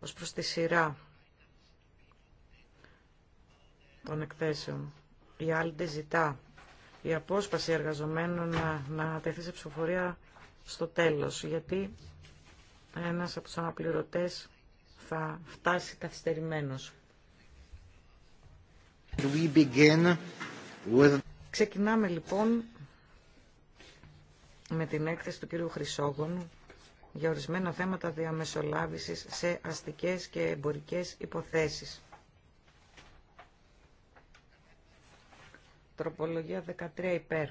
Ως προς τη σειρά των εκθέσεων, η Άλντε ζητά η απόσπαση εργαζομένων να, να τεθεί σε ψηφοφορία στο τέλος, γιατί ένας από τους αναπληρωτές θα φτάσει καθυστερημένος. Ξεκινάμε λοιπόν με την έκθεση του κύριου Χρυσόγονου για ορισμένα θέματα διαμεσολάβησης σε αστικές και εμπορικές υποθέσεις. Τροπολογία 13 υπέρ.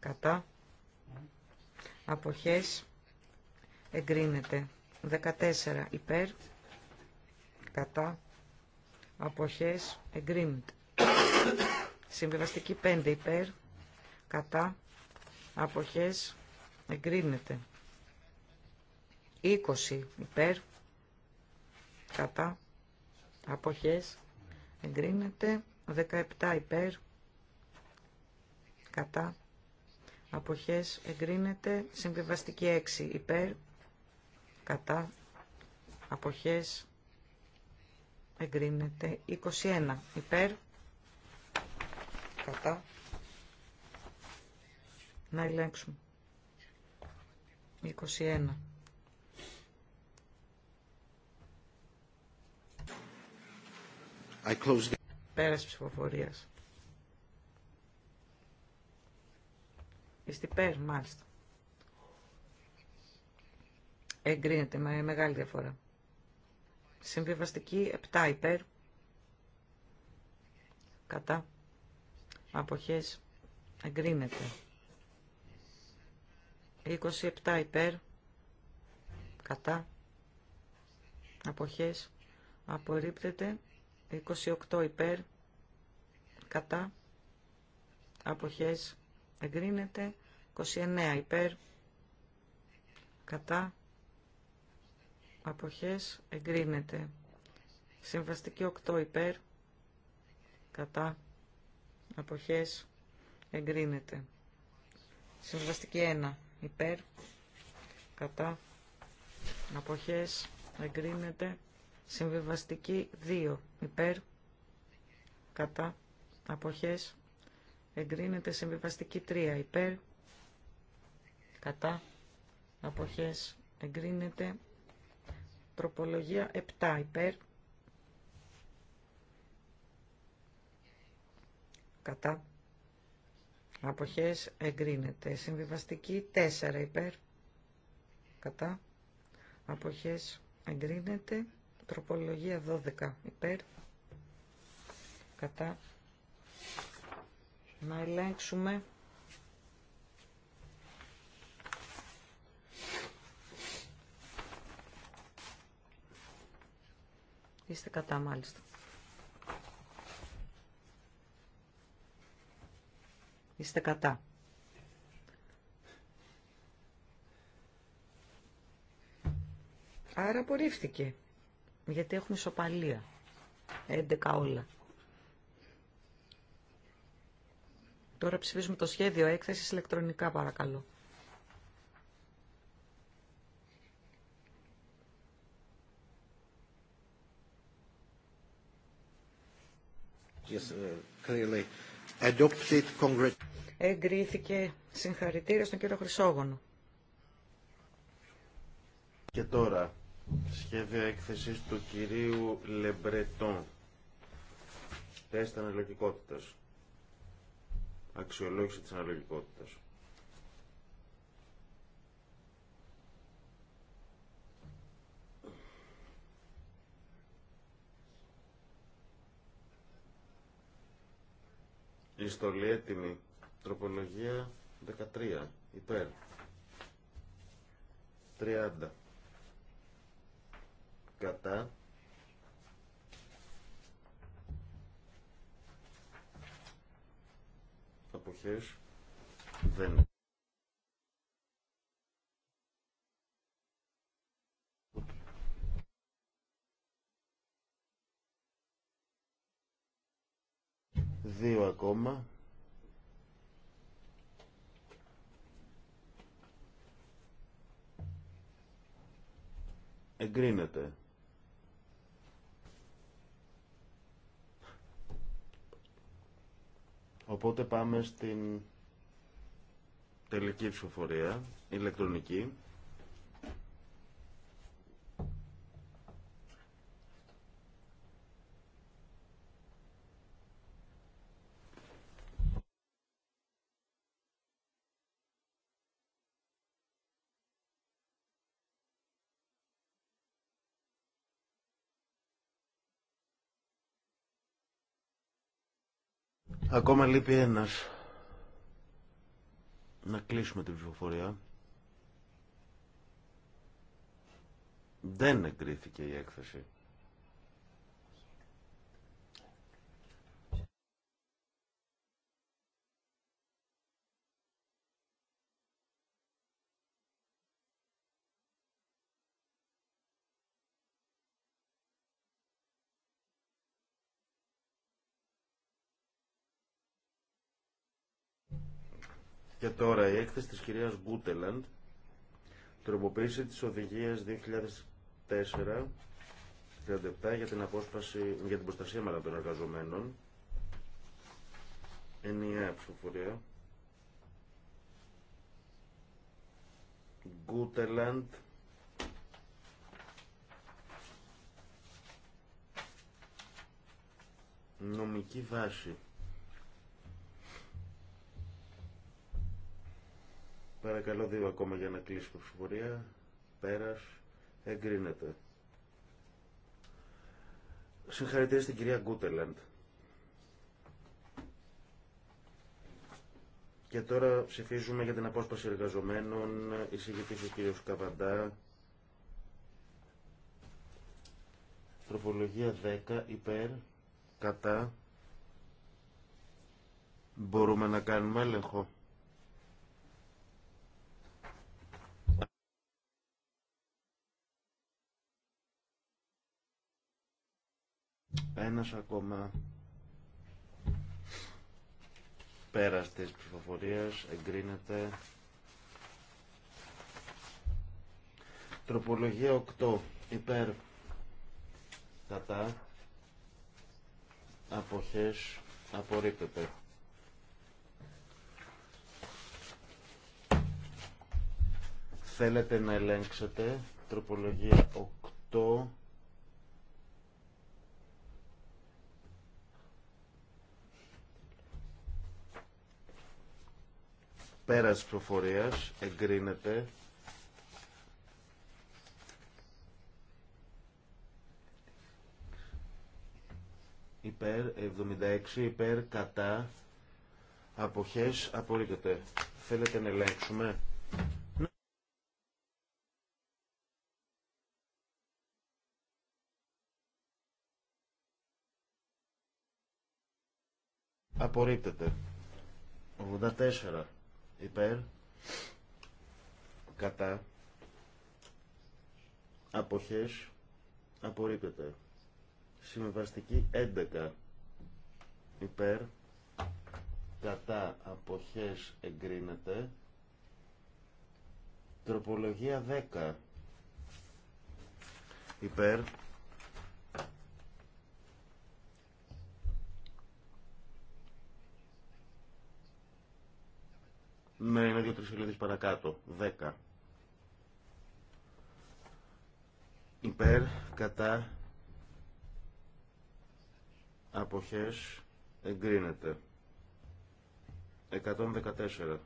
Κατά. Αποχές. Εγκρίνεται. 14 υπέρ. Κατά. Αποχές. Εγκρίνεται. Συμβιβαστική 5 υπέρ. Κατά. Αποχές εγκρίνεται. 20 υπέρ, κατά, αποχές, εγκρίνεται. 17 υπέρ, κατά, αποχές, εγκρίνεται. Συμβιβαστική 6 υπέρ, κατά, αποχές, εγκρίνεται. 21 υπέρ, κατά, να ελέγξουμε. 21. I ψηφοφορία. Πέρας ψηφοφορίας. Είστε υπέρ, μάλιστα. Εγκρίνεται με μεγάλη διαφορά. Συμβιβαστική 7 υπέρ. Κατά. Αποχές. Εγκρίνεται. 27 υπέρ, κατά, αποχές, απορρίπτεται, 28 υπέρ, κατά, αποχές, εγκρίνεται, 29 υπέρ, κατά, αποχές, εγκρίνεται, συμβαστική 8 υπέρ, κατά, αποχές, εγκρίνεται, συμβαστική 1 υπέρ, κατά, αποχές, εγκρίνεται. Συμβιβαστική 2, υπέρ, κατά, αποχές, εγκρίνεται. Συμβιβαστική 3, υπέρ, κατά, αποχές, εγκρίνεται. Τροπολογία 7, υπέρ, κατά, Αποχές εγκρίνεται. Συμβιβαστική 4 υπέρ. Κατά. Αποχές εγκρίνεται. Τροπολογία 12 υπέρ. Κατά. Να ελέγξουμε. Είστε κατά μάλιστα. Είστε κατά. Άρα απορρίφθηκε. Γιατί έχουμε ισοπαλία. 11 όλα. Τώρα ψηφίζουμε το σχέδιο έκθεσης ηλεκτρονικά παρακαλώ. Yes, uh, clearly adopted εγκρίθηκε. Συγχαρητήρια στον κύριο Χρυσόγωνο. Και τώρα, σχέδιο έκθεσης του κυρίου Λεμπρετών Τεστ αναλογικότητας. Αξιολόγηση της αναλογικότητας. Η στολή έτοιμη. Τροπολογία 13. Υπέρ. 30. Κατά. Αποχές. Δεν. Δύο ακόμα. εγκρίνεται. Οπότε πάμε στην τελική ψηφοφορία, ηλεκτρονική. Ακόμα λείπει ένας. Να κλείσουμε την ψηφοφορία. Δεν εγκρίθηκε η έκθεση. Και τώρα η έκθεση της κυρίας Μπούτελαντ τροποποίηση τις οδηγίες 2004 37 για την, απόσπαση, για την προστασία μάλλον των εργαζομένων. Ενιαία ψηφοφορία. Γκούτελαντ. Νομική βάση. Παρακαλώ δύο ακόμα για να κλείσει η ψηφορία. Πέρας. Εγκρίνεται. Συγχαρητήρια στην κυρία Γκούτελαντ. Και τώρα ψηφίζουμε για την απόσπαση εργαζομένων. Εισηγητής ο κύριος Καβαντά. Τροπολογία 10 υπέρ κατά. Μπορούμε να κάνουμε έλεγχο. Ένας ακόμα πέρας της ψηφοφορίας εγκρίνεται τροπολογία 8 υπέρ κατά αποχές απορρίπτεται θέλετε να ελέγξετε τροπολογία 8 Πέρας προφορίας εγκρίνεται υπέρ 76 υπέρ κατά αποχές απορρίπτεται. Θέλετε να ελέγξουμε. Απορρίπτεται. 84 υπέρ κατά αποχές απορρίπτεται συμβαστική 11 υπέρ κατά αποχές εγκρίνεται τροπολογία 10 υπέρ Ναι, είναι δύο-τρει σελίδε παρακάτω. Δέκα. Υπέρ, κατά, αποχές, εγκρίνεται. 114.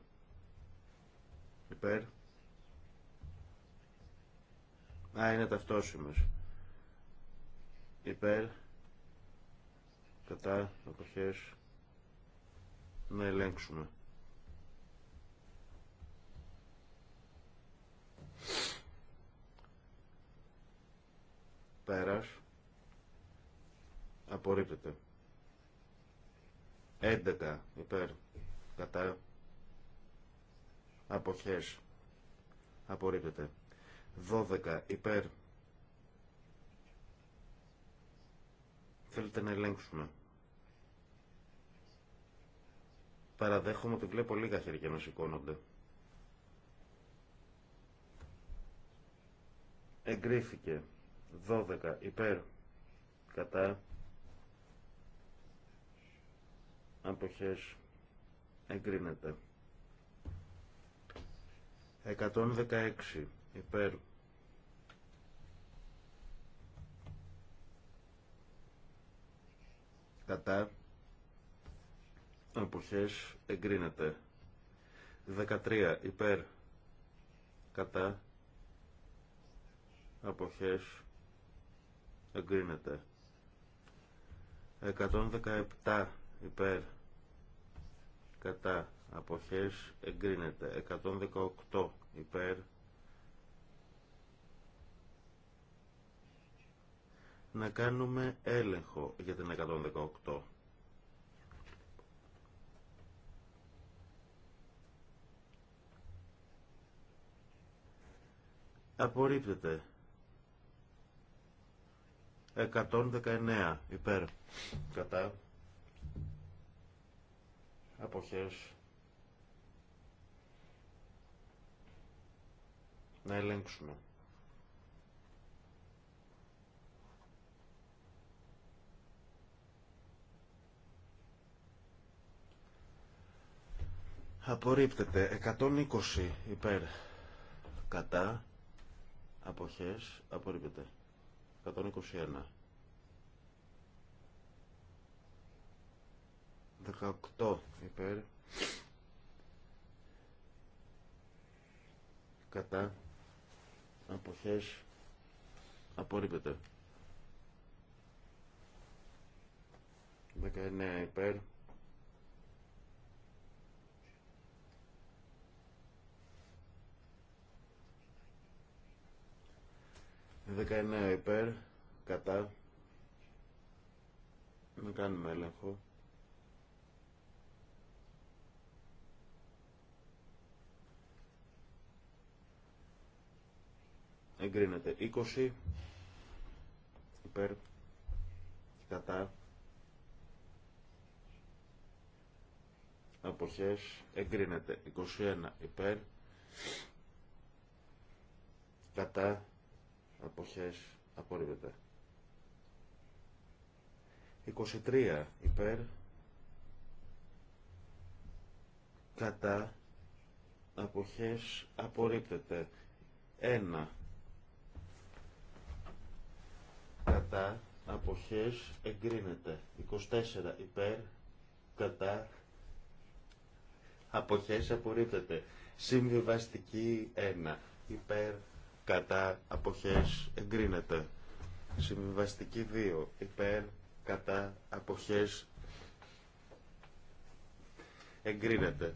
Υπέρ. Α, είναι ταυτόσιμες. Υπέρ. Κατά, αποχές, να ελέγξουμε. Πέρας. Απορρίπτεται. 11 υπέρ. Κατά. Αποχές. Απορρίπτεται. 12 υπέρ. Θέλετε να ελέγξουμε. Παραδέχομαι ότι βλέπω λίγα χέρια να σηκώνονται. εγκρίθηκε 12 υπέρ κατά αποχές εγκρίνεται 116 υπέρ κατά αποχές εγκρίνεται 13 υπέρ κατά αποχές εγκρίνεται 117 υπέρ κατά αποχές εγκρίνεται 118 υπέρ να κάνουμε έλεγχο για την 118 απορρίπτεται 119 υπέρ κατά αποχές να ελέγξουμε. Απορρίπτεται 120 υπέρ κατά αποχές απορρίπτεται 18 υπέρ κατά αποχές απορρίπτεται 19 υπέρ 19 υπέρ, κατά. Να κάνουμε έλεγχο. Εγκρίνεται 20 υπέρ, κατά. Αποχές εγκρίνεται 21 υπέρ, κατά αποχές απορρίπτεται. 23 υπέρ κατά αποχές απορρίπτεται. 1 κατά αποχές εγκρίνεται. 24 υπέρ κατά αποχές απορρίπτεται. Συμβιβαστική 1 υπέρ κατά αποχές εγκρίνεται. Συμβιβαστική 2 υπέρ κατά αποχές εγκρίνεται.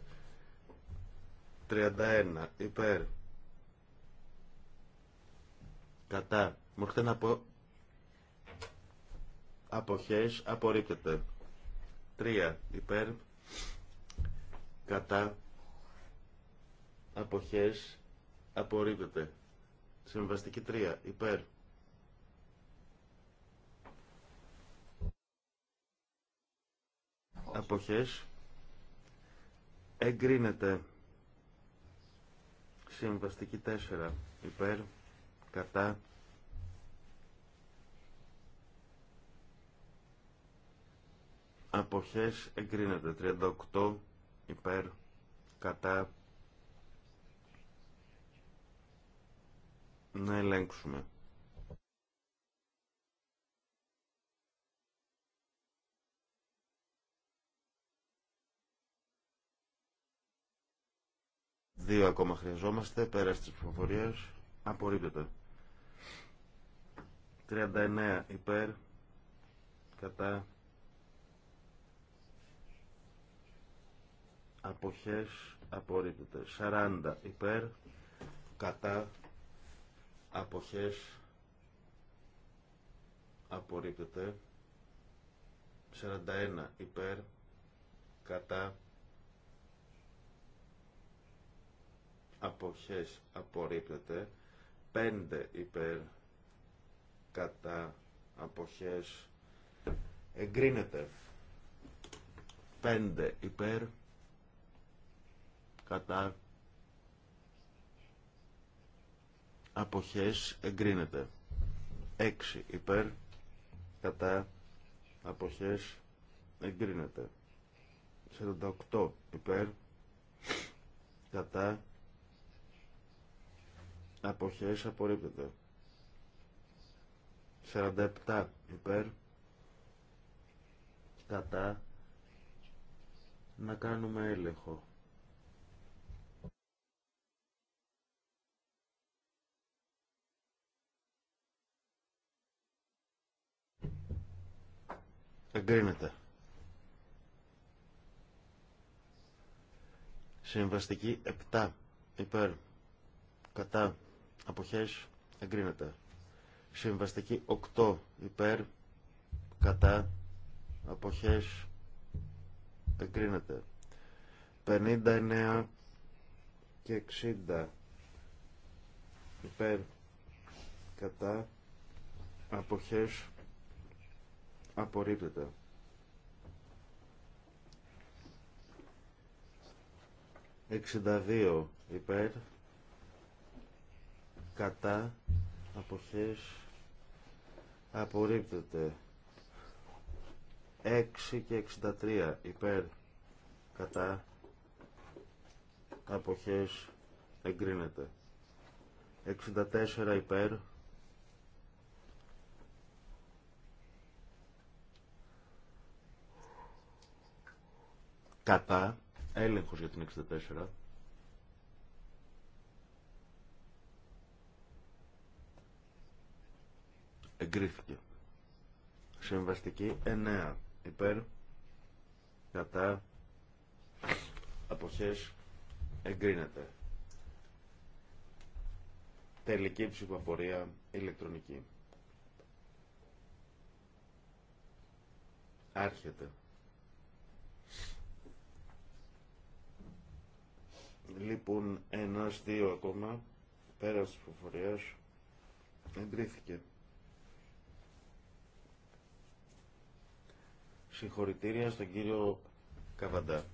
31 υπέρ κατά μου να αποχές απορρίπτεται. 3 υπέρ κατά αποχές απορρίπτεται. Συμβαστική 3. Υπέρ. Αποχές. Εγκρίνεται. Συμβαστική 4. Υπέρ. Κατά. Αποχές εγκρίνεται. 38 υπέρ κατά να ελέγξουμε. Δύο ακόμα χρειαζόμαστε, πέρα στις ψηφοφορίες, απορρίπτεται. 39 υπέρ, κατά αποχές απορρίπτεται. 40 υπέρ, κατά αποχές απορρίπτεται 41 υπέρ κατά αποχές απορρίπτεται 5 υπέρ κατά αποχές εγκρίνεται 5 υπέρ κατά αποχές εγκρίνεται 6 υπέρ κατά αποχές εγκρίνεται 48 υπέρ κατά αποχές απορρίπτεται 47 υπέρ κατά να κάνουμε έλεγχο Εγκρίνεται. Συμβαστική 7 υπέρ κατά αποχές εγκρίνεται. Συμβαστική 8 υπέρ κατά αποχές εγκρίνεται. 59 και 60 υπέρ κατά αποχές Απορρίπτεται. 62 υπέρ. Κατά. Αποχές. Απορρίπτεται. 6 και 63 υπέρ κατά αποχές εγκρίνεται 64 υπέρ Κατά. Έλεγχος για την 64. Εγκρίθηκε. Συμβαστική 9. Υπέρ. Κατά. Αποχές. Εγκρίνεται. Τελική ψηφοφορία ηλεκτρονική. Άρχεται. Λείπουν λοιπόν, ένα δύο ακόμα. Πέρα τη ψηφοφορία. Εγκρίθηκε. Συγχωρητήρια στον κύριο Καβαντά.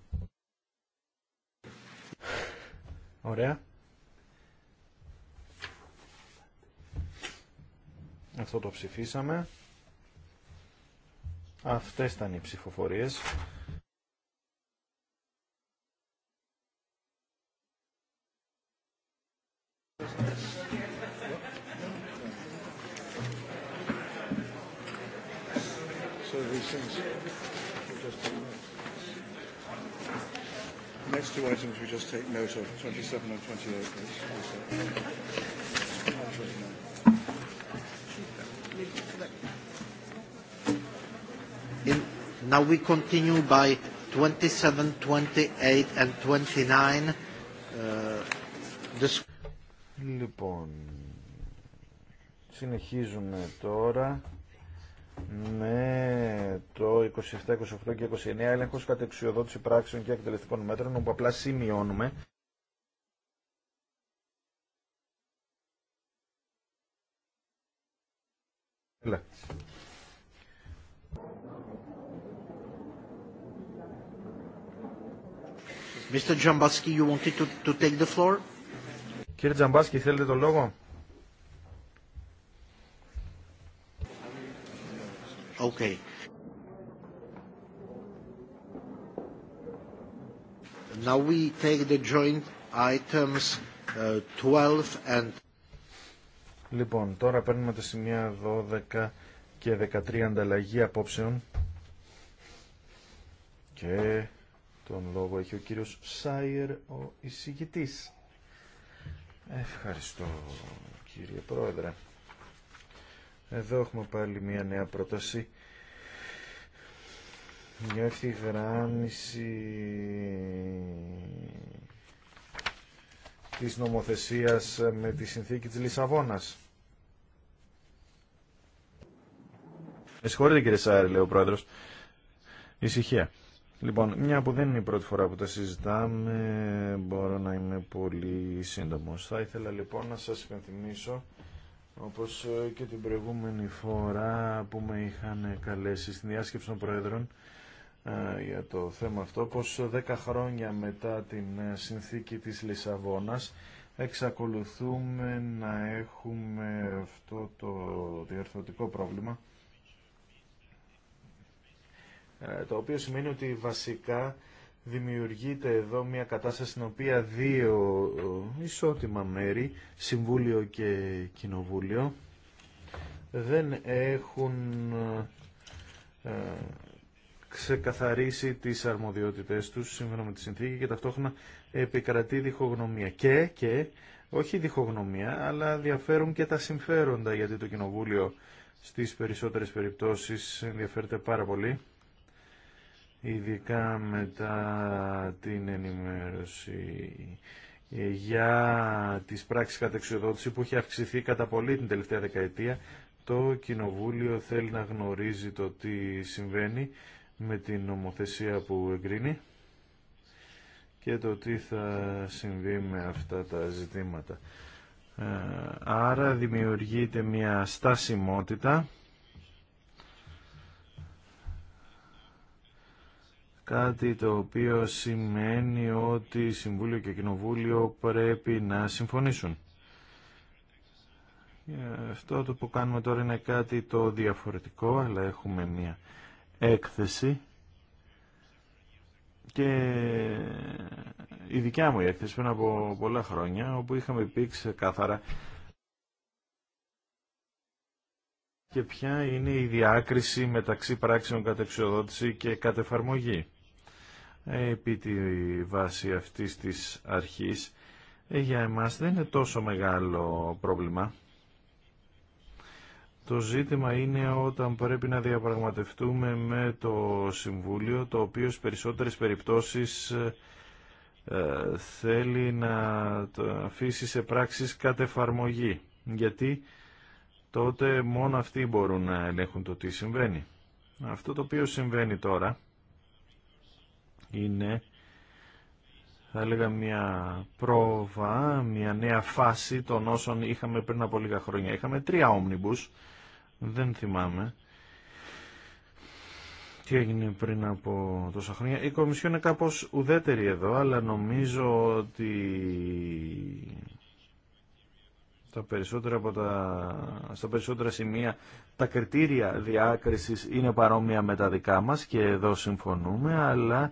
Ωραία. Αυτό το ψηφίσαμε. Αυτές ήταν οι ψηφοφορίες. items next two items we just take note of 27 and 28 In, now we continue by 27, 28 and 29 uh, this... Λοιπόν, συνεχίζουμε τώρα με το 27, 28 και 29 έλεγχος κατεξιοδότηση πράξεων και εκτελεστικών μέτρων όπου απλά σημειώνουμε Mr. you to, take the floor? Κύριε Τζαμπάσκι, θέλετε το λόγο? Okay. Now we take the joint items 12 uh, and... Λοιπόν, τώρα παίρνουμε τα σημεία 12 και 13 ανταλλαγή απόψεων και τον λόγο έχει ο κύριος Σάιερ ο εισηγητής. Ευχαριστώ κύριε Πρόεδρε. Εδώ έχουμε πάλι μια νέα πρόταση για ευθυγράμμιση της νομοθεσίας με τη συνθήκη της Λισαβόνας. Με συγχωρείτε κύριε Σάρη, λέει ο πρόεδρος. Ησυχία. Λοιπόν, μια που δεν είναι η πρώτη φορά που τα συζητάμε, μπορώ να είμαι πολύ σύντομος. Θα ήθελα λοιπόν να σας υπενθυμίσω όπως ε, και την προηγούμενη φορά που με είχαν καλέσει στην διάσκεψη των Πρόεδρων ε, για το θέμα αυτό, πως 10 χρόνια μετά την ε, συνθήκη της Λισαβόνας εξακολουθούμε να έχουμε αυτό το διορθωτικό πρόβλημα το οποίο σημαίνει ότι βασικά δημιουργείται εδώ μια κατάσταση στην οποία δύο ε, ισότιμα μέρη, Συμβούλιο και Κοινοβούλιο, δεν έχουν ε, ε, ξεκαθαρίσει τις αρμοδιότητες τους σύμφωνα με τη συνθήκη και ταυτόχρονα επικρατεί διχογνωμία. Και, και, όχι διχογνωμία, αλλά διαφέρουν και τα συμφέροντα γιατί το Κοινοβούλιο στις περισσότερες περιπτώσεις ενδιαφέρεται πάρα πολύ ειδικά μετά την ενημέρωση για τις πράξεις κατεξοδότηση που έχει αυξηθεί κατά πολύ την τελευταία δεκαετία. Το Κοινοβούλιο θέλει να γνωρίζει το τι συμβαίνει με την νομοθεσία που εγκρίνει και το τι θα συμβεί με αυτά τα ζητήματα. Ε, άρα δημιουργείται μια στασιμότητα Κάτι το οποίο σημαίνει ότι Συμβούλιο και Κοινοβούλιο πρέπει να συμφωνήσουν. Ε, αυτό το που κάνουμε τώρα είναι κάτι το διαφορετικό, αλλά έχουμε μία έκθεση και η δικιά μου έκθεση πριν από πολλά χρόνια, όπου είχαμε πει ξεκάθαρα και ποια είναι η διάκριση μεταξύ πράξεων κατεξοδότηση και κατεφαρμογή επί τη βάση αυτής της αρχής ε, για εμάς δεν είναι τόσο μεγάλο πρόβλημα. Το ζήτημα είναι όταν πρέπει να διαπραγματευτούμε με το Συμβούλιο, το οποίο σε περισσότερες περιπτώσεις ε, ε, θέλει να το αφήσει σε πράξεις κατ' εφαρμογή, γιατί τότε μόνο αυτοί μπορούν να ελέγχουν το τι συμβαίνει. Αυτό το οποίο συμβαίνει τώρα είναι θα έλεγα μια πρόβα, μια νέα φάση των όσων είχαμε πριν από λίγα χρόνια. Είχαμε τρία όμνιμπους, δεν θυμάμαι. Τι έγινε πριν από τόσα χρόνια. Η Κομισιόν είναι κάπως ουδέτερη εδώ, αλλά νομίζω ότι τα περισσότερα από τα... στα περισσότερα σημεία τα κριτήρια διάκρισης είναι παρόμοια με τα δικά μας και εδώ συμφωνούμε, αλλά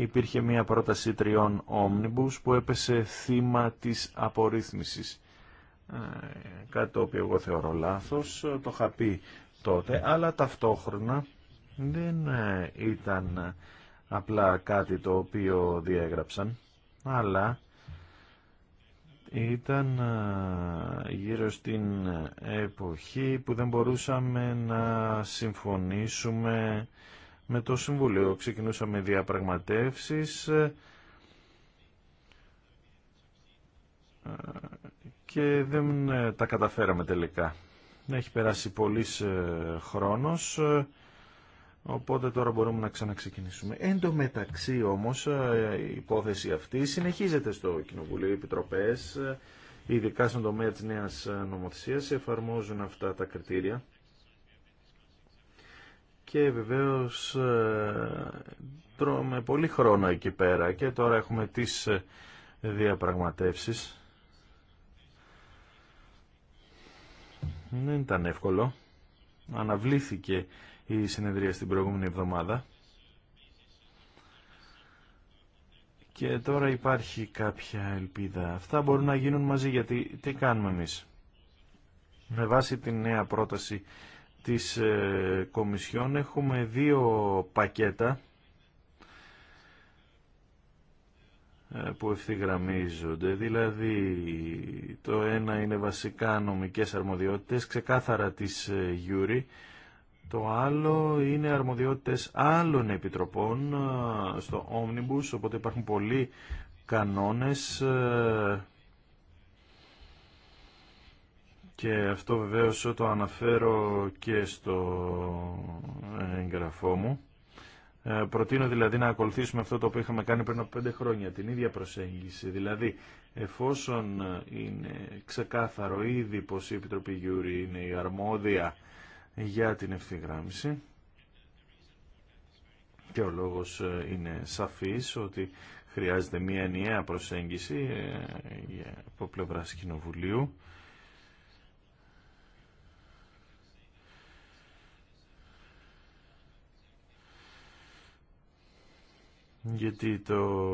υπήρχε μια πρόταση τριών όμνιμπους που έπεσε θύμα της απορρίθμισης. Ε, κάτι το οποίο εγώ θεωρώ λάθος, το είχα πει τότε, αλλά ταυτόχρονα δεν ε, ήταν απλά κάτι το οποίο διέγραψαν, αλλά ήταν ε, γύρω στην εποχή που δεν μπορούσαμε να συμφωνήσουμε με το Συμβούλιο. Ξεκινούσαμε διαπραγματεύσεις ε, και δεν ε, τα καταφέραμε τελικά. Έχει περάσει πολύς ε, χρόνος, οπότε τώρα μπορούμε να ξαναξεκινήσουμε. Εν τω μεταξύ όμως η υπόθεση αυτή συνεχίζεται στο Κοινοβουλίο, οι επιτροπές, ειδικά στον τομέα της νέας νομοθεσίας, εφαρμόζουν αυτά τα κριτήρια και βεβαίως ε, τρώμε πολύ χρόνο εκεί πέρα και τώρα έχουμε τις ε, διαπραγματεύσεις. Δεν ήταν εύκολο. Αναβλήθηκε η συνεδρία στην προηγούμενη εβδομάδα. Και τώρα υπάρχει κάποια ελπίδα. Αυτά μπορούν να γίνουν μαζί γιατί τι κάνουμε εμείς. Με βάση τη νέα πρόταση της ε, Κομισιόν έχουμε δύο πακέτα ε, που ευθυγραμμίζονται. Δηλαδή το ένα είναι βασικά νομικές αρμοδιότητες, ξεκάθαρα της ε, Γιούρη. Το άλλο είναι αρμοδιότητες άλλων επιτροπών στο Omnibus, οπότε υπάρχουν πολλοί κανόνες και αυτό βεβαίως το αναφέρω και στο εγγραφό μου. Ε, προτείνω δηλαδή να ακολουθήσουμε αυτό το οποίο είχαμε κάνει πριν από πέντε χρόνια, την ίδια προσέγγιση. Δηλαδή, εφόσον είναι ξεκάθαρο ήδη πως η Επιτροπή Γιούρη είναι η αρμόδια για την ευθυγράμμιση και ο λόγος ε, είναι σαφής ότι χρειάζεται μία ενιαία προσέγγιση ε, από πλευράς Κοινοβουλίου γιατί το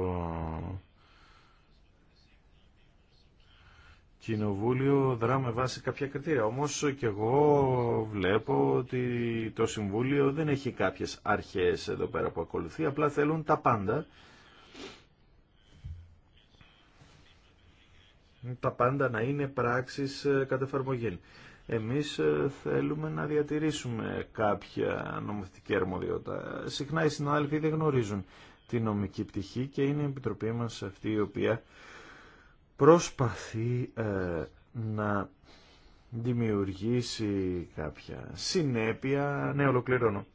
Κοινοβούλιο δρά με βάση κάποια κριτήρια. Όμως και εγώ βλέπω ότι το Συμβούλιο δεν έχει κάποιες αρχές εδώ πέρα που ακολουθεί, απλά θέλουν τα πάντα. Τα πάντα να είναι πράξεις ε, κατά εφαρμογή. Εμείς ε, θέλουμε να διατηρήσουμε κάποια νομοθετική αρμοδιότητα. Συχνά οι συνάδελφοι δεν γνωρίζουν τη νομική πτυχή και είναι η Επιτροπή μας αυτή η οποία προσπαθεί ε, να δημιουργήσει κάποια συνέπεια. Ναι, ολοκληρώνω.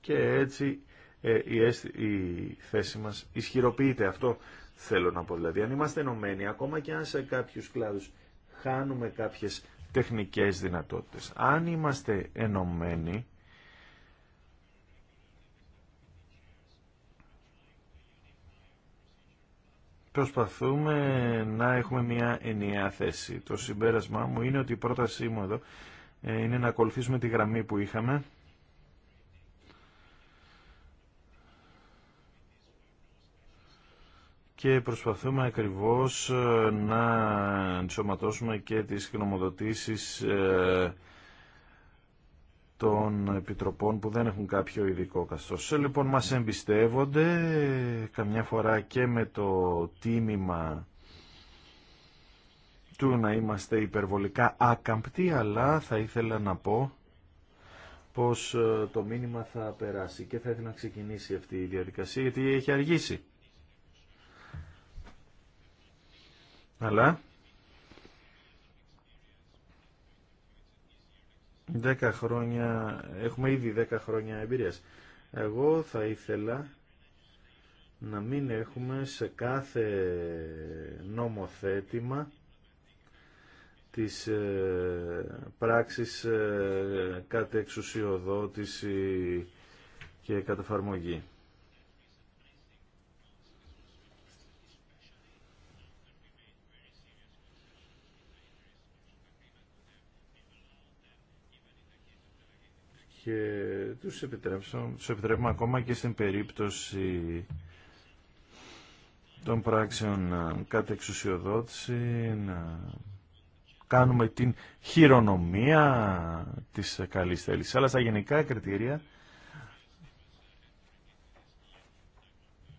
Και έτσι ε, η, η θέση μας ισχυροποιείται. Αυτό θέλω να πω. Δηλαδή, αν είμαστε ενωμένοι, ακόμα και αν σε κάποιους κλάδους χάνουμε κάποιες τεχνικές δυνατότητες, αν είμαστε ενωμένοι, προσπαθούμε να έχουμε μια ενιαία θέση. Το συμπέρασμά μου είναι ότι η πρότασή μου εδώ ε, είναι να ακολουθήσουμε τη γραμμή που είχαμε και προσπαθούμε ακριβώς ε, να ενσωματώσουμε και τις γνωμοδοτήσεις ε, των επιτροπών που δεν έχουν κάποιο ειδικό καθώς. Λοιπόν, μας εμπιστεύονται καμιά φορά και με το τίμημα του να είμαστε υπερβολικά άκαμπτοι, αλλά θα ήθελα να πω πως ε, το μήνυμα θα περάσει και θα ήθελα να ξεκινήσει αυτή η διαδικασία γιατί έχει αργήσει. Αλλά 10 χρόνια, έχουμε ήδη 10 χρόνια εμπειρίας. Εγώ θα ήθελα να μην έχουμε σε κάθε νομοθέτημα της ε, πράξης ε, κατεξουσιοδότηση και καταφαρμογή. και τους, τους επιτρέπουμε ακόμα και στην περίπτωση των πράξεων ε, κατά εξουσιοδότηση να κάνουμε την χειρονομία της καλής θέλησης. Αλλά στα γενικά κριτήρια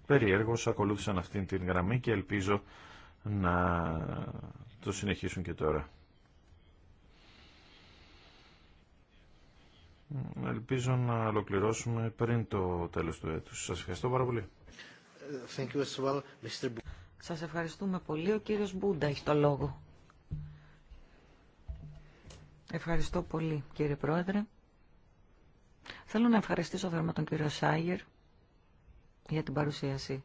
περιέργως ακολούθησαν αυτήν την γραμμή και ελπίζω να το συνεχίσουν και τώρα. Ελπίζω να ολοκληρώσουμε πριν το τέλος του έτους. Σας ευχαριστώ πάρα πολύ. Thank Σας ευχαριστούμε πολύ. Ο κύριος Μπούντα έχει το λόγο. Ευχαριστώ πολύ κύριε Πρόεδρε. Θέλω να ευχαριστήσω θερμά τον κύριο Σάγερ για την παρουσίαση.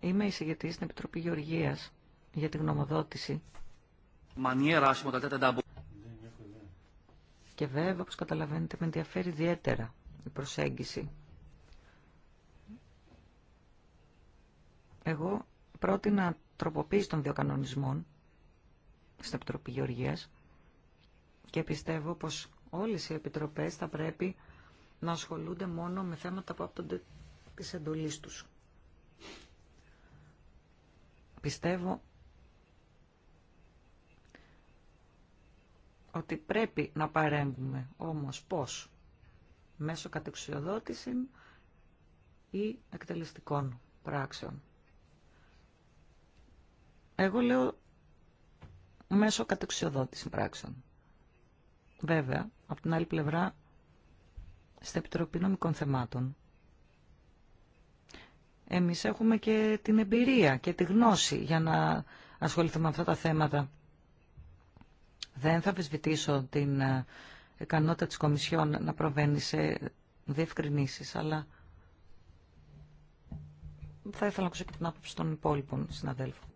Είμαι εισηγητής στην Επιτροπή Γεωργίας για τη γνωμοδότηση. Και βέβαια, όπως καταλαβαίνετε, με ενδιαφέρει ιδιαίτερα η προσέγγιση. Εγώ πρότεινα τροποποίηση των διοκανονισμών στην Επιτροπή Γεωργίας και πιστεύω πως όλες οι επιτροπές θα πρέπει να ασχολούνται μόνο με θέματα που άπτονται της εντολής τους. Πιστεύω ότι πρέπει να παρέμβουμε. Όμως πώς. Μέσω κατεξιοδότηση ή εκτελεστικών πράξεων. Εγώ λέω μέσω κατεξιοδότηση πράξεων. Βέβαια, από την άλλη πλευρά, στην Επιτροπή Νομικών Θεμάτων, εμείς έχουμε και την εμπειρία και τη γνώση για να ασχοληθούμε με αυτά τα θέματα. Δεν θα αμφισβητήσω την ε, ικανότητα της Κομισιόν να προβαίνει σε διευκρινήσει, αλλά θα ήθελα να ακούσω και την άποψη των υπόλοιπων συναδέλφων.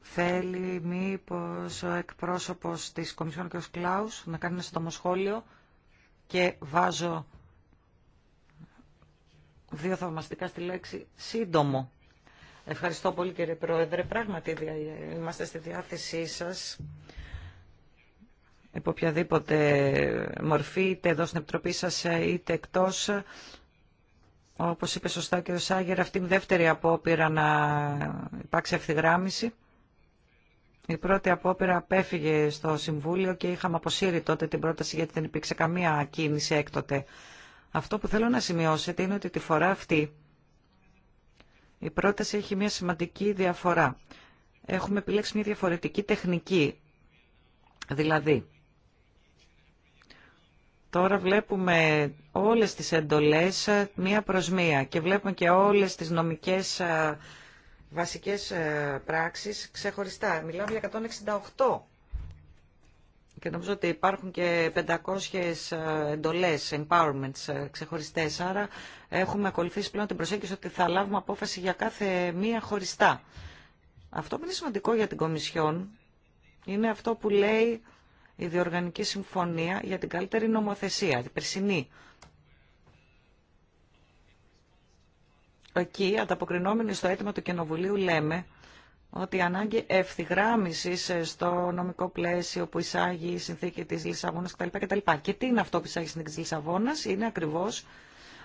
Θέλει μήπως ο εκπρόσωπος της Κομισιόν και ο Κλάους να κάνει ένα σύντομο σχόλιο και βάζω δύο θαυμαστικά στη λέξη σύντομο Ευχαριστώ πολύ κύριε Πρόεδρε. Πράγματι είμαστε στη διάθεσή σας από οποιαδήποτε μορφή, είτε εδώ στην Επιτροπή σας είτε εκτός. Όπως είπε σωστά ο κύριος Σάγερ, αυτή είναι η δεύτερη απόπειρα να υπάρξει ευθυγράμμιση. Η πρώτη απόπειρα απέφυγε στο Συμβούλιο και είχαμε αποσύρει τότε την πρόταση γιατί δεν υπήρξε καμία κίνηση έκτοτε. Αυτό που θέλω να σημειώσετε είναι ότι τη φορά αυτή η πρόταση έχει μια σημαντική διαφορά. Έχουμε επιλέξει μια διαφορετική τεχνική. Δηλαδή, τώρα βλέπουμε όλες τις εντολές μία προς μία και βλέπουμε και όλες τις νομικές ε, βασικές ε, πράξεις ξεχωριστά. Μιλάμε για 168 και νομίζω ότι υπάρχουν και 500 ε, εντολές, empowerments ε, ξεχωριστές. Άρα έχουμε ακολουθήσει πλέον την προσέγγιση ότι θα λάβουμε απόφαση για κάθε μία χωριστά. Αυτό που είναι σημαντικό για την Κομισιόν είναι αυτό που λέει η Διοργανική Συμφωνία για την καλύτερη νομοθεσία, την περσινή. Εκεί, ανταποκρινόμενοι στο αίτημα του Κοινοβουλίου, λέμε ότι η ανάγκη ευθυγράμμιση ε, στο νομικό πλαίσιο που εισάγει η συνθήκη τη Λισαβόνα κτλ. Και τι είναι αυτό που εισάγει η συνθήκη τη Λισαβόνα, είναι ακριβώ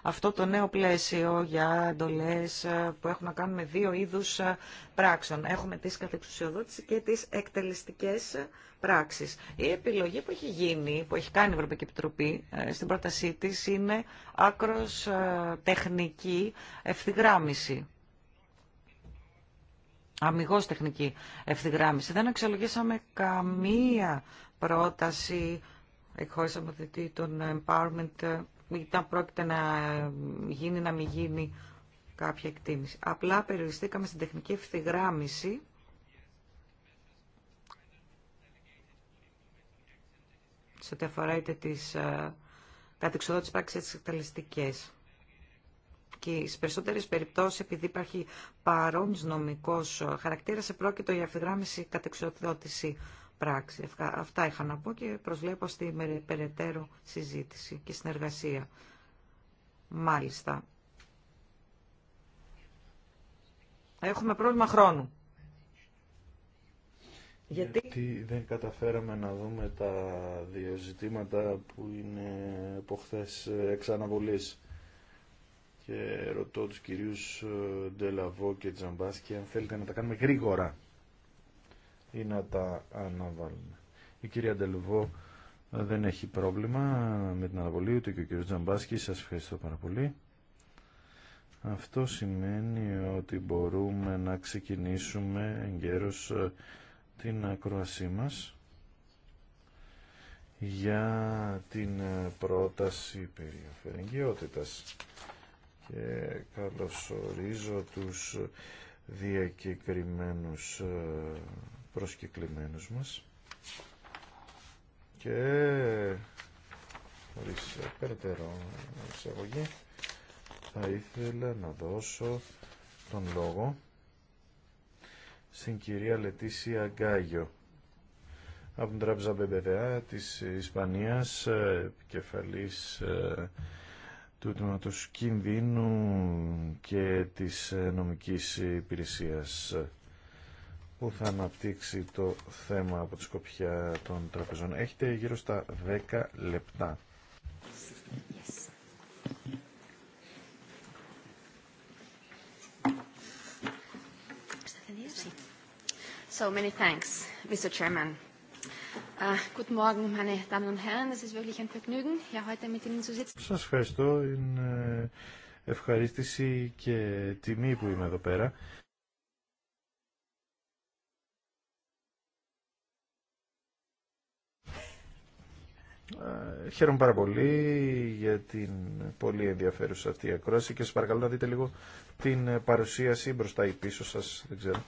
αυτό το νέο πλαίσιο για εντολέ ε, που έχουν να κάνουν με δύο είδου ε, πράξεων. Έχουμε τις καθεξουσιοδότηση και τι εκτελεστικές πράξεις. Η επιλογή που έχει γίνει, που έχει κάνει η Ευρωπαϊκή Επιτροπή στην πρότασή τη, είναι άκρο τεχνική ευθυγράμμιση Αμυγό τεχνική ευθυγράμμιση. Δεν αξιολογήσαμε καμία πρόταση εκχώρηση των empowerment, ε, ήταν πρόκειται να ε, γίνει, να μην γίνει κάποια εκτίμηση. Απλά περιοριστήκαμε στην τεχνική ευθυγράμμιση σε ό,τι αφορά είτε τις ε, κατεξοδότητες πράξεις εξεταλιστικές. Και Στι περισσότερε περιπτώσει, επειδή υπάρχει παρόν νομικό χαρακτήρα, επρόκειτο για κατ' κατεξοδότηση πράξη. Αυτά είχα να πω και προσβλέπω στη περαιτέρω συζήτηση και συνεργασία. Μάλιστα. Έχουμε πρόβλημα χρόνου. Γιατί... δεν καταφέραμε να δούμε τα δύο ζητήματα που είναι από χθε εξ και ρωτώ τους κυρίους ε, Ντελαβό και Τζαμπάσκη αν θέλετε να τα κάνουμε γρήγορα ή να τα αναβάλουμε. Η κυρία Ντελαβό ε, δεν έχει πρόβλημα με την αναβολή ούτε και ο κύριος Τζαμπάσκη. Σας ευχαριστώ πάρα πολύ. Αυτό σημαίνει ότι μπορούμε να ξεκινήσουμε εγκαίρως ε, την ακροασή μας για την πρόταση περί αφαιρεγγιότητας και καλωσορίζω τους διακεκριμένους ε, προσκεκλημένους μας και χωρίς περαιτέρω εισαγωγή θα ήθελα να δώσω τον λόγο στην κυρία Λετήσια Γκάγιο από την Τράπεζα BBVA της Ισπανίας, ε, επικεφαλής ε, του τμήματος κινδύνου και της νομικής υπηρεσίας που θα αναπτύξει το θέμα από τη σκοπιά των τραπεζών. Έχετε γύρω στα 10 λεπτά. So many thanks, Mr. Chairman. Ah, guten Morgen, meine Damen und Herren. Es ist wirklich ein Vergnügen, hier heute mit Ihnen zu sitzen. Σας ευχαριστώ. Είναι ευχαρίστηση και τιμή που είμαι εδώ πέρα. Χαίρομαι πάρα πολύ για την πολύ ενδιαφέρουσα αυτή η ακρόαση και σας παρακαλώ να δείτε λίγο την παρουσίαση μπροστά ή πίσω σας, δεν ξέρω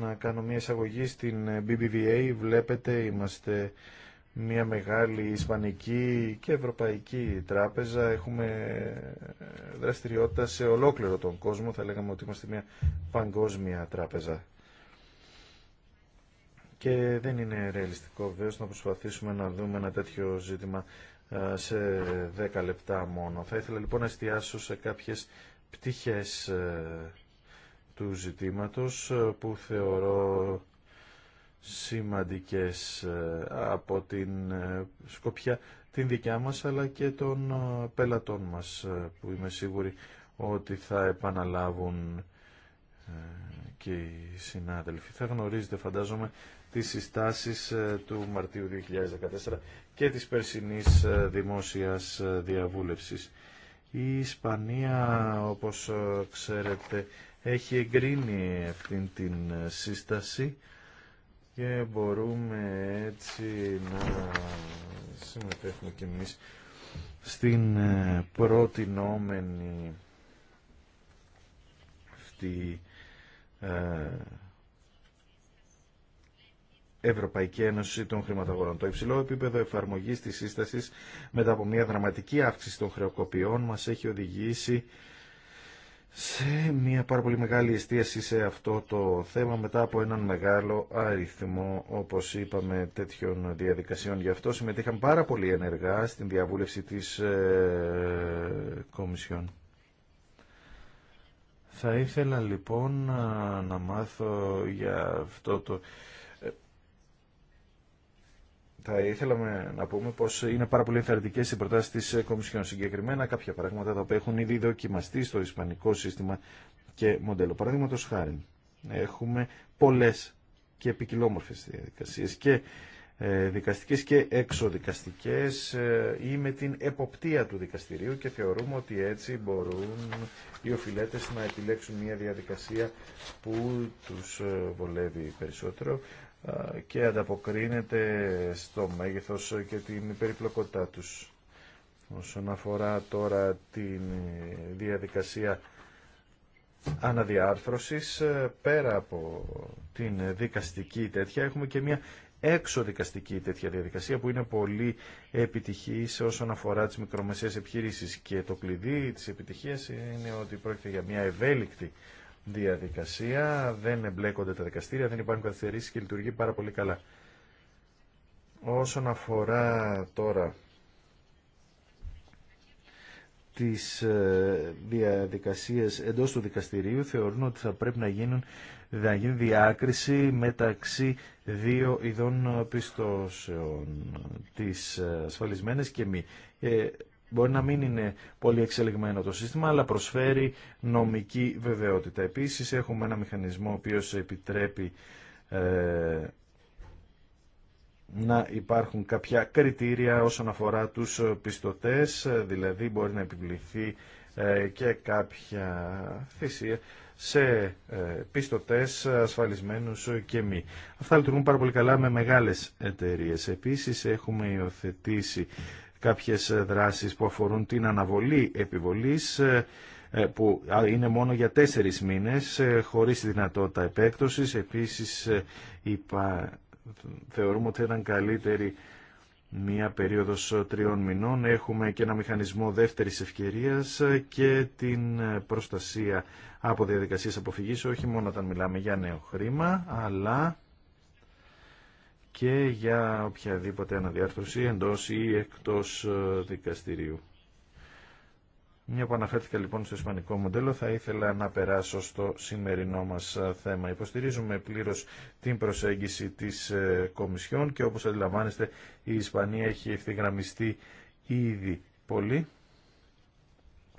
να κάνω μια εισαγωγή στην ε, BBVA. Βλέπετε, είμαστε μια μεγάλη ισπανική και ευρωπαϊκή τράπεζα. Έχουμε ε, δραστηριότητα σε ολόκληρο τον κόσμο. Θα λέγαμε ότι είμαστε μια παγκόσμια τράπεζα. Και δεν είναι ρεαλιστικό βεβαίως να προσπαθήσουμε να δούμε ένα τέτοιο ζήτημα ε, σε 10 λεπτά μόνο. Θα ήθελα λοιπόν να εστιάσω σε κάποιες πτυχές του ζητήματος ε, που θεωρώ σημαντικές ε, από την ε, σκοπιά την δικιά μας αλλά και των πελατών μας που είμαι σίγουροι ότι θα επαναλάβουν και οι συνάδελφοι. Θα γνωρίζετε φαντάζομαι τις συστάσεις του Μαρτίου 2014 και της περσινής δημόσιας διαβούλευσης. Η Ισπανία όπως ξέρετε έχει εγκρίνει αυτήν την ε, σύσταση και μπορούμε έτσι να συμμετέχουμε κι εμείς στην ε, προτινόμενη αυτή ε, Ευρωπαϊκή Ένωση των Χρηματαγορών. Το υψηλό επίπεδο εφαρμογής της σύστασης μετά από μια δραματική αύξηση των χρεοκοπιών μας έχει οδηγήσει σε μια πάρα πολύ μεγάλη εστίαση σε αυτό το θέμα μετά από έναν μεγάλο αριθμό όπως είπαμε τέτοιων διαδικασιών γι' αυτό συμμετείχαν πάρα πολύ ενεργά στην διαβούλευση της ε, Κομισιόν Θα ήθελα λοιπόν να μάθω για αυτό το θα ήθελαμε να πούμε πως είναι πάρα πολύ ενθαρρυντικέ οι προτάσει της Κομισιόν. Συγκεκριμένα κάποια πράγματα τα οποία έχουν ήδη δοκιμαστεί στο ισπανικό σύστημα και μοντέλο. Παραδείγματο χάρη, έχουμε πολλές και επικοινόμορφες διαδικασίε και ε, δικαστικές και εξοδικαστικές ε, ή με την εποπτεία του δικαστηρίου και θεωρούμε ότι έτσι μπορούν οι οφειλέτε να επιλέξουν μια διαδικασία που του ε, βολεύει περισσότερο και ανταποκρίνεται στο μέγεθος και την περιπλοκότητά τους. Όσον αφορά τώρα τη ε, διαδικασία αναδιάρθρωσης, ε, πέρα από την δικαστική τέτοια, έχουμε και μια δικαστική τέτοια διαδικασία που είναι πολύ επιτυχής όσον αφορά τις μικρομεσαίες επιχειρήσεις και το κλειδί της επιτυχίας είναι ότι πρόκειται για μια ευέλικτη διαδικασία, δεν εμπλέκονται τα δικαστήρια, δεν υπάρχουν καθυστερήσει και λειτουργεί πάρα πολύ καλά. Όσον αφορά τώρα τις ε, διαδικασίες εντός του δικαστηρίου θεωρούν ότι θα πρέπει να, γίνουν, να γίνει διάκριση μεταξύ δύο ειδών πιστώσεων, τις ασφαλισμένες και μη. Ε, Μπορεί να μην είναι πολύ εξελιγμένο το σύστημα, αλλά προσφέρει νομική βεβαιότητα. Επίσης έχουμε ένα μηχανισμό ο οποίος επιτρέπει ε, να υπάρχουν κάποια κριτήρια όσον αφορά τους πιστωτές, δηλαδή μπορεί να επιβληθεί ε, και κάποια θυσία σε ε, πιστωτές ασφαλισμένους και μη. Αυτά λειτουργούν πάρα πολύ καλά με μεγάλες εταιρείες. Επίσης έχουμε υιοθετήσει κάποιες δράσεις που αφορούν την αναβολή επιβολής ε, ε, που είναι μόνο για τέσσερις μήνες ε, χωρίς δυνατότητα επέκτωσης. Επίσης είπα, θεωρούμε ότι ήταν καλύτερη μία περίοδος τριών μηνών. Έχουμε και ένα μηχανισμό δεύτερης ευκαιρίας και την προστασία από διαδικασίες αποφυγής, όχι μόνο όταν μιλάμε για νέο χρήμα, αλλά και για οποιαδήποτε αναδιάρθρωση εντός ή εκτός ε, δικαστηρίου. Μια που αναφέρθηκα λοιπόν στο ισπανικό μοντέλο, θα ήθελα να περάσω στο σημερινό μας ε, θέμα. Υποστηρίζουμε πλήρως την προσέγγιση της ε, Κομισιόν και όπως αντιλαμβάνεστε η Ισπανία έχει ευθυγραμμιστεί ήδη πολύ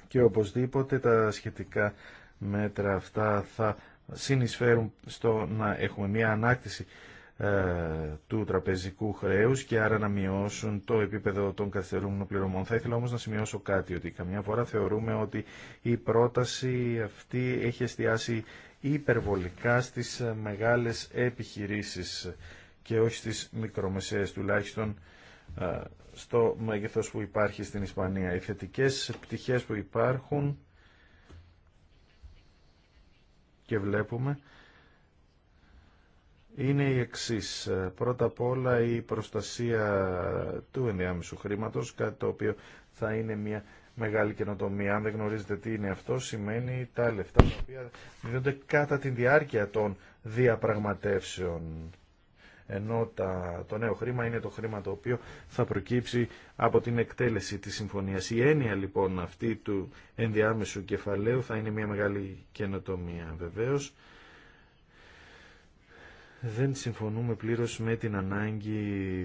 και οπωσδήποτε τα σχετικά μέτρα αυτά θα συνεισφέρουν στο να έχουμε μια ανάκτηση ε, του τραπεζικού χρέους και άρα να μειώσουν το επίπεδο των καθυστερούμενων πληρωμών. Θα ήθελα όμως να σημειώσω κάτι, ότι καμιά φορά θεωρούμε ότι η πρόταση αυτή έχει εστιάσει υπερβολικά στις μεγάλες επιχειρήσεις και όχι στις μικρομεσαίες τουλάχιστον ε, στο μέγεθος που υπάρχει στην Ισπανία. Οι θετικές πτυχές που υπάρχουν και βλέπουμε είναι η εξή. Ε, πρώτα απ' όλα η προστασία του ενδιάμεσου χρήματο κάτι το οποίο θα είναι μια μεγάλη καινοτομία. Αν δεν γνωρίζετε τι είναι αυτό, σημαίνει τα λεφτά τα δίνονται κατά τη διάρκεια των διαπραγματεύσεων. Ενώ τα, το νέο χρήμα είναι το χρήμα το οποίο θα προκύψει από την εκτέλεση της συμφωνίας. Η έννοια λοιπόν αυτή του ενδιάμεσου κεφαλαίου θα είναι μια μεγάλη καινοτομία βεβαίως δεν συμφωνούμε πλήρως με την ανάγκη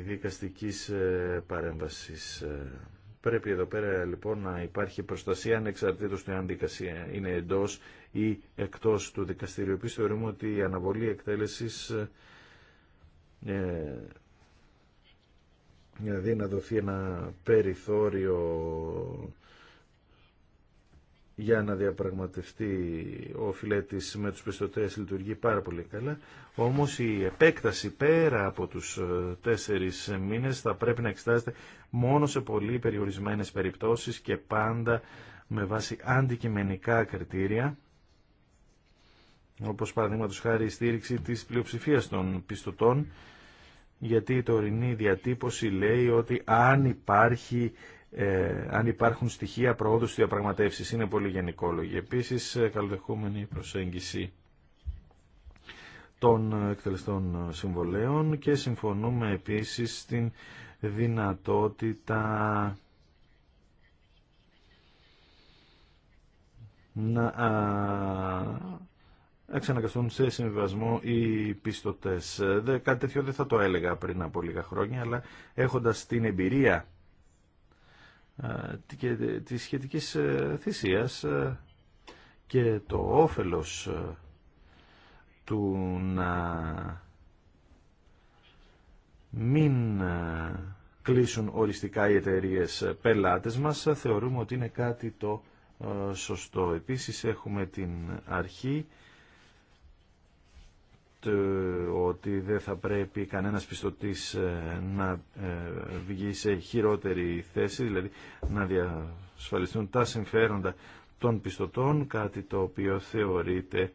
δικαστικής ε, παρέμβασης. Ε. Πρέπει εδώ πέρα λοιπόν να υπάρχει προστασία ανεξαρτήτως του αν δικασία είναι εντός ή εκτός του δικαστηρίου. Επίσης θεωρούμε ότι η αναβολή εκτέλεσης ε, δηλαδή να δοθεί ένα περιθώριο για να διαπραγματευτεί ο φιλέτης με τους πιστωτές λειτουργεί πάρα πολύ καλά. Όμως η επέκταση πέρα από τους ε, τέσσερις μήνες θα πρέπει να εξετάζεται μόνο σε πολύ περιορισμένες περιπτώσεις και πάντα με βάση αντικειμενικά κριτήρια όπως παραδείγματο χάρη η στήριξη της πλειοψηφίας των πιστωτών γιατί η τωρινή διατύπωση λέει ότι αν υπάρχει ε, αν υπάρχουν στοιχεία προόδου στι διαπραγματεύσει Είναι πολύ γενικόλογοι. Επίσης, ε, καλοδεχούμενη προσέγγιση των ε, εκτελεστών ε, συμβολέων και συμφωνούμε επίσης στην δυνατότητα να εξαναγκαστούν σε συμβιβασμό οι πιστωτές. Κάτι τέτοιο δεν θα το έλεγα πριν από λίγα χρόνια, αλλά έχοντας την εμπειρία και της σχετικής ε, θυσίας ε, και το όφελος ε, του να μην κλείσουν οριστικά οι εταιρείε πελάτες μας θεωρούμε ότι είναι κάτι το σωστό. Επίσης έχουμε την αρχή ε, ότι δεν θα πρέπει κανένας πιστοτής ε, να ε, βγει σε χειρότερη θέση, δηλαδή να διασφαλιστούν τα συμφέροντα των πιστωτών, κάτι το οποίο θεωρείται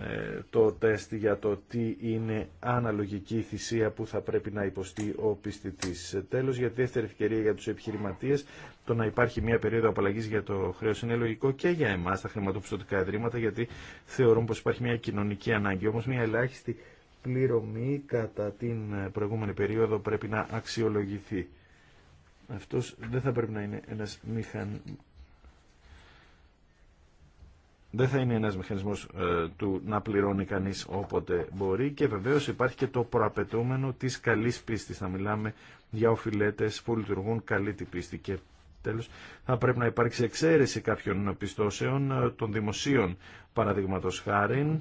ε, το τεστ για το τι είναι αναλογική θυσία που θα πρέπει να υποστεί ο πιστητής. Τέλος, για τη δεύτερη ευκαιρία για τους επιχειρηματίες, το να υπάρχει μια περίοδο απαλλαγής για το χρέος είναι λογικό και για εμάς τα χρηματοπιστωτικά ιδρύματα, γιατί θεωρούμε πως υπάρχει μια κοινωνική ανάγκη, όμως μια ελάχιστη πληρωμή κατά την προηγούμενη περίοδο πρέπει να αξιολογηθεί. Αυτός δεν θα πρέπει να είναι ένας μηχαν... Δεν θα είναι ένας μηχανισμός ε, του να πληρώνει κανείς όποτε μπορεί και βεβαίως υπάρχει και το προαπαιτούμενο της καλής πίστης. Θα μιλάμε για οφειλέτες που λειτουργούν καλή την πίστη και τέλος θα πρέπει να υπάρξει εξαίρεση κάποιων πιστώσεων ε, των δημοσίων παραδείγματο χάρη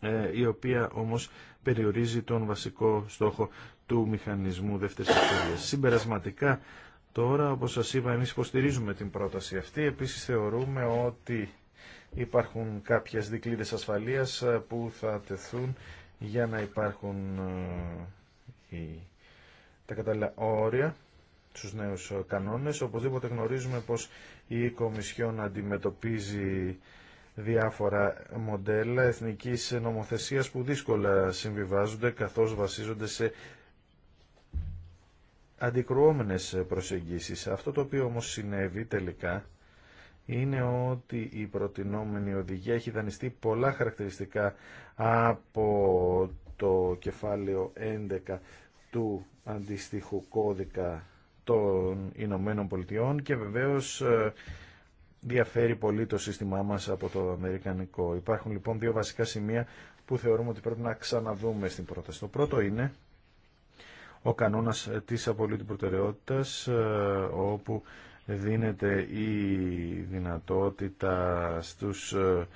ε, η οποία όμως περιορίζει τον βασικό στόχο του μηχανισμού δεύτερης ευκαιρίας. Συμπερασματικά Τώρα, όπως σας είπα, εμείς υποστηρίζουμε την πρόταση αυτή. Επίσης θεωρούμε ότι υπάρχουν κάποιες δικλείδες ασφαλείας ε, που θα τεθούν για να υπάρχουν ε, τα κατάλληλα όρια στους νέους ε, κανόνες. Οπωσδήποτε γνωρίζουμε πως η Κομισιόν αντιμετωπίζει διάφορα μοντέλα εθνικής νομοθεσίας που δύσκολα συμβιβάζονται καθώς βασίζονται σε αντικρουόμενες προσεγγίσεις. Αυτό το οποίο όμως συνέβη τελικά είναι ότι η προτινόμενη οδηγία έχει δανειστεί πολλά χαρακτηριστικά από το κεφάλαιο 11 του αντιστοιχού κώδικα των Ηνωμένων Πολιτειών και βεβαίως ε, διαφέρει πολύ το σύστημά μας από το αμερικανικό. Υπάρχουν λοιπόν δύο βασικά σημεία που θεωρούμε ότι πρέπει να ξαναδούμε στην πρόταση. Το πρώτο είναι ο κανόνας της απολύτου προτεραιότητας ε, όπου δίνεται η δυνατότητα στους ε,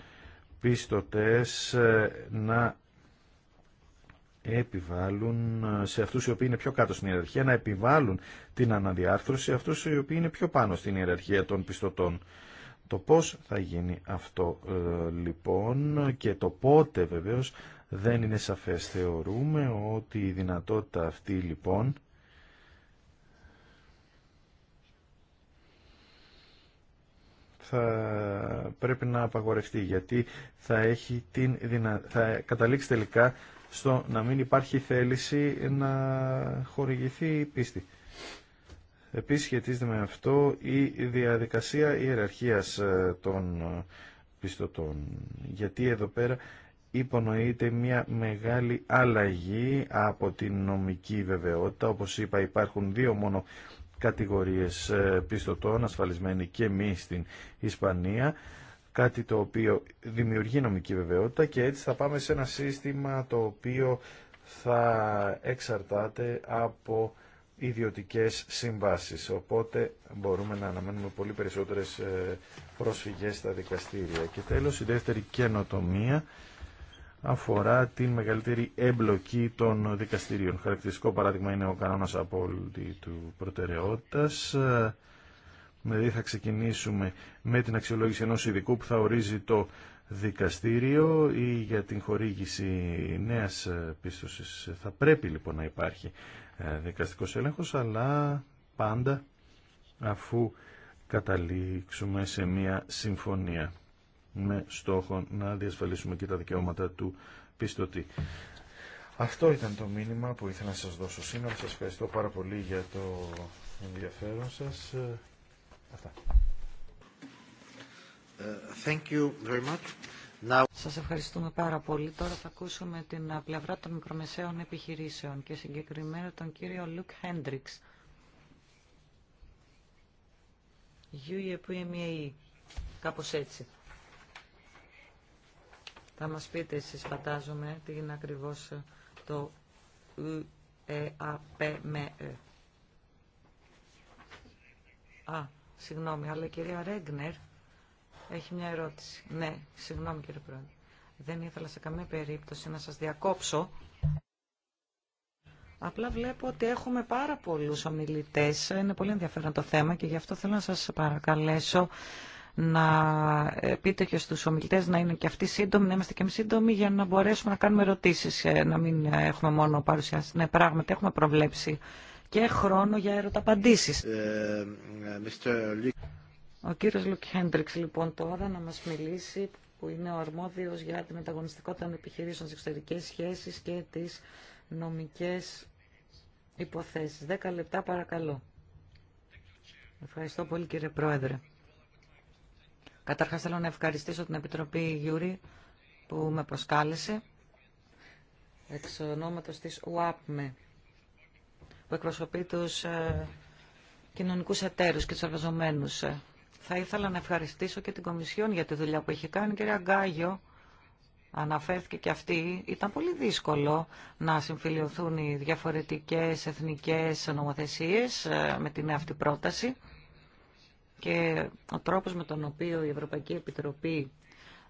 πίστοτες ε, να επιβάλλουν σε αυτούς οι οποίοι είναι πιο κάτω στην ιεραρχία να επιβάλλουν την αναδιάρθρωση σε αυτούς οι οποίοι είναι πιο πάνω στην ιεραρχία των πιστωτών. Το πώς θα γίνει αυτό λοιπόν και το πότε βεβαίως δεν είναι σαφές. Θεωρούμε ότι η δυνατότητα αυτή λοιπόν θα πρέπει να απαγορευτεί γιατί θα, έχει την δυνα... θα καταλήξει τελικά στο να μην υπάρχει θέληση να χορηγηθεί η πίστη. Επίσης σχετίζεται με αυτό η διαδικασία ιεραρχίας ε, των πιστωτών. Γιατί εδώ πέρα υπονοείται μια μεγάλη αλλαγή από την νομική βεβαιότητα. Όπως είπα υπάρχουν δύο μόνο κατηγορίες ε, πιστωτών, ασφαλισμένοι και εμεί στην Ισπανία, κάτι το οποίο δημιουργεί νομική βεβαιότητα και έτσι θα πάμε σε ένα σύστημα το οποίο θα εξαρτάται από ιδιωτικές συμβάσεις. Οπότε μπορούμε να αναμένουμε πολύ περισσότερες ε, πρόσφυγες στα δικαστήρια. Και τέλος η δεύτερη καινοτομία αφορά την μεγαλύτερη εμπλοκή των δικαστηρίων. Χαρακτηριστικό παράδειγμα είναι ο κανόνας απόλυτη του προτεραιότητας. Δηλαδή θα ξεκινήσουμε με την αξιολόγηση ενός ειδικού που θα ορίζει το δικαστήριο ή για την χορήγηση νέας πίστοσης. Θα πρέπει λοιπόν να υπάρχει ε, δικαστικός έλεγχος, αλλά πάντα αφού καταλήξουμε σε μια συμφωνία με στόχο να διασφαλίσουμε και τα δικαιώματα του πιστωτή. Αυτό ήταν το μήνυμα που ήθελα να σας δώσω σήμερα. Σας ευχαριστώ πάρα πολύ για το ενδιαφέρον σας. Ε, αυτά. Ε, thank you very much. Σας ευχαριστούμε πάρα πολύ. Τώρα θα ακούσουμε την πλευρά των μικρομεσαίων επιχειρήσεων και συγκεκριμένα τον κύριο Λουκ Χέντριξ. UEPMEA, κάπως έτσι. Θα μας πείτε εσείς φαντάζομαι τι είναι ακριβώς το ΕΑΠΜΕ. Α, συγγνώμη, αλλά η κυρία Ρέγνερ έχει μια ερώτηση. Ναι, συγγνώμη κύριε Πρόεδρε. Δεν ήθελα σε καμία περίπτωση να σας διακόψω. Απλά βλέπω ότι έχουμε πάρα πολλούς ομιλητές. Είναι πολύ ενδιαφέρον το θέμα και γι' αυτό θέλω να σας παρακαλέσω να πείτε και στους ομιλητές να είναι και αυτοί σύντομοι, να είμαστε και εμείς σύντομοι για να μπορέσουμε να κάνουμε ερωτήσεις, ε, να μην ε, έχουμε μόνο παρουσιάσει. Ναι, πράγματι έχουμε προβλέψει και χρόνο για ερωταπαντήσεις. Ε, ο κύριος Λουκ Χέντριξ λοιπόν τώρα να μας μιλήσει που είναι ο αρμόδιος για την μεταγωνιστικότητα των επιχειρήσεων στις εξωτερικές σχέσεις και τις νομικές υποθέσεις. Δέκα λεπτά παρακαλώ. Ευχαριστώ πολύ κύριε Πρόεδρε. Καταρχάς θέλω να ευχαριστήσω την Επιτροπή Γιούρη που με προσκάλεσε εξ ονόματος της ΟΑΠΜΕ που εκπροσωπεί τους ε, κοινωνικούς εταίρους και τους εργαζομένους. Ε, θα ήθελα να ευχαριστήσω και την Κομισιόν για τη δουλειά που έχει κάνει. Κύριε Αγκάγιο, αναφέρθηκε και αυτή, ήταν πολύ δύσκολο να συμφιλειωθούν οι διαφορετικές εθνικές νομοθεσίες ε, με την αυτή πρόταση και ο τρόπος με τον οποίο η Ευρωπαϊκή Επιτροπή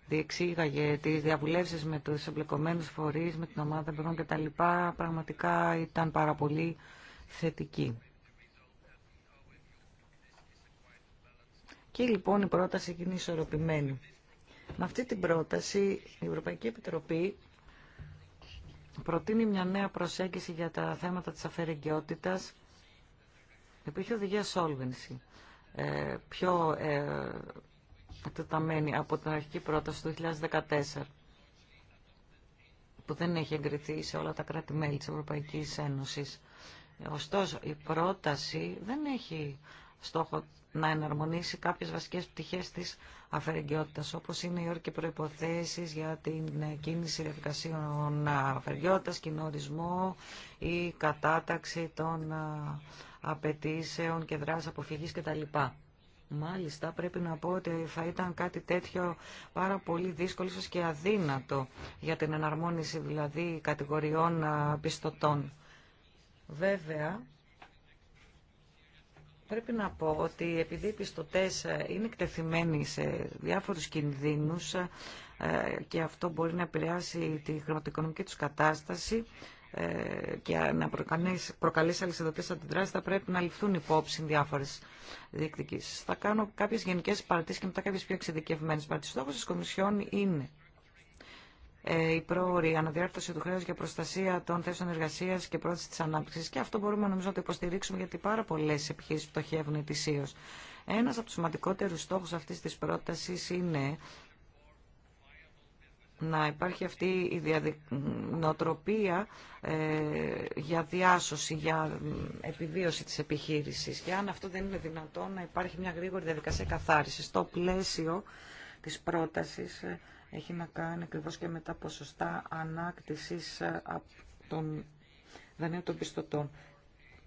διεξήγαγε τις διαβουλεύσεις με τους εμπλεκομένους φορείς, με την ομάδα τα κτλ. πραγματικά ήταν πάρα πολύ θετική. Και λοιπόν η πρόταση γίνει ισορροπημένη. Με αυτή την πρόταση η Ευρωπαϊκή Επιτροπή προτείνει μια νέα προσέγγιση για τα θέματα της αφαιρεγκαιότητας επί οδηγία solvency ε, πιο ε, εκτεταμένη από την αρχική πρόταση του 2014 που δεν έχει εγκριθεί σε όλα τα κράτη-μέλη της Ευρωπαϊκής Ένωσης. Ωστόσο, η πρόταση δεν έχει στόχο να εναρμονίσει κάποιες βασικές πτυχές της αφαιρεγγιότητας, όπως είναι οι όρκοι προϋποθέσεις για την κίνηση διαδικασίων αφαιρεγγιότητας, κοινορισμό ή κατάταξη των απαιτήσεων και δράσης αποφυγής κτλ. Μάλιστα, πρέπει να πω ότι θα ήταν κάτι τέτοιο πάρα πολύ δύσκολο, και αδύνατο για την εναρμόνιση δηλαδή κατηγοριών πιστωτών. Βέβαια, πρέπει να πω ότι επειδή οι πιστωτές ε, είναι εκτεθειμένοι σε διάφορους κινδύνους ε, και αυτό μπορεί να επηρεάσει τη χρηματοοικονομική τους κατάσταση ε, και να προκαλέσει αλυσιδωτές αντιδράσεις θα πρέπει να ληφθούν υπόψη διάφορες διεκδικήσεις. Θα κάνω κάποιες γενικές παρατήσεις και μετά κάποιες πιο εξειδικευμένες παρατήσεις. Στόχος της Κομισιόν είναι ε, η πρόορη αναδιάρθρωση του χρέου για προστασία των θέσεων εργασία και πρόθεση τη ανάπτυξη. Και αυτό μπορούμε νομίζω να το υποστηρίξουμε γιατί πάρα πολλέ επιχειρήσει πτωχεύουν ετησίω. Ένα από του σημαντικότερου στόχου αυτή τη πρόταση είναι να υπάρχει αυτή η νοοτροπία ε, για διάσωση, για επιβίωση της επιχείρησης. Και αν αυτό δεν είναι δυνατό να υπάρχει μια γρήγορη διαδικασία καθάρισης. Στο πλαίσιο της πρότασης ε, έχει να κάνει ακριβώ και με τα ποσοστά ανάκτησης ε, των δανείων των πιστωτών.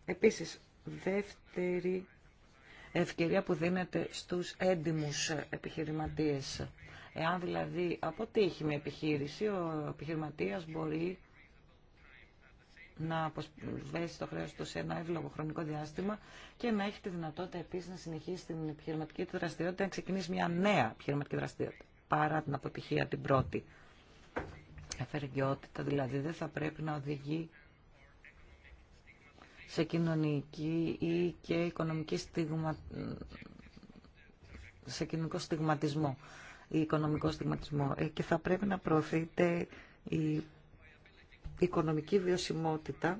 Επίσης, δεύτερη ευκαιρία που δίνεται στους έντιμους ε, επιχειρηματίες. Εάν δηλαδή αποτύχει μια επιχείρηση, ο επιχειρηματίας μπορεί να αποσβέσει το χρέος του σε ένα εύλογο χρονικό διάστημα και να έχει τη δυνατότητα επίσης να συνεχίσει την επιχειρηματική του δραστηριότητα, να ξεκινήσει μια νέα επιχειρηματική δραστηριότητα παρά την αποτυχία την πρώτη. Αφαιρεγγιότητα δηλαδή δεν θα πρέπει να οδηγεί σε κοινωνική ή και οικονομική στιγμα... σε κοινωνικό στιγματισμό ή οικονομικό στιγματισμό ε, και θα πρέπει να προωθείται η οικονομική βιωσιμότητα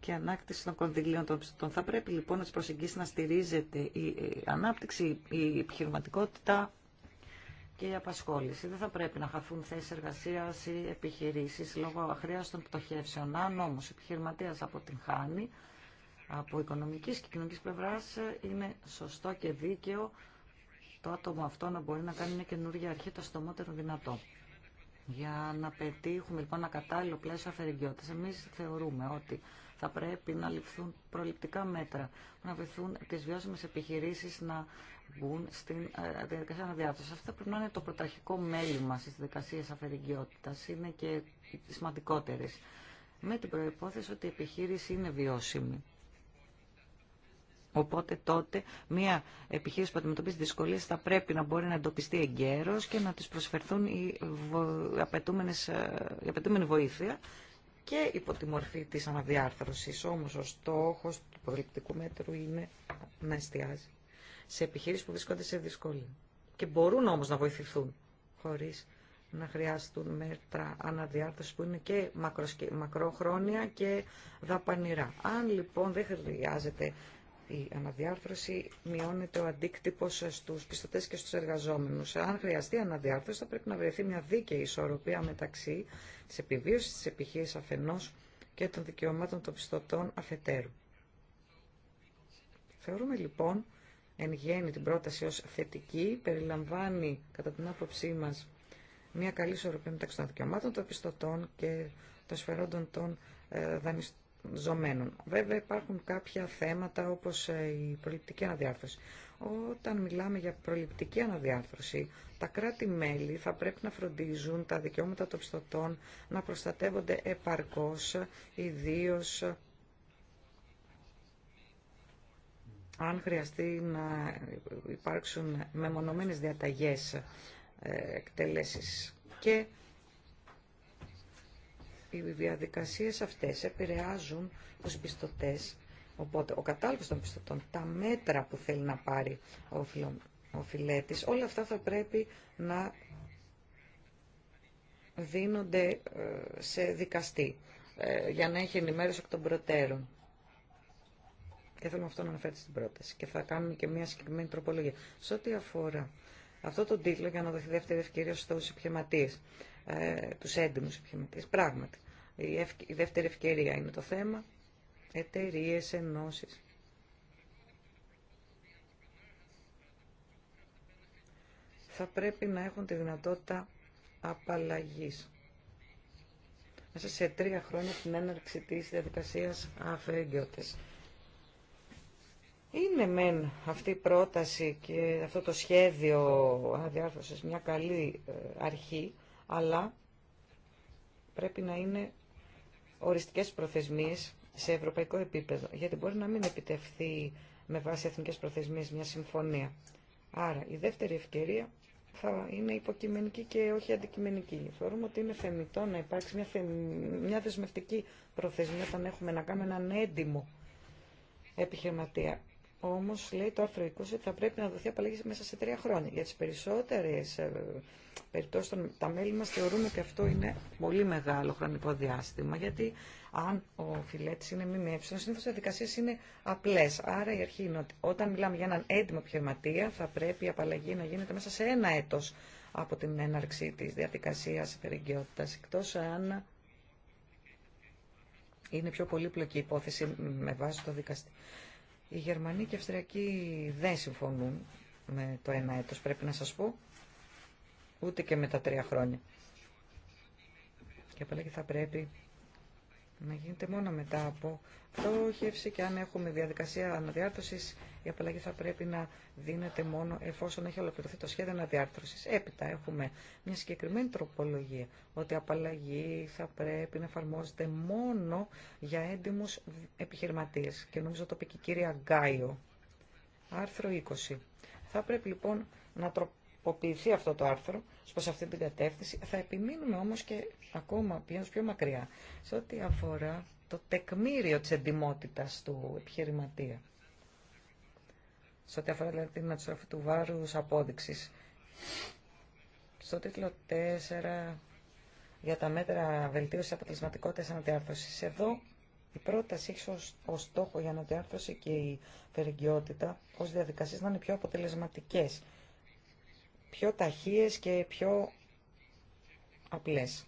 και ανάκτηση των κονδυλίων των ψητών. Θα πρέπει λοιπόν να τις προσεγγίσει να στηρίζεται η ανάπτυξη, η επιχειρηματικότητα και η απασχόληση. Δεν θα πρέπει να χαθούν θέσει εργασία ή επιχειρήσει λόγω των πτωχεύσεων. Αν όμω ο επιχειρηματία αποτυγχάνει από οικονομική και κοινωνική πλευρά, είναι σωστό και δίκαιο το άτομο αυτό να μπορεί να κάνει μια καινούργια αρχή το στομότερο δυνατό. Για να πετύχουμε λοιπόν ένα κατάλληλο πλαίσιο αφαιρεγγιότητα, εμεί θεωρούμε ότι θα πρέπει να ληφθούν προληπτικά μέτρα, να βρεθούν τι βιώσιμε επιχειρήσει να μπουν στην ε, διαδικασία αναδιάρθρωση. Αυτό θα πρέπει να είναι το πρωταρχικό μέλημα στι δικασίε αφαιρεγκαιότητα. Είναι και σημαντικότερε. Με την προπόθεση ότι η επιχείρηση είναι βιώσιμη. Οπότε τότε μια επιχείρηση που αντιμετωπίζει δυσκολίε θα πρέπει να μπορεί να εντοπιστεί εγκαίρω και να τη προσφερθούν οι, ε, η απαιτούμενη βοήθεια και υπό τη μορφή της αναδιάρθρωσης. Όμως ο στόχος του προληπτικού μέτρου είναι να εστιάζει σε επιχειρήσεις που βρίσκονται σε δυσκολία. Και μπορούν όμως να βοηθηθούν χωρίς να χρειάζονται μέτρα αναδιάρθρωσης που είναι και μακροχρόνια και δαπανηρά. Αν λοιπόν δεν χρειάζεται η αναδιάρθρωση, μειώνεται ο αντίκτυπος στους πιστωτές και στους εργαζόμενους. Αν χρειαστεί αναδιάρθρωση θα πρέπει να βρεθεί μια δίκαιη ισορροπία μεταξύ της επιβίωσης της επιχείρησης αφενός και των δικαιωμάτων των πιστωτών αφετέρου. Θεωρούμε λοιπόν εν γέννη την πρόταση ως θετική, περιλαμβάνει κατά την άποψή μας μια καλή ισορροπία μεταξύ των δικαιωμάτων των πιστωτών και των σφαιρόντων των ε, δανειζομένων. Βέβαια υπάρχουν κάποια θέματα όπως ε, η προληπτική αναδιάρθρωση. Όταν μιλάμε για προληπτική αναδιάρθρωση, τα κράτη-μέλη θα πρέπει να φροντίζουν τα δικαιώματα των πιστωτών να προστατεύονται επαρκώς, ιδίως αν χρειαστεί να υπάρξουν μεμονωμένες διαταγές ε, εκτελέσεις και οι διαδικασίες αυτές επηρεάζουν τους πιστωτές οπότε ο κατάλογος των πιστωτών τα μέτρα που θέλει να πάρει ο, φιλο, ο φιλέτης όλα αυτά θα πρέπει να δίνονται ε, σε δικαστή ε, για να έχει ενημέρωση εκ των προτέρων και θέλουμε αυτό να αναφέρεται στην πρόταση. Και θα κάνουμε και μια συγκεκριμένη τροπολογία. Σε ό,τι αφορά αυτό το τίτλο για να δοθεί δεύτερη ευκαιρία στους επιχειρηματίες, ε, τους έντιμους επιχειρηματίες. Πράγματι, η, δεύτερη ευκαιρία είναι το θέμα. Εταιρείε, ενώσεις. Θα πρέπει να έχουν τη δυνατότητα απαλλαγής. Μέσα σε τρία χρόνια την έναρξη της διαδικασίας αφαιρεγγιώτες. Είναι μεν αυτή η πρόταση και αυτό το σχέδιο αναδιάρθρωσης μια καλή ε, αρχή, αλλά πρέπει να είναι οριστικές προθεσμίες σε ευρωπαϊκό επίπεδο, γιατί μπορεί να μην επιτευχθεί με βάση εθνικές προθεσμίες μια συμφωνία. Άρα η δεύτερη ευκαιρία θα είναι υποκειμενική και όχι αντικειμενική. Θεωρούμε ότι είναι θεμητό να υπάρξει μια, μια δεσμευτική προθεσμία όταν έχουμε να κάνουμε έναν έντιμο επιχειρηματία. Όμω λέει το άρθρο 20, θα πρέπει να δοθεί απαλλαγή μέσα σε τρία χρόνια. Για τι περισσότερε ε, περιπτώσει τα μέλη μα θεωρούν ότι αυτό είναι πολύ μεγάλο χρονικό διάστημα, γιατί αν ο φιλέτη είναι μη συνήθω οι διαδικασίε είναι απλέ. Άρα η αρχή είναι ότι όταν μιλάμε για έναν έντιμο επιχειρηματία, θα πρέπει η απαλλαγή να γίνεται μέσα σε ένα έτό από την έναρξη τη διαδικασία περιγκαιότητα. Εκτό αν είναι πιο πολύπλοκη υπόθεση με βάση το δικαστήριο οι Γερμανοί και οι Αυστριακοί δεν συμφωνούν με το ένα έτος, πρέπει να σας πω, ούτε και με τα τρία χρόνια. Και απλά και θα πρέπει να γίνεται μόνο μετά από πρόχευση και αν έχουμε διαδικασία αναδιάρθρωσης η απαλλαγή θα πρέπει να δίνεται μόνο εφόσον έχει ολοκληρωθεί το σχέδιο αναδιάρθρωσης. Έπειτα έχουμε μια συγκεκριμένη τροπολογία ότι η απαλλαγή θα πρέπει να εφαρμόζεται μόνο για έντιμους επιχειρηματίες και νομίζω το πήκε η κυρία Γκάιο. Άρθρο 20. Θα πρέπει λοιπόν να, τροπολογήσουμε τροποποιηθεί αυτό το άρθρο προ αυτή την κατεύθυνση. Θα επιμείνουμε όμω και ακόμα πιο, πιο μακριά σε ό,τι αφορά το τεκμήριο τη εντυμότητα του επιχειρηματία. Σε ό,τι αφορά δηλαδή, την αντιστροφή του βάρου απόδειξη. Στο τίτλο 4 για τα μέτρα βελτίωση αποτελεσματικότητα αναδιάρθρωση. Εδώ η πρόταση έχει ω ως στόχο για αναδιάρθρωση και η περιγκαιότητα ω διαδικασίε να είναι πιο αποτελεσματικέ πιο ταχείες και πιο απλές.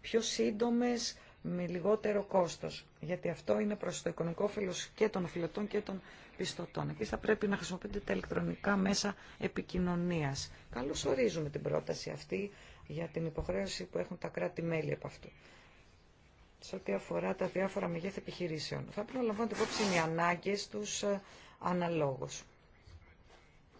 Πιο σύντομες με λιγότερο κόστος, γιατί αυτό είναι προς το οικονομικό όφελος και των φιλετών και των πιστωτών. Επίσης θα πρέπει να χρησιμοποιείτε τα ηλεκτρονικά μέσα επικοινωνίας. Καλώς ορίζουμε την πρόταση αυτή για την υποχρέωση που έχουν τα κράτη-μέλη από αυτού. Σε ό,τι αφορά τα διάφορα μεγέθη επιχειρήσεων, θα πρέπει να λαμβάνονται υπόψη οι ανάγκες τους ε, αναλόγως.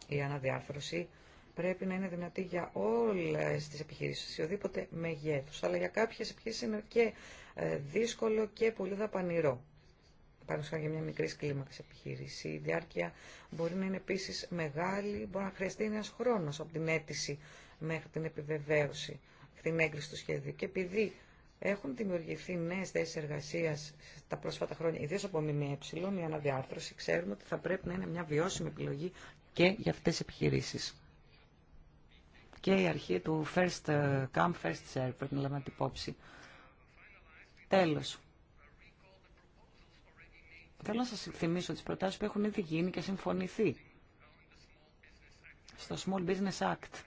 Η αναδιάρθρωση πρέπει να είναι δυνατή για όλες τις επιχειρήσεις, σε οδήποτε μεγέθους. Αλλά για κάποιες επιχειρήσεις είναι και ε, δύσκολο και πολύ δαπανηρό. Πάνω για μια μικρή κλίμακα επιχείρηση. Η διάρκεια μπορεί να είναι επίση μεγάλη, μπορεί να χρειαστεί ένα χρόνο από την αίτηση μέχρι την επιβεβαίωση, την έγκριση του σχεδίου. Και επειδή έχουν δημιουργηθεί νέε θέσει εργασία τα πρόσφατα χρόνια, ιδίω από ΜΜΕ, η αναδιάρθρωση, ξέρουμε ότι θα πρέπει να είναι μια βιώσιμη επιλογή και για αυτέ τι επιχειρήσει και η αρχή του first ε, come, first serve πρέπει να λέμε την υπόψη. Τέλος. Θέλω να σας θυμίσω τις προτάσεις που έχουν ήδη γίνει και συμφωνηθεί στο Small Business Act.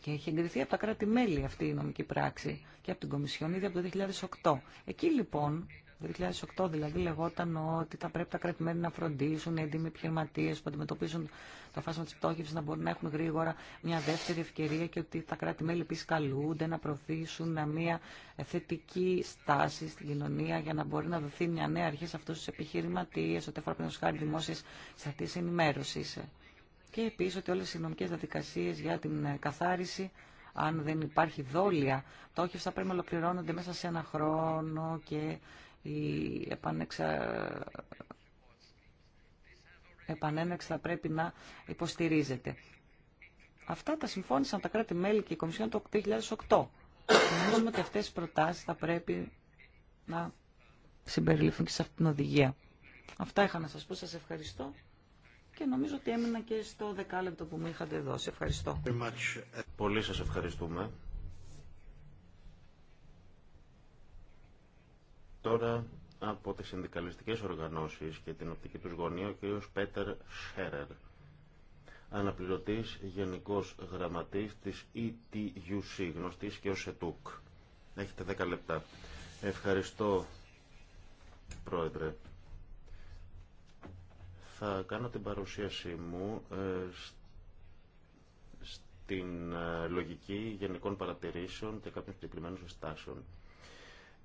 Και έχει εγκριθεί από τα κράτη-μέλη αυτή η νομική πράξη και από την Κομισιόν ήδη από το 2008. Εκεί λοιπόν 2008 δηλαδή λεγόταν ότι θα πρέπει τα κρατημένα να φροντίσουν οι έντιμοι επιχειρηματίε που αντιμετωπίζουν το φάσμα τη πτώχευση να μπορούν να έχουν γρήγορα μια δεύτερη ευκαιρία και ότι τα κράτη-μέλη επίση καλούνται να προωθήσουν μια θετική στάση στην κοινωνία για να μπορεί να δοθεί μια νέα αρχή σε αυτού του επιχειρηματίε, ό,τι αφορά πριν χάρη δημόσιε ενημέρωση. Και επίση ότι όλε οι νομικέ διαδικασίε για την καθάριση αν δεν υπάρχει δόλια, τα όχι πρέπει να ολοκληρώνονται μέσα σε ένα χρόνο και η επανεξα... επανέναξη θα πρέπει να υποστηρίζεται. Αυτά τα συμφώνησαν τα κράτη-μέλη και η Κομισιόν το 2008. Νομίζουμε ότι αυτές οι προτάσεις θα πρέπει να συμπεριληφθούν και σε αυτήν την οδηγία. Αυτά είχα να σας πω. Σας ευχαριστώ και νομίζω ότι έμεινα και στο δεκάλεπτο που μου είχατε δώσει. Ευχαριστώ. Πολύ σας ευχαριστούμε. Τώρα από τις συνδικαλιστικές οργανώσεις και την οπτική τους γωνία ο κ. Πέτερ Σέρερ, αναπληρωτής γενικός γραμματής της ETUC, γνωστής και ως ΕΤΟΚ. Έχετε 10 λεπτά. Ευχαριστώ, Πρόεδρε. Θα κάνω την παρουσίασή μου ε, στην ε, λογική γενικών παρατηρήσεων και κάποιων συγκεκριμένων συστάσεων.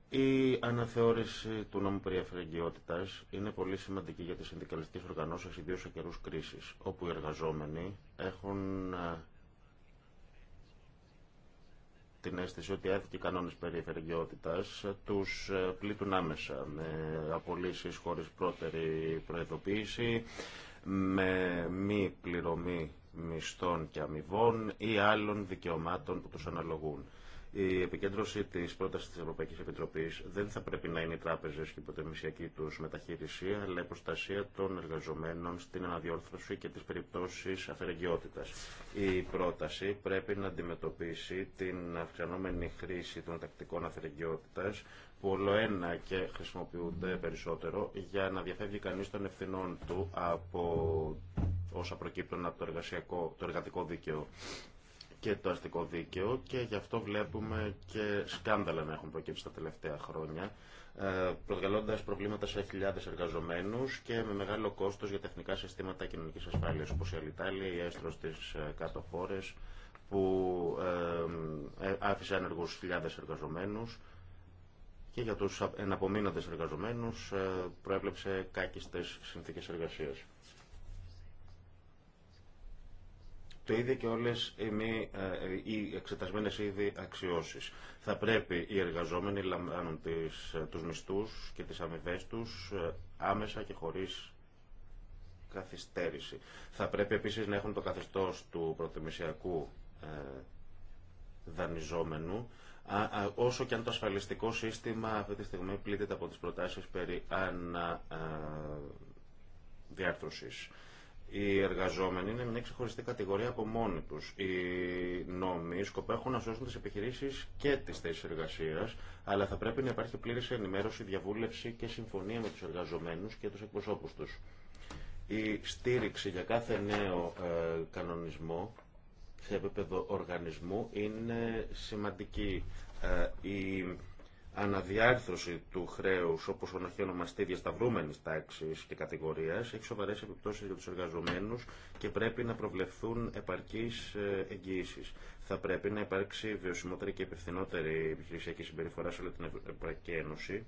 Η αναθεώρηση του νόμου περί είναι πολύ σημαντική για τις συνδικαλιστικές οργανώσεις, ιδίως σε καιρούς κρίσης, όπου οι εργαζόμενοι έχουν ε, την αίσθηση ότι κανόνες περί τους ε, πλήττουν άμεσα με απολύσεις χωρίς πρώτερη προειδοποίηση, με μη πληρωμή μισθών και αμοιβών ή άλλων δικαιωμάτων που τους αναλογούν. Η επικέντρωση τη πρόταση τη Ευρωπαϊκή Επιτροπή δεν θα πρέπει να είναι οι τράπεζε και η υποτεμισιακή του μεταχείριση, αλλά η προστασία των εργαζομένων στην αναδιόρθρωση και τι περιπτώσει αφαιρεγγιότητα. Η πρόταση πρέπει να αντιμετωπίσει την αυξανόμενη χρήση των τακτικών αφαιρεγγιότητα, που όλο ένα και χρησιμοποιούνται περισσότερο, για να διαφεύγει κανεί των ευθυνών του από όσα προκύπτουν από το, εργατικό δίκαιο και το αστικό δίκαιο και γι' αυτό βλέπουμε και σκάνδαλα να έχουν προκύψει τα τελευταία χρόνια ε, προκαλώντα προβλήματα σε χιλιάδες εργαζομένους και με μεγάλο κόστος για τεχνικά συστήματα κοινωνική ασφάλεια, όπως η Αλιτάλια, η έστρο στι ε, κάτω χώρε, που ε, άφησε άνεργου χιλιάδες εργαζομένους και για του εναπομείνοντε εργαζομένου προέβλεψε κάκιστες συνθήκες εργασίας. Το ίδιο και όλε οι, ε, οι εξετασμένε ήδη αξιώσει. Θα πρέπει οι εργαζόμενοι να λαμβάνουν ε, του μισθού και τι αμοιβέ του ε, άμεσα και χωρί καθυστέρηση. Θα πρέπει επίση να έχουν το καθεστώ του προτιμησιακού δανειζόμενου, όσο και αν το ασφαλιστικό σύστημα αυτή τη στιγμή πλήττεται από τις προτάσεις περί οι εργαζόμενοι είναι μια ξεχωριστή κατηγορία από μόνοι του. Οι νόμοι σκοπεύουν να σώσουν τι επιχειρήσει και τι θέσει εργασία, αλλά θα πρέπει να υπάρχει πλήρη ενημέρωση, διαβούλευση και συμφωνία με του εργαζομένου και του εκπροσώπου του. Η στήριξη για κάθε νέο ε, κανονισμό σε επίπεδο οργανισμού είναι σημαντική. Ε, η αναδιάρθρωση του χρέους όπως ο ονομαστή διασταυρούμενης τάξης και κατηγορίας έχει σοβαρές επιπτώσεις για τους εργαζομένους και πρέπει να προβλεφθούν επαρκείς ε, εγγύησεις. Θα πρέπει να υπάρξει βιωσιμότερη και υπευθυνότερη επιχειρησιακή συμπεριφορά σε όλη την Ευρωπαϊκή Ένωση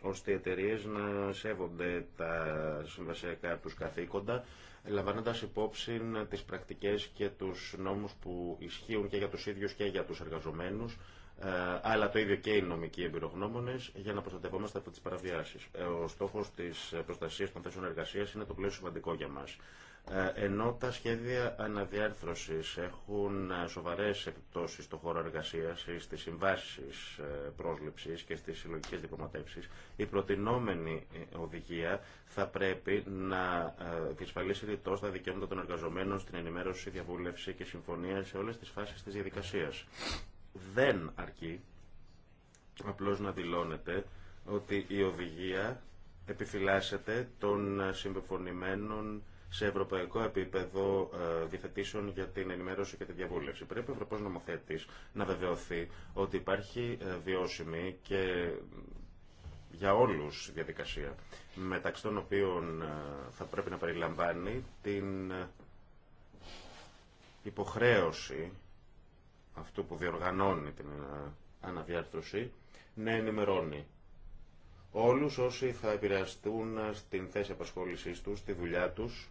ώστε οι εταιρείε να σέβονται τα συμβασιακά τους καθήκοντα λαμβάνοντας υπόψη τις πρακτικές και τους νόμους που ισχύουν και για τους ίδιους και για τους εργαζομένους ε, αλλά το ίδιο και οι νομικοί εμπειρογνώμονε για να προστατευόμαστε από τι παραβιάσει. Ε, ο στόχο τη προστασία των θέσεων εργασία είναι το πλέον σημαντικό για μα. Ε, ενώ τα σχέδια αναδιάρθρωση έχουν σοβαρέ επιπτώσει στον χώρο εργασία στι συμβάσει πρόσληψη και στι συλλογικέ διαπραγματεύσει, η προτινόμενη οδηγία θα πρέπει να διασφαλίσει ρητό τα δικαιώματα των εργαζομένων στην ενημέρωση, διαβούλευση και συμφωνία σε όλε τι φάσει τη διαδικασία δεν αρκεί απλώς να δηλώνεται ότι η οδηγία επιφυλάσσεται των συμπεφωνημένων σε ευρωπαϊκό επίπεδο ε, διαθετήσεων για την ενημέρωση και τη διαβούλευση. Πρέπει ο Ευρωπαϊκός Νομοθέτης να βεβαιωθεί ότι υπάρχει ε, βιώσιμη και για όλους διαδικασία, μεταξύ των οποίων ε, θα πρέπει να περιλαμβάνει την υποχρέωση αυτό που διοργανώνει την ε, αναδιάρθρωση να ενημερώνει όλους όσοι θα επηρεαστούν ε, στην θέση απασχόλησής τους, στη δουλειά τους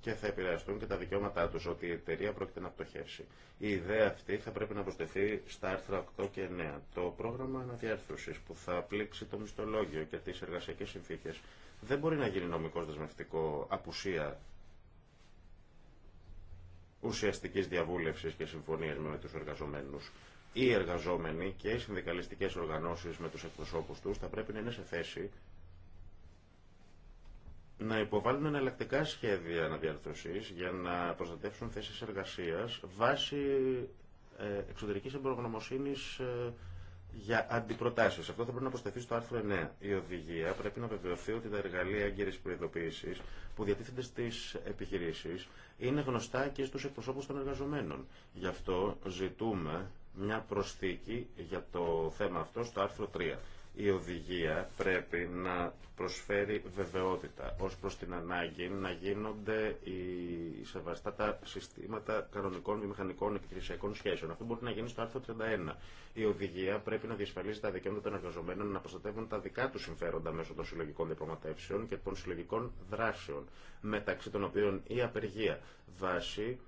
και θα επηρεαστούν και τα δικαιώματά τους, ότι η εταιρεία πρόκειται να πτωχεύσει. Η ιδέα αυτή θα πρέπει να προσθεθεί στα άρθρα 8 και 9. Το πρόγραμμα αναδιάρθρωσης που θα πλήξει το μισθολόγιο και τις εργασιακές συνθήκες δεν μπορεί να γίνει νομικός δεσμευτικό απουσία ουσιαστικής διαβούλευσης και συμφωνίας με τους εργαζομένους. Οι εργαζόμενοι και οι συνδικαλιστικές οργανώσεις με τους εκπροσώπους τους θα πρέπει να είναι σε θέση να υποβάλουν εναλλακτικά σχέδια αναδιαρθρωσής για να προστατεύσουν θέσεις εργασίας βάσει ε, εξωτερικής εμπορογνωμοσύνης ε, για αντιπροτάσει. Αυτό θα πρέπει να προσταθεί στο άρθρο 9. Η οδηγία πρέπει να βεβαιωθεί ότι τα εργαλεία έγκαιρη προειδοποίηση που διατίθενται στι επιχειρήσει είναι γνωστά και στου εκπροσώπου των εργαζομένων. Γι' αυτό ζητούμε μια προσθήκη για το θέμα αυτό στο άρθρο 3. Η οδηγία πρέπει να προσφέρει βεβαιότητα ως προς την ανάγκη να γίνονται οι σεβαστά τα συστήματα κανονικών ή μηχανικών επιχειρησιακών σχέσεων. Αυτό μπορεί να γίνει στο άρθρο 31. Η οδηγία πρέπει να διασφαλίζει τα δικαιώματα των εργαζομένων να προστατεύουν τα δικά του συμφέροντα μέσω των συλλογικών διαπραγματεύσεων και των συλλογικών δράσεων, μεταξύ των οποίων η απεργία βάσει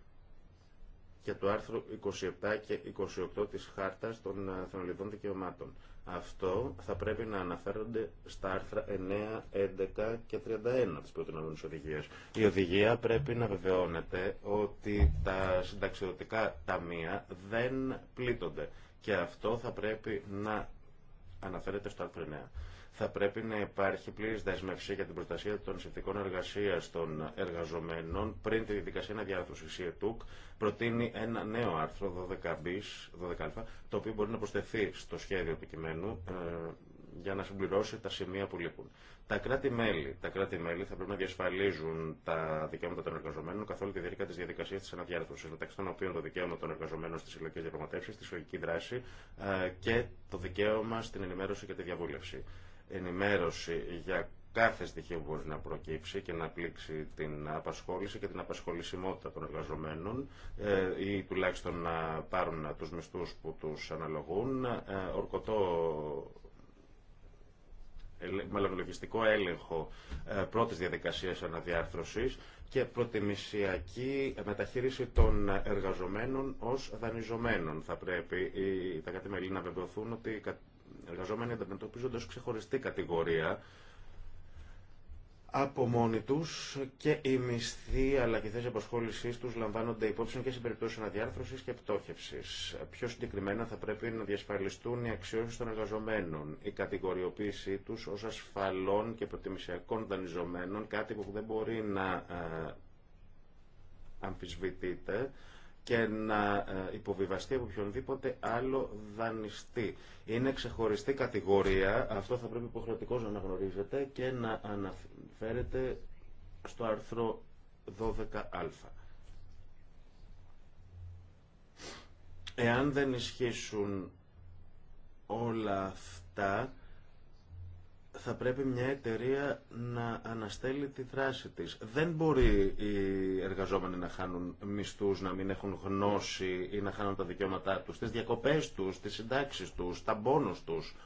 και του άρθρου 27 και 28 της Χάρτας των Θεμελιδών Δικαιωμάτων αυτό θα πρέπει να αναφέρονται στα άρθρα 9, 11 και 31 της προτινόμενης οδηγίας. Η οδηγία πρέπει να βεβαιώνεται ότι τα συνταξιδοτικά ταμεία δεν πλήττονται και αυτό θα πρέπει να αναφέρεται στο άρθρο 9 θα πρέπει να υπάρχει πλήρη δέσμευση για την προστασία των συνθηκών εργασία των εργαζομένων πριν τη διαδικασία αναδιάρθρωση. Η ΕΤΟΚ προτείνει ένα νέο άρθρο 12B, 12α, το οποίο μπορεί να προσθεθεί στο σχέδιο του κειμένου ε, για να συμπληρώσει τα σημεία που λείπουν. Τα κράτη-μέλη τα κράτη θα πρέπει να διασφαλίζουν τα δικαιώματα των εργαζομένων καθ' όλη τη διάρκεια τη διαδικασία τη αναδιάρθρωση, μεταξύ των οποίων το δικαίωμα των εργαζομένων στι συλλογικέ διαπραγματεύσει, τη συλλογική δράση ε, και το δικαίωμα στην ενημέρωση και τη διαβούλευση ενημέρωση για κάθε στοιχείο που μπορεί να προκύψει και να πλήξει την απασχόληση και την απασχολησιμότητα των εργαζομένων ε, ή τουλάχιστον να πάρουν τους μισθούς που τους αναλογούν. Ε, ορκωτό με λογιστικό έλεγχο ε, πρώτης διαδικασίας αναδιάρθρωσης και προτιμησιακή μεταχείριση των εργαζομένων ως δανειζομένων. Θα πρέπει τα κατημελή να βεβαιωθούν ότι εργαζόμενοι αντιμετωπίζονται ξεχωριστή κατηγορία από μόνοι του και οι μισθοί αλλά και οι θέσει απασχόλησή του λαμβάνονται υπόψη και σε περιπτώσει αναδιάρθρωση και πτώχευση. Πιο συγκεκριμένα θα πρέπει να διασφαλιστούν οι αξιώσει των εργαζομένων, η κατηγοριοποίησή του ω ασφαλών και προτιμησιακών δανειζομένων, κάτι που δεν μπορεί να ε, αμφισβητείται, και να ε, υποβιβαστεί από οποιονδήποτε άλλο δανειστή. Είναι ξεχωριστή κατηγορία, αυτό θα πρέπει υποχρεωτικώ να αναγνωρίζεται και να αναφέρεται στο άρθρο 12α. Εάν δεν ισχύσουν όλα αυτά, θα πρέπει μια εταιρεία να αναστέλει τη δράση της. Δεν μπορεί οι εργαζόμενοι να χάνουν μισθούς, να μην έχουν γνώση ή να χάνουν τα δικαιώματά τους, τις διακοπές τους, τις συντάξεις τους, τα μπόνους τους.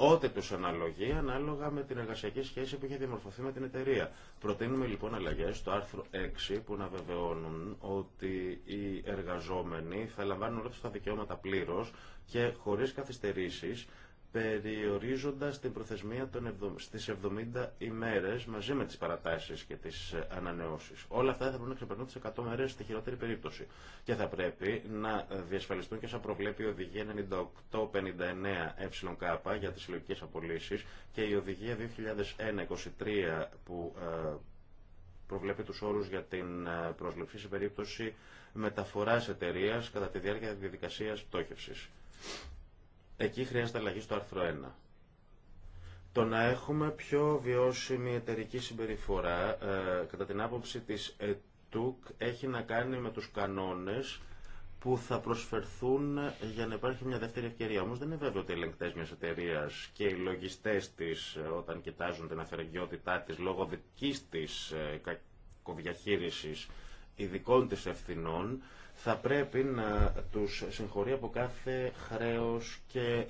Ό,τι του αναλογεί ανάλογα με την εργασιακή σχέση που είχε διαμορφωθεί με την εταιρεία. Προτείνουμε λοιπόν αλλαγέ στο άρθρο 6 που να βεβαιώνουν ότι οι εργαζόμενοι θα λαμβάνουν όλα τα δικαιώματα πλήρω και χωρίς καθυστερήσεις περιορίζοντας την προθεσμία των 70, στις 70 ημέρες μαζί με τις παρατάσεις και τις ε, ανανεώσεις. Όλα αυτά θα πρέπει να ξεπερνούν τις 100 μέρες στη χειρότερη περίπτωση και θα πρέπει να διασφαλιστούν και σαν προβλέπει η Οδηγία 9859 ΕΚ ε για τις συλλογικέ απολύσεις και η Οδηγία 2001-23 που ε, προβλέπει τους όρους για την πρόσληψη σε περίπτωση μεταφοράς εταιρεία κατά τη διάρκεια διαδικασίας πτώχευσης. Εκεί χρειάζεται αλλαγή στο άρθρο 1. Το να έχουμε πιο βιώσιμη εταιρική συμπεριφορά, ε, κατά την άποψη της ΕΤΟΚ, έχει να κάνει με τους κανόνες που θα προσφερθούν για να υπάρχει μια δεύτερη ευκαιρία. Όμως δεν είναι βέβαιο ότι οι ελεγκτές μια εταιρεία και οι λογιστές της ε, όταν κοιτάζουν την αφαιρεγιότητά της λόγω δική τη ε, κακοδιαχείρισης ειδικών τη ευθυνών, θα πρέπει να τους συγχωρεί από κάθε χρέος και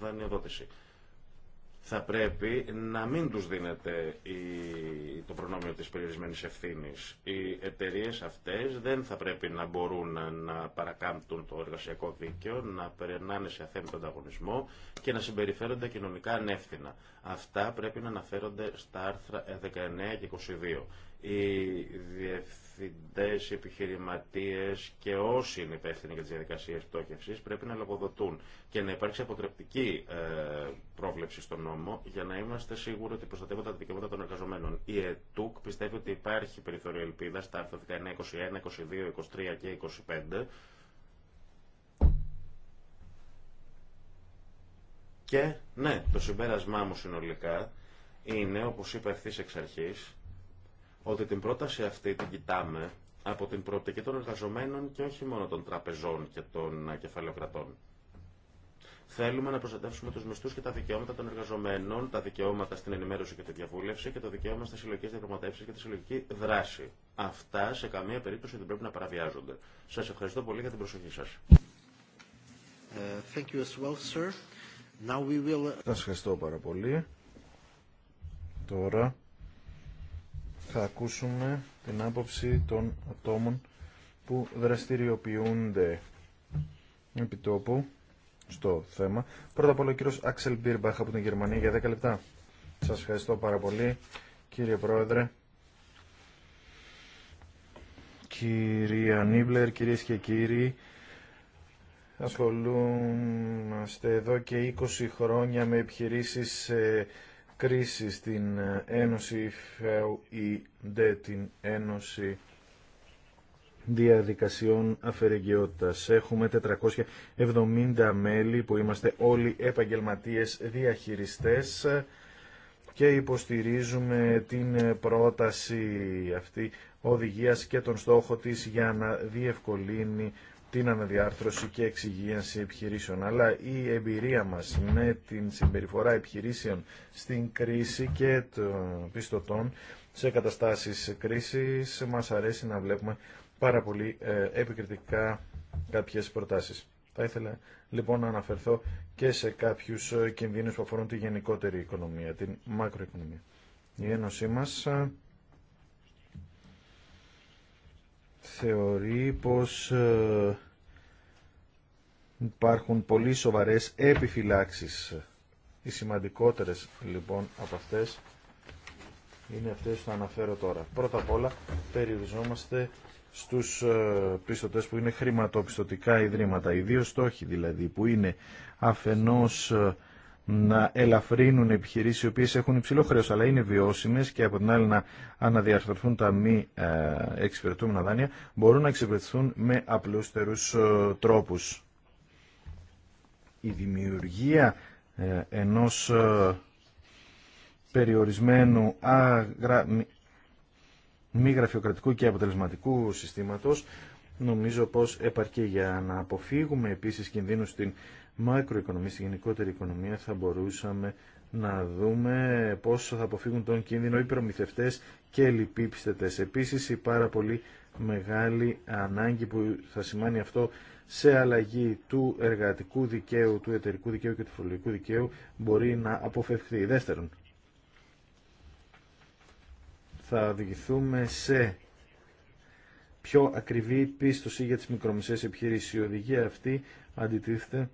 δανειοδότηση. Θα πρέπει να μην τους δίνεται το προνόμιο της περιορισμένης ευθύνης. Οι εταιρείε αυτές δεν θα πρέπει να μπορούν να παρακάμπτουν το εργασιακό δίκαιο, να περνάνε σε αθέμητο ανταγωνισμό και να συμπεριφέρονται κοινωνικά ανεύθυνα. Αυτά πρέπει να αναφέρονται στα άρθρα 19 και 22 οι διευθυντέ, οι επιχειρηματίε και όσοι είναι υπεύθυνοι για τι διαδικασίε πτώχευση πρέπει να λογοδοτούν και να υπάρξει αποτρεπτική ε, πρόβλεψη στον νόμο για να είμαστε σίγουροι ότι προστατεύονται τα δικαιώματα των εργαζομένων. Η ΕΤΟΚ πιστεύει ότι υπάρχει περιθώριο ελπίδα στα άρθρα 19, 21, 22, 23 και 25. Και ναι, το συμπέρασμά μου συνολικά είναι, όπως είπα ευθύς εξ αρχής, ότι την πρόταση αυτή την κοιτάμε από την προοπτική των εργαζομένων και όχι μόνο των τραπεζών και των κεφαλαιοκρατών. Θέλουμε να προστατεύσουμε του μισθού και τα δικαιώματα των εργαζομένων, τα δικαιώματα στην ενημέρωση και τη διαβούλευση και το δικαίωμα στι συλλογικέ διαπραγματεύσει και τη συλλογική δράση. Αυτά σε καμία περίπτωση δεν πρέπει να παραβιάζονται. Σα ευχαριστώ πολύ για την προσοχή σα. Ε, σα ευχαριστώ πάρα πολύ. Τώρα θα ακούσουμε την άποψη των ατόμων που δραστηριοποιούνται επί τόπου στο θέμα. Πρώτα απ' όλα ο κύριος Άξελ Μπίρμπαχ από την Γερμανία για 10 λεπτά. Σας ευχαριστώ πάρα πολύ κύριε Πρόεδρε. Κυρία Νίμπλερ, κυρίες και κύριοι, ασχολούμαστε εδώ και 20 χρόνια με επιχειρήσεις κρίση στην ε, Ένωση ΦΕΟ ή ΔΕ την Ένωση διαδικασιών αφαιρεγγιότητας. Έχουμε 470 μέλη που είμαστε όλοι επαγγελματίες διαχειριστές και υποστηρίζουμε την πρόταση αυτή οδηγίας και τον στόχο της για να διευκολύνει την αναδιάρθρωση και εξυγίανση επιχειρήσεων. Αλλά η εμπειρία μας με την συμπεριφορά επιχειρήσεων στην κρίση και των πιστωτών σε καταστάσεις κρίσης μας αρέσει να βλέπουμε πάρα πολύ ε, επικριτικά κάποιες προτάσεις. Θα ήθελα λοιπόν να αναφερθώ και σε κάποιους ε, κινδύνους που αφορούν τη γενικότερη οικονομία, την μακροοικονομία. Η Ένωσή μας ε, θεωρεί πως ε, υπάρχουν πολύ σοβαρές επιφυλάξεις. Οι σημαντικότερες λοιπόν από αυτές είναι αυτές που αναφέρω τώρα. Πρώτα απ' όλα περιοριζόμαστε στους ε, πιστωτές που είναι χρηματοπιστωτικά ιδρύματα. Οι δύο στόχοι δηλαδή που είναι αφενός ε, να ελαφρύνουν επιχειρήσεις οι οποίες έχουν υψηλό χρέος αλλά είναι βιώσιμες και από την άλλη να αναδιαρθρωθούν τα μη ε, εξυπηρετούμενα δάνεια μπορούν να εξυπηρετηθούν με απλούστερους ε, τρόπους. Η δημιουργία ε, ενός περιορισμένου μη γραφειοκρατικού και αποτελεσματικού συστήματος νομίζω πως επαρκεί για να αποφύγουμε επίσης κινδύνους στην μακροοικονομία, στη γενικότερη οικονομία θα μπορούσαμε να δούμε πόσο θα αποφύγουν τον κίνδυνο οι προμηθευτές και οι λυπήπιστετές. Επίσης η πάρα πολύ μεγάλη ανάγκη που θα σημάνει αυτό σε αλλαγή του εργατικού δικαίου, του εταιρικού δικαίου και του φορολογικού δικαίου μπορεί να αποφευχθεί. Δεύτερον, θα οδηγηθούμε σε πιο ακριβή πίστοση για τις μικρομεσαίες επιχειρήσεις. Η οδηγία αυτή αντιτίθεται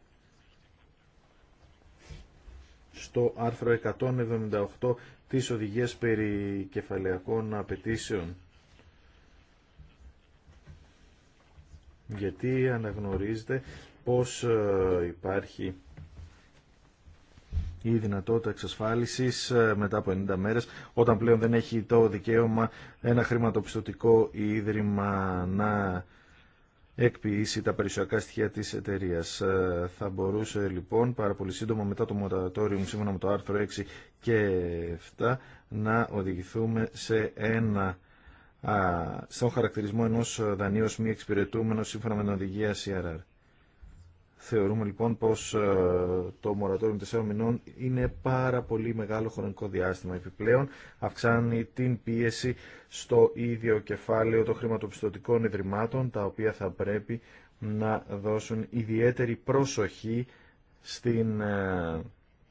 στο άρθρο 178 της Οδηγίας περί κεφαλαιακών απαιτήσεων. Γιατί αναγνωρίζετε πως ε, υπάρχει η δυνατότητα εξασφάλισης ε, μετά από 90 μέρες όταν πλέον δεν έχει το δικαίωμα ένα χρηματοπιστωτικό ίδρυμα να εκποιήσει τα περιουσιακά στοιχεία της εταιρείας. Ε, θα μπορούσε λοιπόν πάρα πολύ σύντομα μετά το μοτατόριο σύμφωνα με το άρθρο 6 και 7 να οδηγηθούμε σε ένα α, στον χαρακτηρισμό ενός δανείου μη εξυπηρετούμενο σύμφωνα με την οδηγία CRR. Θεωρούμε λοιπόν πως ε, το μορατόριο 4 μηνών είναι πάρα πολύ μεγάλο χρονικό διάστημα. Επιπλέον αυξάνει την πίεση στο ίδιο κεφάλαιο των χρηματοπιστωτικών ιδρυμάτων, τα οποία θα πρέπει να δώσουν ιδιαίτερη προσοχή στην ε,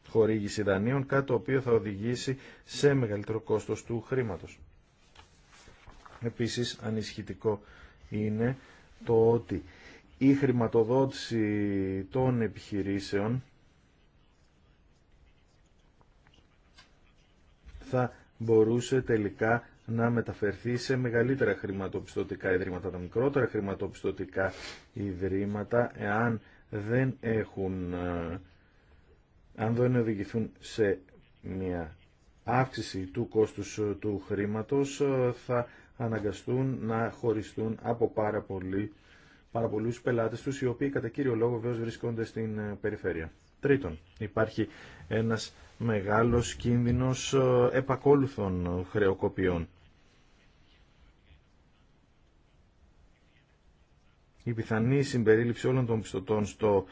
χορήγηση δανείων, κάτι το οποίο θα οδηγήσει σε μεγαλύτερο κόστος του χρήματος. Επίσης, ανισχυτικό είναι το ότι η χρηματοδότηση των επιχειρήσεων θα μπορούσε τελικά να μεταφερθεί σε μεγαλύτερα χρηματοπιστωτικά ιδρύματα. Τα μικρότερα χρηματοπιστωτικά ιδρύματα, εάν δεν έχουν, ε, αν δεν οδηγηθούν σε μια αύξηση του κόστους ε, του χρήματος, ε, θα αναγκαστούν να χωριστούν από πάρα πολύ πάρα πελάτες τους, οι οποίοι κατά κύριο λόγο βέβαια βρίσκονται στην ε, περιφέρεια. Τρίτον, υπάρχει ένας μεγάλος κίνδυνος ε, επακόλουθων χρεοκοπιών. Η πιθανή συμπερίληψη όλων των πιστωτών στο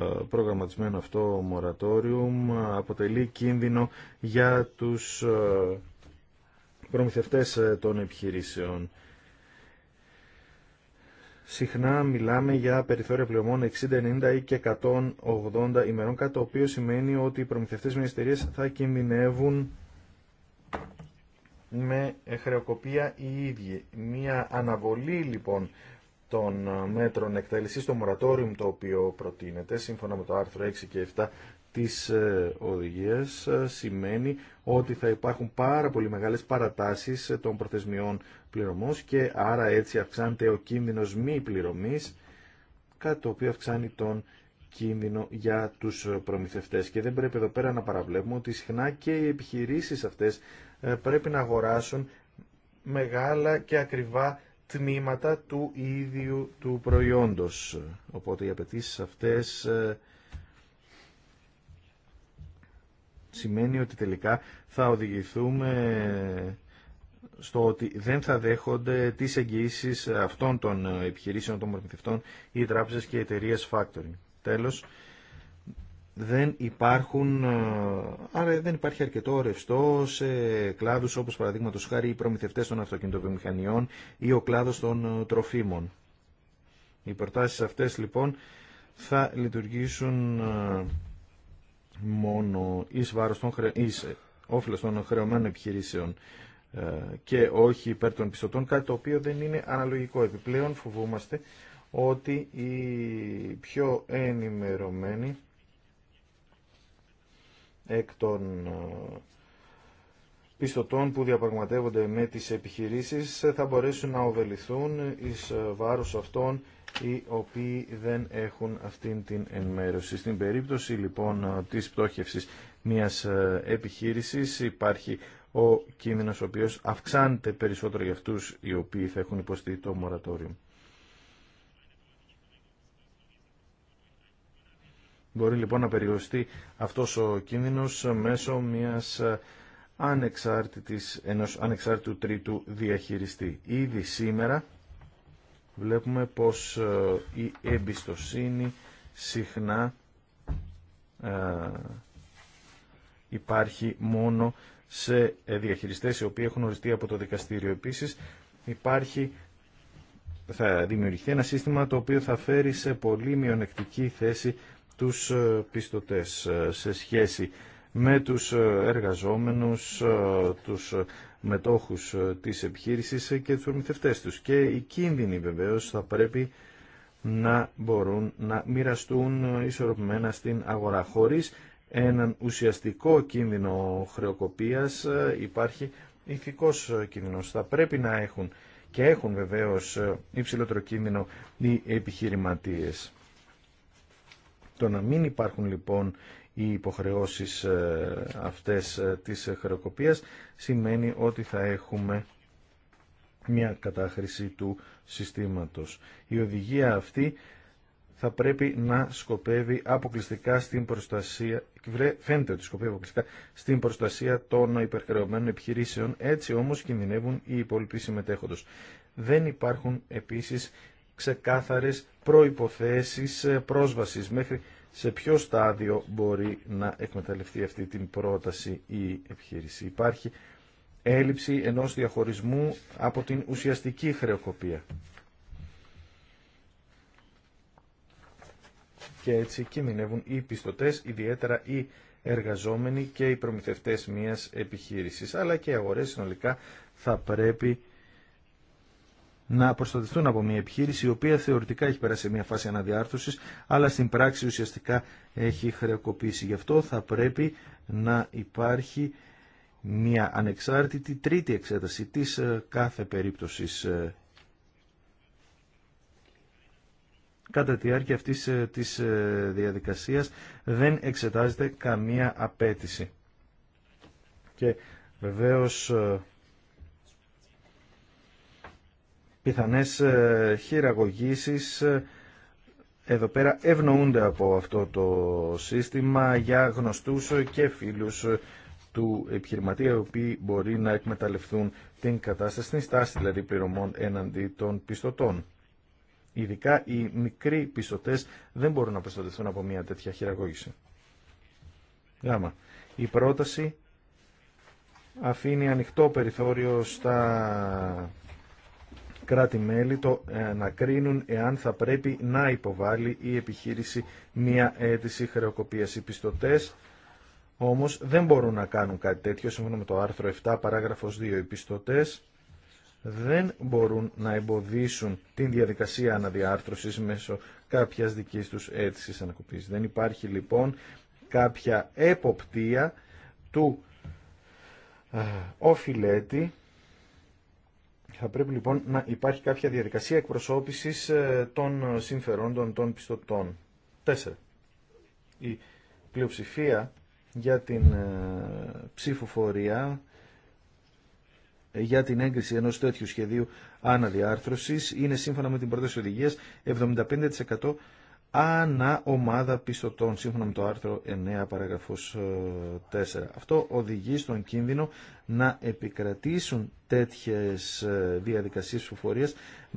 ε, προγραμματισμένο αυτό μορατόριουμ αποτελεί κίνδυνο για τους προμηθευτές των επιχειρήσεων συχνά μιλάμε για περιθώρια πληρωμών 60, 90 ή και 180 ημερών, κάτι το οποίο σημαίνει ότι οι προμηθευτές με θα κινδυνεύουν με χρεοκοπία οι ίδιοι. Μία αναβολή λοιπόν των μέτρων εκτέλεσης, στο μορατόριουμ το οποίο προτείνεται, σύμφωνα με το άρθρο 6 και 7 της ε, οδηγίας ε, σημαίνει ότι θα υπάρχουν πάρα πολύ μεγάλες παρατάσεις ε, των προθεσμιών πληρωμός και άρα έτσι αυξάνεται ο κίνδυνος μη πληρωμής, κάτι το οποίο αυξάνει τον κίνδυνο για τους προμηθευτές. Και δεν πρέπει εδώ πέρα να παραβλέπουμε ότι συχνά και οι επιχειρήσεις αυτές πρέπει να αγοράσουν μεγάλα και ακριβά τμήματα του ίδιου του προϊόντος. Οπότε οι απαιτήσει αυτές σημαίνει ότι τελικά θα οδηγηθούμε στο ότι δεν θα δέχονται τις εγγυήσεις αυτών των επιχειρήσεων των προμηθευτών ή τράπεζες και εταιρείε factoring. Τέλος, δεν υπάρχουν, ε, άρα δεν υπάρχει αρκετό ρευστό σε κλάδους όπως παραδείγματο χάρη οι προμηθευτές των αυτοκινητοβιομηχανιών ή ο κλάδος των ε, τροφίμων. Οι προτάσεις αυτές λοιπόν θα λειτουργήσουν ε, μόνο εις, βάρος των χρε... εις ε, όφελος των χρεωμένων επιχειρήσεων ε, και όχι υπέρ των πιστωτών, κάτι το οποίο δεν είναι αναλογικό. Επιπλέον φοβούμαστε ότι οι πιο ενημερωμένοι εκ των ε, πιστωτών που διαπραγματεύονται με τις επιχειρήσεις θα μπορέσουν να οβεληθούν εις βάρος αυτών οι οποίοι δεν έχουν αυτήν την ενημέρωση. Στην περίπτωση λοιπόν της πτώχευσης μιας ε, επιχείρησης υπάρχει ο κίνδυνος ο οποίος αυξάνεται περισσότερο για αυτούς οι οποίοι θα έχουν υποστεί το μορατόριο. Μπορεί λοιπόν να περιοριστεί αυτός ο κίνδυνος μέσω μιας ε, ανεξάρτητης, ενός ανεξάρτητου τρίτου διαχειριστή. Ήδη σήμερα βλέπουμε πως ε, η εμπιστοσύνη συχνά ε, υπάρχει μόνο σε ε, διαχειριστές οι οποίοι έχουν οριστεί από το δικαστήριο. Επίσης υπάρχει, θα δημιουργηθεί ένα σύστημα το οποίο θα φέρει σε πολύ μειονεκτική θέση τους πιστωτές σε σχέση με τους εργαζόμενους, τους μετόχους ε, της επιχείρησης ε, και τους προμηθευτές τους. Και οι κίνδυνοι βεβαίως θα πρέπει να μπορούν να μοιραστούν ε, ισορροπημένα στην αγορά. Χωρίς έναν ουσιαστικό κίνδυνο χρεοκοπίας υπάρχει ηθικός κίνδυνος. Θα πρέπει να έχουν και έχουν βεβαίως υψηλότερο κίνδυνο οι επιχειρηματίες. Το να μην υπάρχουν λοιπόν οι υποχρεώσεις ε, αυτές ε, της χρεοκοπίας σημαίνει ότι θα έχουμε μια κατάχρηση του συστήματος. Η οδηγία αυτή θα πρέπει να σκοπεύει αποκλειστικά στην προστασία, φαίνεται ότι σκοπεύει αποκλειστικά στην προστασία των υπερχρεωμένων επιχειρήσεων, έτσι όμως κινδυνεύουν οι υπόλοιποι συμμετέχοντος. Δεν υπάρχουν επίσης ξεκάθαρες προϋποθέσεις ε, πρόσβασης μέχρι σε ποιο στάδιο μπορεί να εκμεταλλευτεί αυτή την πρόταση η επιχείρηση. Υπάρχει έλλειψη ενός διαχωρισμού από την ουσιαστική χρεοκοπία. Και έτσι κινδυνεύουν οι πιστωτές, ιδιαίτερα οι εργαζόμενοι και οι προμηθευτές μιας επιχείρησης, αλλά και οι αγορές συνολικά θα πρέπει να προστατευτούν από μια επιχείρηση η οποία θεωρητικά έχει περάσει μια φάση αναδιάρθρωσης αλλά στην πράξη ουσιαστικά έχει χρεοκοπήσει. Γι' αυτό θα πρέπει να υπάρχει μια ανεξάρτητη τρίτη εξέταση της ε, κάθε περίπτωσης ε. κατά τη διάρκεια αυτής ε, της διαδικασίας δεν εξετάζεται καμία απέτηση. Και βεβαίως πιθανές ε, χειραγωγήσεις ε, εδώ πέρα ευνοούνται από αυτό το σύστημα για γνωστούς ε, και φίλους του επιχειρηματία οι οποίοι μπορεί να εκμεταλλευτούν την κατάσταση την στάση δηλαδή πληρωμών έναντι των πιστωτών. Ειδικά οι μικροί πιστωτές δεν μπορούν να προστατευτούν από μια τέτοια χειραγώγηση. Γάμα. Η πρόταση αφήνει ανοιχτό περιθώριο στα κράτη-μέλη το ε, να κρίνουν εάν θα πρέπει να υποβάλει η επιχείρηση μία αίτηση χρεοκοπίας. Οι πιστωτές όμως δεν μπορούν να κάνουν κάτι τέτοιο σύμφωνα με το άρθρο 7 παράγραφος 2. Οι πιστωτές δεν μπορούν να εμποδίσουν την διαδικασία αναδιάρθρωσης μέσω κάποιας δικής τους αίτησης ανακοπής. Δεν υπάρχει λοιπόν κάποια εποπτεία του ε, οφειλέτη θα πρέπει λοιπόν να υπάρχει κάποια διαδικασία εκπροσώπησης ε, των συμφερόντων των πιστωτών. 4. Η πλειοψηφία για την ε, ψηφοφορία για την έγκριση ενός τέτοιου σχεδίου αναδιάρθρωσης είναι σύμφωνα με την πρόταση οδηγίας 75% ανά ομάδα πιστωτών σύμφωνα με το άρθρο 9 παραγραφός 4. Ε, Αυτό οδηγεί στον κίνδυνο να επικρατήσουν τέτοιες ε, διαδικασίες φοφορίας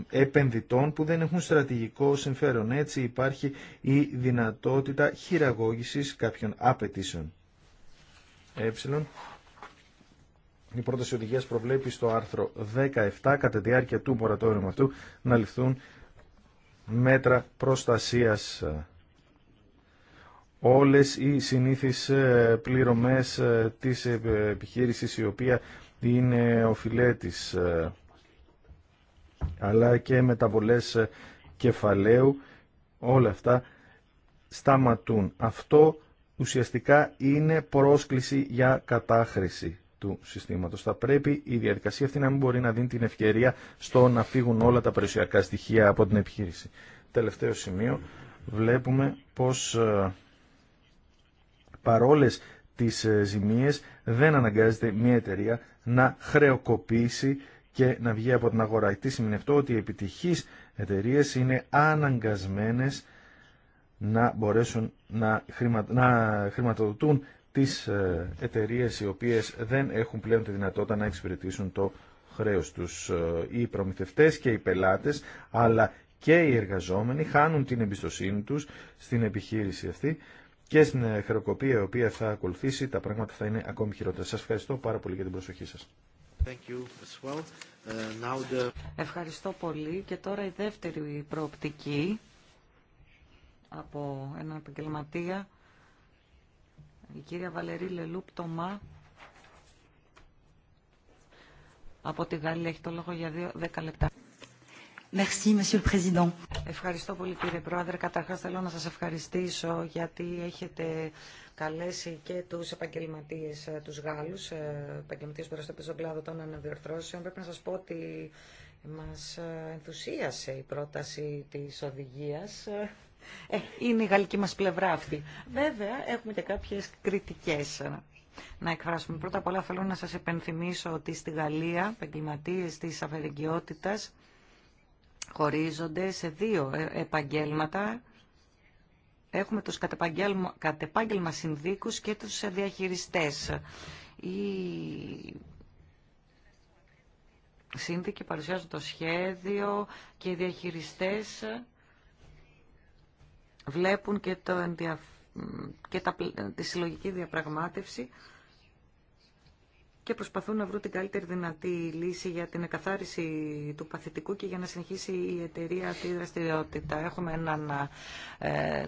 επενδυτών που δεν έχουν στρατηγικό συμφέρον. Έτσι υπάρχει η δυνατότητα χειραγώγησης κάποιων απαιτήσεων. Ε, η πρόταση οδηγία προβλέπει στο άρθρο 17 κατά τη διάρκεια του μορατόριου αυτού να ληφθούν μέτρα προστασίας. Όλες οι συνήθεις ε, πληρωμές ε, της ε, επιχείρησης η οποία είναι οφειλέτης αλλά και μεταβολές κεφαλαίου όλα αυτά σταματούν. Αυτό ουσιαστικά είναι πρόσκληση για κατάχρηση συστήματος. Θα πρέπει η διαδικασία αυτή να μην μπορεί να δίνει την ευκαιρία στο να φύγουν όλα τα περιουσιακά στοιχεία από την επιχείρηση. Τελευταίο σημείο, βλέπουμε πως ε, παρόλες τις ε, ζημίες δεν αναγκάζεται μια εταιρεία να χρεοκοπήσει και να βγει από την αγορά. Τι σημαίνει αυτό ότι οι επιτυχείς εταιρείε είναι αναγκασμένες να μπορέσουν να, χρηματοδοτούν τις ε, εταιρείε οι οποίες δεν έχουν πλέον τη δυνατότητα να εξυπηρετήσουν το χρέος τους. Ε, οι προμηθευτές και οι πελάτες, αλλά και οι εργαζόμενοι χάνουν την εμπιστοσύνη τους στην επιχείρηση αυτή και στην χρεοκοπία η οποία θα ακολουθήσει τα πράγματα θα είναι ακόμη χειρότερα. Σας ευχαριστώ πάρα πολύ για την προσοχή σας. Uh, ευχαριστώ πολύ και τώρα η δεύτερη προοπτική από έναν επαγγελματία η κυρία Βαλερή Λελούπ από τη Γαλλία έχει το λόγο για δύο, δέκα λεπτά. Merci, Monsieur le Ευχαριστώ πολύ κύριε Πρόεδρε. Καταρχάς θέλω να σας ευχαριστήσω γιατί έχετε καλέσει και τους επαγγελματίες, ε, τους Γάλλους, ε, επαγγελματίες που έρχονται στον κλάδο των αναδιορθώσεων. Πρέπει να σας πω ότι μας ε, ενθουσίασε η πρόταση της οδηγίας ε, είναι η γαλλική μας πλευρά αυτή. Βέβαια, έχουμε και κάποιες κριτικές να εκφράσουμε. Πρώτα απ' όλα θέλω να σας επενθυμίσω ότι στη Γαλλία επαγγελματίε της αφαιρεγγιότητας χωρίζονται σε δύο ε, επαγγέλματα. Έχουμε τους κατεπάγγελμα συνδίκους και τους διαχειριστές. Οι σύνδικοι παρουσιάζουν το σχέδιο και οι διαχειριστές βλέπουν και, το τη συλλογική διαπραγμάτευση και προσπαθούν να βρουν την καλύτερη δυνατή λύση για την εκαθάριση του παθητικού και για να συνεχίσει η εταιρεία τη δραστηριότητα. Έχουμε έναν ε,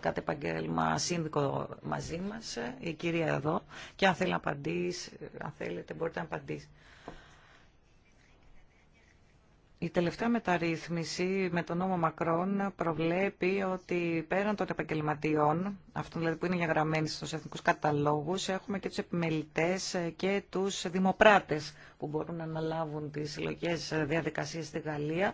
σύνδικο μαζί μας, ε, η κυρία εδώ, και αν θέλει απαντήσει, ε, αν θέλετε μπορείτε να απαντήσει. Η τελευταία μεταρρύθμιση με τον νόμο Μακρόν προβλέπει ότι πέραν των επαγγελματιών, αυτών δηλαδή που είναι γραμμένοι στους εθνικούς καταλόγους, έχουμε και τους επιμελητές και τους δημοπράτες που μπορούν να αναλάβουν τις συλλογέ διαδικασίες στη Γαλλία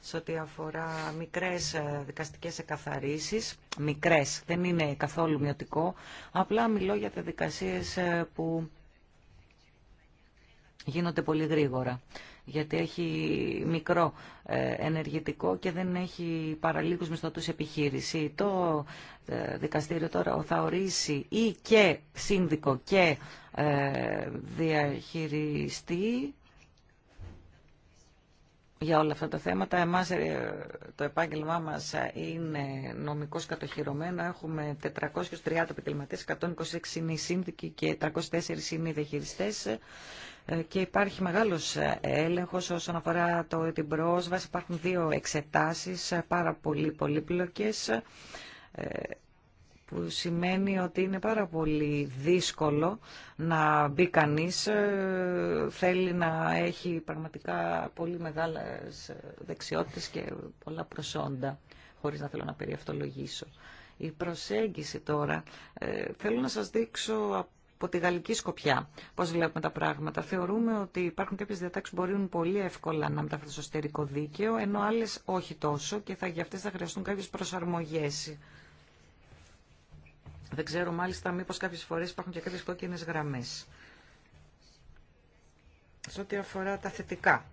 σε ό,τι αφορά μικρές δικαστικές εκαθαρίσεις. Μικρές, δεν είναι καθόλου μειωτικό. Απλά μιλώ για διαδικασίες που γίνονται πολύ γρήγορα γιατί έχει μικρό ε, ενεργητικό και δεν έχει παραλίγους μισθωτούς επιχείρηση. Το ε, δικαστήριο τώρα θα ορίσει ή και σύνδικο και ε, διαχειριστή για όλα αυτά τα θέματα. Εμάς, το επάγγελμά μας είναι νομικός κατοχυρωμένο. Έχουμε 430 επιτελματές, 126 είναι οι σύνδικοι και 304 είναι οι διαχειριστές. Ε, και υπάρχει μεγάλος ε, έλεγχος όσον αφορά το, την πρόσβαση. Υπάρχουν δύο εξετάσεις ε, πάρα πολύ πολύπλοκες που σημαίνει ότι είναι πάρα πολύ δύσκολο να μπει κανείς. Θέλει να έχει πραγματικά πολύ μεγάλες δεξιότητες και πολλά προσόντα, χωρίς να θέλω να περιευτολογήσω. Η προσέγγιση τώρα, θέλω να σας δείξω από τη γαλλική σκοπιά πώς βλέπουμε τα πράγματα. Θεωρούμε ότι υπάρχουν κάποιες διατάξεις που μπορούν πολύ εύκολα να μεταφερθούν στο εσωτερικό δίκαιο, ενώ άλλες όχι τόσο και θα, για αυτές θα χρειαστούν κάποιες προσαρμογές. Δεν ξέρω μάλιστα μήπως κάποιες φορές υπάρχουν και κάποιες κόκκινες γραμμές. Σε ό,τι αφορά τα θετικά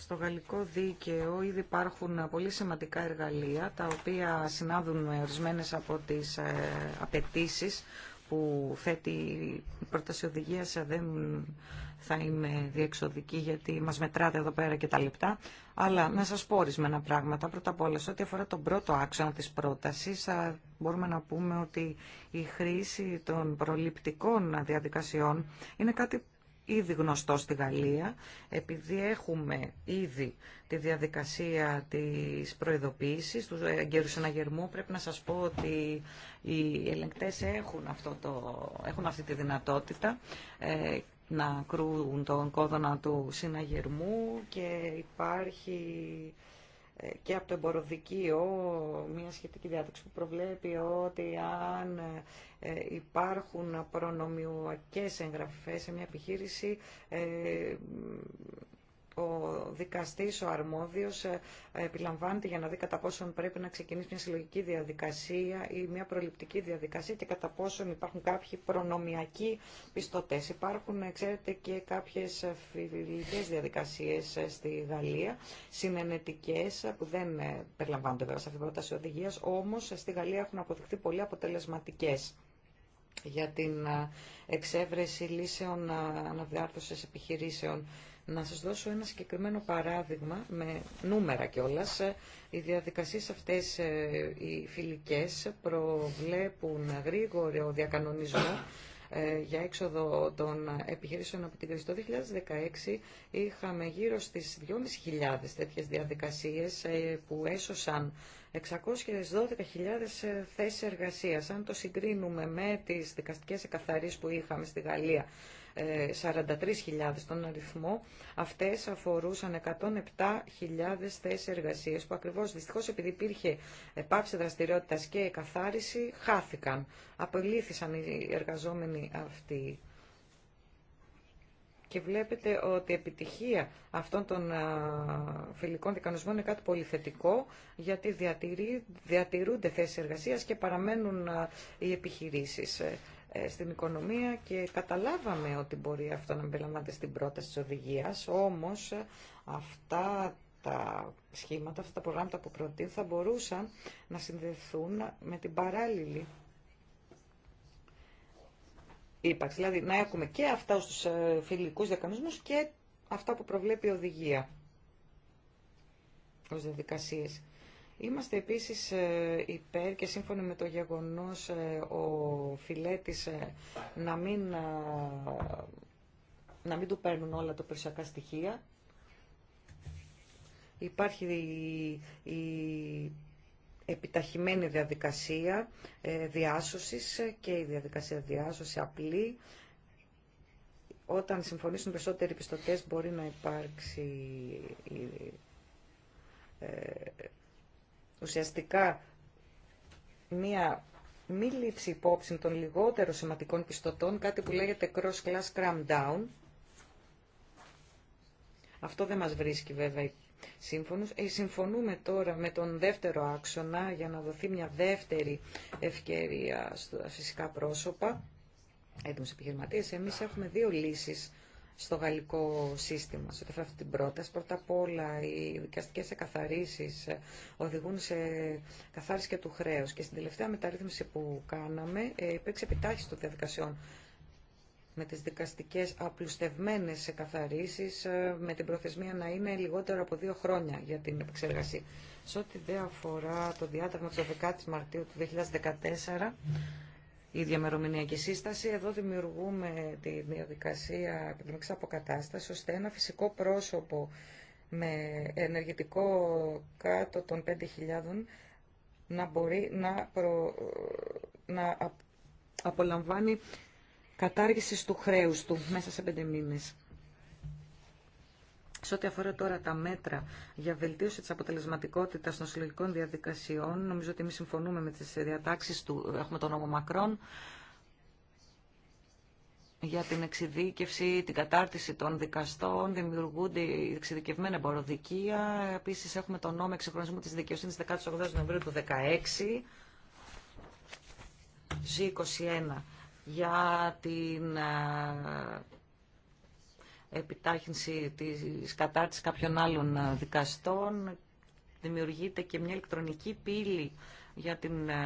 στο γαλλικό δίκαιο ήδη υπάρχουν πολύ σημαντικά εργαλεία τα οποία συνάδουν με ορισμένες από τις ε, απαιτήσει που θέτει η πρόταση οδηγία ε, δεν θα είμαι διεξοδική γιατί μας μετράτε εδώ πέρα και τα λεπτά, αλλά να σας πω ορισμένα πράγματα. Πρώτα απ' όλα, σε ό,τι αφορά τον πρώτο άξονα της πρότασης, μπορούμε να πούμε ότι η χρήση των προληπτικών διαδικασιών είναι κάτι ήδη γνωστό στη Γαλλία, επειδή έχουμε ήδη τη διαδικασία της προειδοποίησης, του εγκαίρου συναγερμού, πρέπει να σας πω ότι οι ελεγκτές έχουν, αυτό το, έχουν αυτή τη δυνατότητα ε, να κρούν τον κόδωνα του συναγερμού και υπάρχει ε, και από το εμποροδικείο μια σχετική διάταξη που προβλέπει ότι αν ε, υπάρχουν προνομιακές εγγραφές σε μια επιχείρηση ε, ο δικαστής, ο αρμόδιος, ε, επιλαμβάνεται για να δει κατά πόσον πρέπει να ξεκινήσει μια συλλογική διαδικασία ή μια προληπτική διαδικασία και κατά πόσον υπάρχουν κάποιοι προνομιακοί πιστωτές. Υπάρχουν, ε, ξέρετε, και κάποιες ε, φιλικές διαδικασίες στη Γαλλία, συνενετικές, που δεν περιλαμβάνονται βέβαια σε αυτή την πρόταση οδηγίας, όμως στη Γαλλία έχουν αποδειχθεί πολύ αποτελεσματικές για την εξέβρεση λύσεων αναδιάρθρωσης επιχειρήσεων να σας δώσω ένα συγκεκριμένο παράδειγμα με νούμερα κιόλα. Ε, οι διαδικασίες αυτές ε, οι φιλικές προβλέπουν γρήγορο διακανονισμό ε, για έξοδο των επιχειρήσεων από την κρίση. Το 2016 είχαμε γύρω στις 2.500 τέτοιες διαδικασίες που έσωσαν 612.000 θέσεις εργασίας. Αν το συγκρίνουμε με τις δικαστικές εκαθαρίες που είχαμε στη Γαλλία 43.000 ε, τον αριθμό. Αυτές αφορούσαν 107.000 θέσεις εργασίας που ακριβώς δυστυχώς επειδή υπήρχε πάυση δραστηριότητας και καθάριση χάθηκαν. Απελήθησαν οι εργαζόμενοι αυτοί. Και βλέπετε ότι η επιτυχία αυτών των φιλικών δικανοσμών είναι κάτι πολύ θετικό, γιατί διατηρούνται θέσεις εργασίας και παραμένουν οι επιχειρήσεις. Ε, στην οικονομία και καταλάβαμε ότι μπορεί αυτό να περιλαμβάνεται στην πρόταση της οδηγίας, όμως ε, αυτά τα σχήματα, αυτά τα προγράμματα που προτείνουν θα μπορούσαν να συνδεθούν με την παράλληλη ύπαρξη. Δηλαδή να έχουμε και αυτά στους ε, φιλικούς διακανονισμούς και αυτά που προβλέπει η οδηγία ως διαδικασίες. Είμαστε επίσης ε, υπέρ και σύμφωνα με το γεγονός ε, ο φιλέτης ε, να μην, να μην του παίρνουν όλα τα περιουσιακά στοιχεία. Υπάρχει η, η επιταχυμένη διαδικασία διάσωσης και η διαδικασία διάσωση απλή. Όταν συμφωνήσουν περισσότεροι πιστωτές μπορεί να υπάρξει ουσιαστικά μία μη λήψη υπόψη των λιγότερο σημαντικών πιστωτών, κάτι που λέγεται cross-class cram-down. Αυτό δεν μας βρίσκει βέβαια σύμφωνος. Ε, συμφωνούμε τώρα με τον δεύτερο άξονα για να δοθεί μια δεύτερη ευκαιρία στα φυσικά πρόσωπα, έτοιμους επιχειρηματίες. Εμείς έχουμε δύο λύσεις στο γαλλικό σύστημα, σε αυτή την πρόταση. Πρώτα απ' όλα, οι δικαστικέ εκαθαρίσει οδηγούν σε καθάριση και του χρέου. Και στην τελευταία μεταρρύθμιση που κάναμε, ε, υπήρξε επιτάχυση των διαδικασιών με τις δικαστικές απλουστευμένες εκαθαρίσει, ε, με την προθεσμία να είναι λιγότερο από δύο χρόνια για την επεξεργασία. Σε ό,τι δε αφορά το διάταγμα του 12 Μαρτίου του 2014, η διαμερομηνιακή σύσταση. Εδώ δημιουργούμε τη διαδικασία από αποκατάστασης ώστε ένα φυσικό πρόσωπο με ενεργητικό κάτω των 5.000 να μπορεί να, να απολαμβάνει κατάργηση του χρέους του μέσα σε πέντε μήνες. Σε ό,τι αφορά τώρα τα μέτρα για βελτίωση της αποτελεσματικότητας των συλλογικών διαδικασιών, νομίζω ότι εμείς συμφωνούμε με τις διατάξεις του, έχουμε τον νόμο Μακρόν, για την εξειδίκευση, την κατάρτιση των δικαστών, δημιουργούνται εξειδικευμένα εμποροδικεία. Επίσης έχουμε το νόμο εξυγχρονισμού της δικαιοσύνης 18 Νοεμβρίου του 2016, 21 για την επιτάχυνση της κατάρτισης κάποιων άλλων ε, δικαστών. Δημιουργείται και μια ηλεκτρονική πύλη για την ε,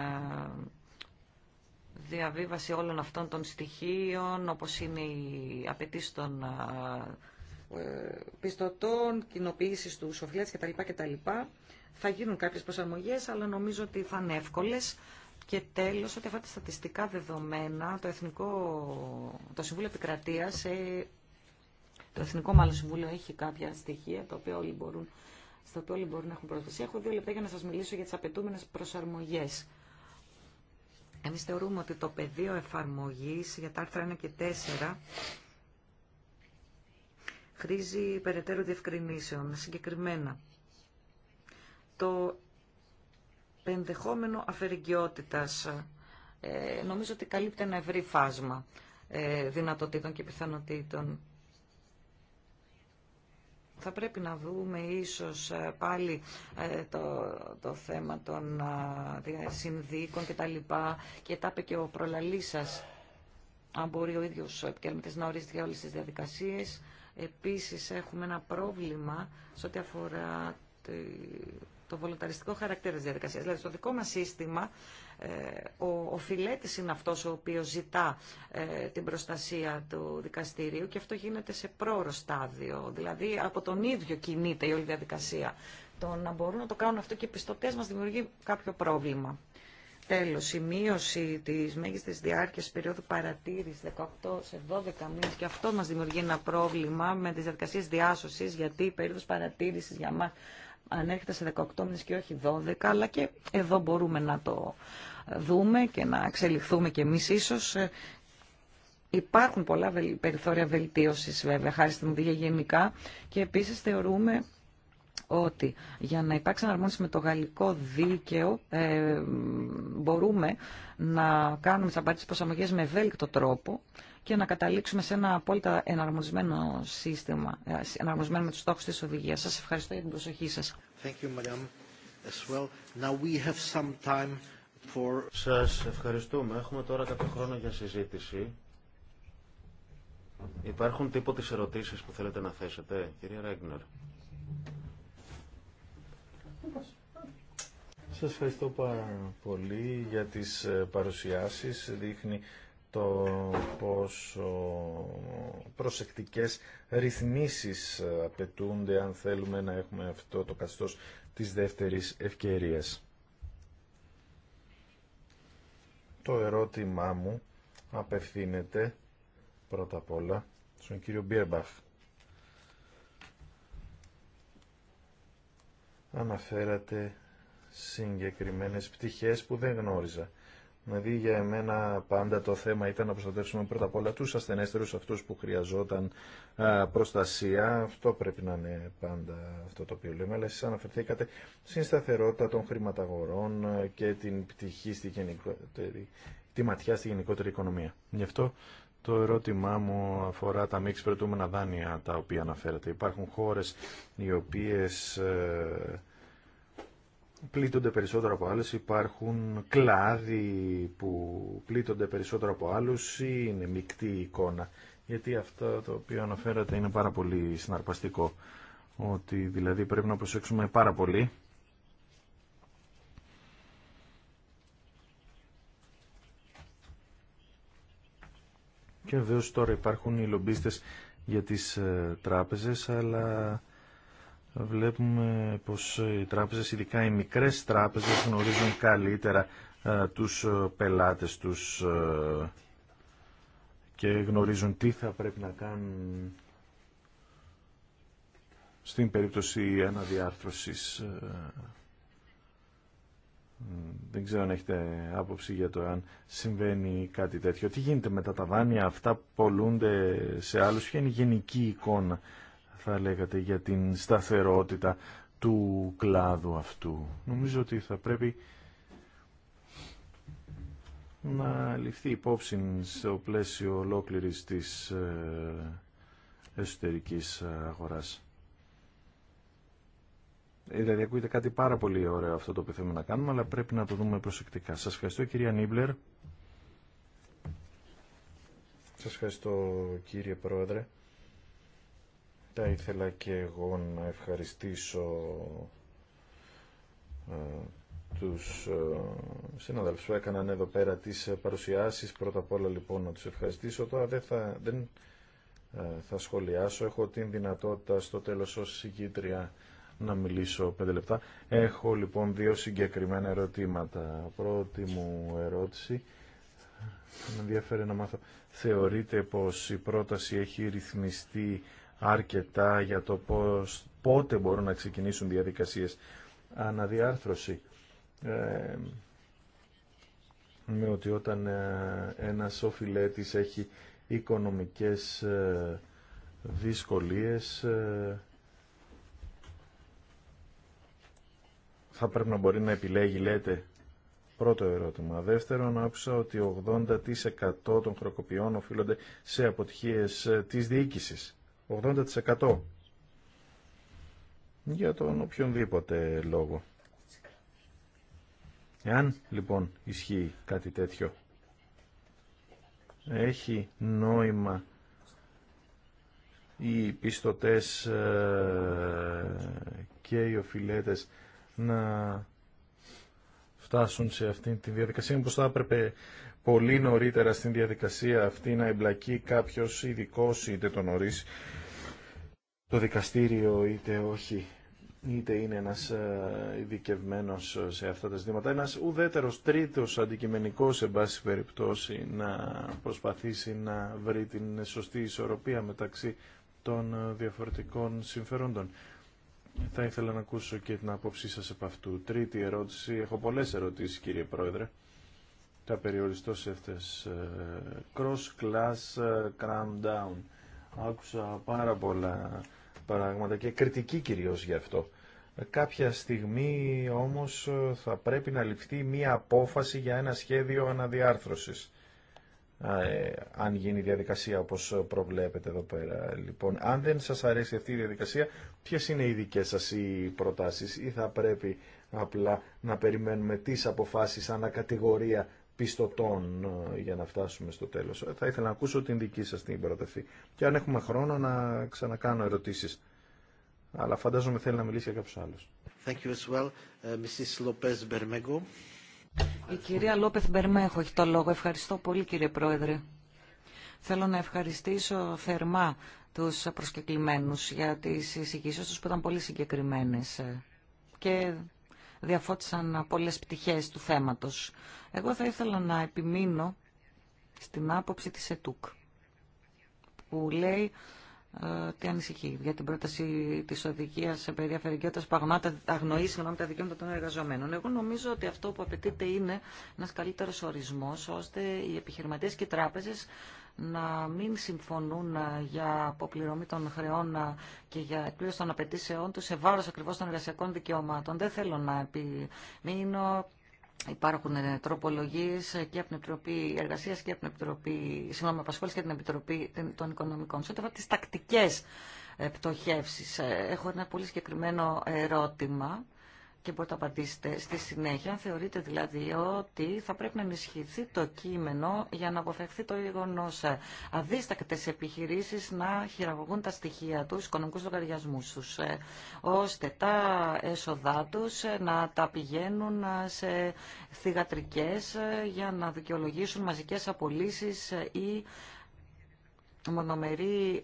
διαβίβαση όλων αυτών των στοιχείων, όπως είναι οι απαιτήσει των ε, πιστωτών, κοινοποίηση του σοφλέτς κτλ. κτλ. Θα γίνουν κάποιες προσαρμογές, αλλά νομίζω ότι θα είναι εύκολες. Και τέλος, ότι αυτά τα στατιστικά δεδομένα, το, Εθνικό, το Συμβούλιο Επικρατείας το Εθνικό Μάλλον Συμβούλιο έχει κάποια στοιχεία τα οποία όλοι μπορούν, στα οποία όλοι μπορούν να έχουν πρόσβαση. Έχω δύο λεπτά για να σα μιλήσω για τι απαιτούμενε προσαρμογέ. Εμεί θεωρούμε ότι το πεδίο εφαρμογή για τα άρθρα 1 και 4 χρήζει περαιτέρω διευκρινήσεων συγκεκριμένα. Το πενδεχόμενο αφαιρεγγιότητας ε, νομίζω ότι καλύπτει ένα ευρύ φάσμα ε, δυνατοτήτων και πιθανοτήτων. Θα πρέπει να δούμε ίσως ε, πάλι ε, το, το θέμα των ε, συνδίκων και τα λοιπά και τα είπε και ο προλαλής σας, αν μπορεί ο ίδιος ο επικαιρμητής να ορίζει για όλες τις διαδικασίες. Επίσης έχουμε ένα πρόβλημα σε ό,τι αφορά το βολονταριστικό χαρακτήρα της διαδικασίας. Δηλαδή, στο δικό μας σύστημα, ε, ο φιλέτης είναι αυτός ο οποίος ζητά ε, την προστασία του δικαστηρίου και αυτό γίνεται σε πρόωρο στάδιο. Δηλαδή, από τον ίδιο κινείται η όλη διαδικασία. Το να μπορούν να το κάνουν αυτό και οι πιστωτές μας δημιουργεί κάποιο πρόβλημα. Τέλο, η μείωση της μέγιστης διάρκεια περίοδου παρατήρησης 18 σε 12 μήνε και αυτό μα δημιουργεί ένα πρόβλημα με τι διαδικασίε διάσωση, γιατί η περίοδο παρατήρηση για μα ανέρχεται σε 18 μήνες και όχι 12, αλλά και εδώ μπορούμε να το δούμε και να εξελιχθούμε και εμείς ίσως. Ε, υπάρχουν πολλά περιθώρια βελτίωσης βέβαια, χάρη στην οδηγία γενικά και επίσης θεωρούμε ότι για να υπάρξει αναρμόνιση με το γαλλικό δίκαιο ε, μπορούμε να κάνουμε τις απαραίτητες προσαρμογές με ευέλικτο τρόπο και να καταλήξουμε σε ένα απόλυτα εναρμονισμένο σύστημα, ε, εναρμονισμένο με τους στόχους της οδηγίας. Σας ευχαριστώ για την προσοχή σας. Thank Σας ευχαριστούμε. Έχουμε τώρα κάποιο χρόνο για συζήτηση. Υπάρχουν τίποτε ερωτήσεις που θέλετε να θέσετε, κυρία Ρέγνερ. Σας ευχαριστώ πάρα πολύ για τις ε, παρουσιάσεις. Δείχνει το πόσο προσεκτικές ρυθμίσεις απαιτούνται αν θέλουμε να έχουμε αυτό το καστός της δεύτερης ευκαιρίας. Το ερώτημά μου απευθύνεται πρώτα απ' όλα στον κύριο Μπίρμπαχ. Αναφέρατε συγκεκριμένες πτυχές που δεν γνώριζα Δηλαδή για εμένα πάντα το θέμα ήταν να προστατεύσουμε πρώτα απ' όλα τους ασθενέστερους αυτούς που χρειαζόταν προστασία. Αυτό πρέπει να είναι πάντα αυτό το οποίο λέμε. Αλλά εσείς αναφερθήκατε στην σταθερότητα των χρηματαγορών ε, και την πτυχή στη γενικότερη, τη ματιά στη γενικότερη οικονομία. Γι' αυτό το ερώτημά μου αφορά τα μη εξυπηρετούμενα δάνεια τα οποία αναφέρατε. Υπάρχουν χώρες οι οποίες ε, πλήττονται περισσότερο από άλλες, υπάρχουν κλάδοι που πλήττονται περισσότερο από άλλους ή είναι μεικτή εικόνα. Γιατί αυτό το οποίο αναφέρατε είναι πάρα πολύ συναρπαστικό. Ότι δηλαδή πρέπει να προσέξουμε πάρα πολύ Και βεβαίω τώρα υπάρχουν οι λομπίστες για τις ε, τράπεζες, αλλά βλέπουμε πως οι τράπεζες, ειδικά οι μικρές τράπεζες, γνωρίζουν καλύτερα ε, τους ε, πελάτες τους ε, και γνωρίζουν τι θα πρέπει να κάνουν στην περίπτωση αναδιάρθρωσης. Δεν ξέρω αν έχετε άποψη για το αν συμβαίνει κάτι τέτοιο. Τι γίνεται με τα ταβάνια αυτά πολλούνται σε άλλους, ποια είναι η γενική εικόνα θα λέγατε, για την σταθερότητα του κλάδου αυτού. Νομίζω ότι θα πρέπει να ληφθεί υπόψη στο πλαίσιο ολόκληρης της ε, εσωτερικής αγοράς. Ε, δηλαδή ακούγεται κάτι πάρα πολύ ωραίο αυτό το οποίο θέλουμε να κάνουμε, αλλά πρέπει να το δούμε προσεκτικά. Σας ευχαριστώ κυρία Νίμπλερ. Σας ευχαριστώ κύριε Πρόεδρε. Θα ήθελα και εγώ να ευχαριστήσω ε, τους ε, συναδέλφους που έκαναν εδώ πέρα τις παρουσιάσεις. Πρώτα απ' όλα λοιπόν να τους ευχαριστήσω. Τώρα δεν θα, δεν ε, θα σχολιάσω. Έχω την δυνατότητα στο τέλος ως συγκήτρια να μιλήσω πέντε λεπτά. Έχω λοιπόν δύο συγκεκριμένα ερωτήματα. Πρώτη μου ερώτηση. Με ενδιαφέρει να μάθω. Θεωρείτε πως η πρόταση έχει ρυθμιστεί αρκετά για το πώς, πότε μπορούν να ξεκινήσουν διαδικασίες αναδιάρθρωση. Ε, με ότι όταν ε, ένας οφειλέτης έχει οικονομικές ε, δυσκολίες ε, θα πρέπει να μπορεί να επιλέγει, λέτε, πρώτο ερώτημα. Δεύτερον, άκουσα ότι 80% των χροκοπιών οφείλονται σε αποτυχίες της διοίκησης. 80% για τον οποιονδήποτε λόγο. Εάν λοιπόν ισχύει κάτι τέτοιο, έχει νόημα οι πιστωτές ε, και οι οφειλέτες να φτάσουν σε αυτή τη διαδικασία. Μήπως θα έπρεπε πολύ νωρίτερα στην διαδικασία αυτή να εμπλακεί κάποιος ειδικό είτε τον ορίσει το δικαστήριο είτε όχι, είτε είναι ένας ε, ειδικευμένο σε αυτά τα ζητήματα, ένας ουδέτερος τρίτος αντικειμενικός, σε πάση περιπτώσει, να προσπαθήσει να βρει την σωστή ισορροπία μεταξύ των ε, διαφορετικών συμφερόντων. Θα ήθελα να ακούσω και την άποψή σας από αυτού. Τρίτη ερώτηση. Έχω πολλές ερωτήσεις, κύριε Πρόεδρε. Τα περιοριστώ σε αυτές. Ε, cross-class cram down. Άκουσα πάρα πολλά πράγματα και κριτική κυρίως γι' αυτό. Κάποια στιγμή όμως θα πρέπει να ληφθεί μία απόφαση για ένα σχέδιο αναδιάρθρωσης. Ε, αν γίνει η διαδικασία όπως προβλέπετε εδώ πέρα. Λοιπόν, αν δεν σας αρέσει αυτή η διαδικασία, ποιες είναι οι δικές σας οι προτάσεις ή θα πρέπει απλά να περιμένουμε τις αποφάσεις ανακατηγορία πιστωτών ε, για να φτάσουμε στο τέλος. Ε, θα ήθελα να ακούσω την δική σας την πρόταση. Και αν έχουμε χρόνο να ξανακάνω ερωτήσεις. Αλλά φαντάζομαι θέλει να μιλήσει για κάποιος άλλος. Thank you as well. Ε, Mrs. Lopez Bermego. Η κυρία Λόπεθ Μπερμέχο έχει το λόγο. Ευχαριστώ πολύ κύριε Πρόεδρε. Θέλω να ευχαριστήσω θερμά τους προσκεκλημένους για τις εισηγήσεις τους που ήταν πολύ συγκεκριμένες και διαφώτισαν πολλές πτυχές του θέματος. Εγώ θα ήθελα να επιμείνω στην άποψη της ΕΤΟΚ που λέει ε, τι ανησυχεί για την πρόταση της οδηγίας σε περί αφαιρεγκαιότητα που αγνοεί συγγνώμη, τα δικαιώματα των εργαζομένων. Εγώ νομίζω ότι αυτό που απαιτείται είναι ένας καλύτερος ορισμός, ώστε οι επιχειρηματίες και οι τράπεζε να μην συμφωνούν ε, για αποπληρωμή των χρεών ε, και για εκπλήρωση των απαιτήσεών του σε βάρος ακριβώς των εργασιακών δικαιωμάτων. Δεν θέλω να επιμείνω. Υπάρχουν ε, τροπολογίε και από την Επιτροπή Εργασία και από την Επιτροπή συγγνώμη, και την Επιτροπή των Οικονομικών. Σε τι τακτικέ πτωχεύσει, έχω ένα πολύ συγκεκριμένο ερώτημα και μπορείτε να απαντήσετε στη συνέχεια. Θεωρείτε δηλαδή ότι θα πρέπει να ενισχυθεί το κείμενο για να αποφευχθεί το γεγονό αδίστακτε επιχειρήσει να χειραγωγούν τα στοιχεία του, οικονομικού λογαριασμού του, ε, ώστε τα έσοδά του ε, να τα πηγαίνουν ε, σε θηγατρικέ για να δικαιολογήσουν μαζικέ απολύσει ή μονομερή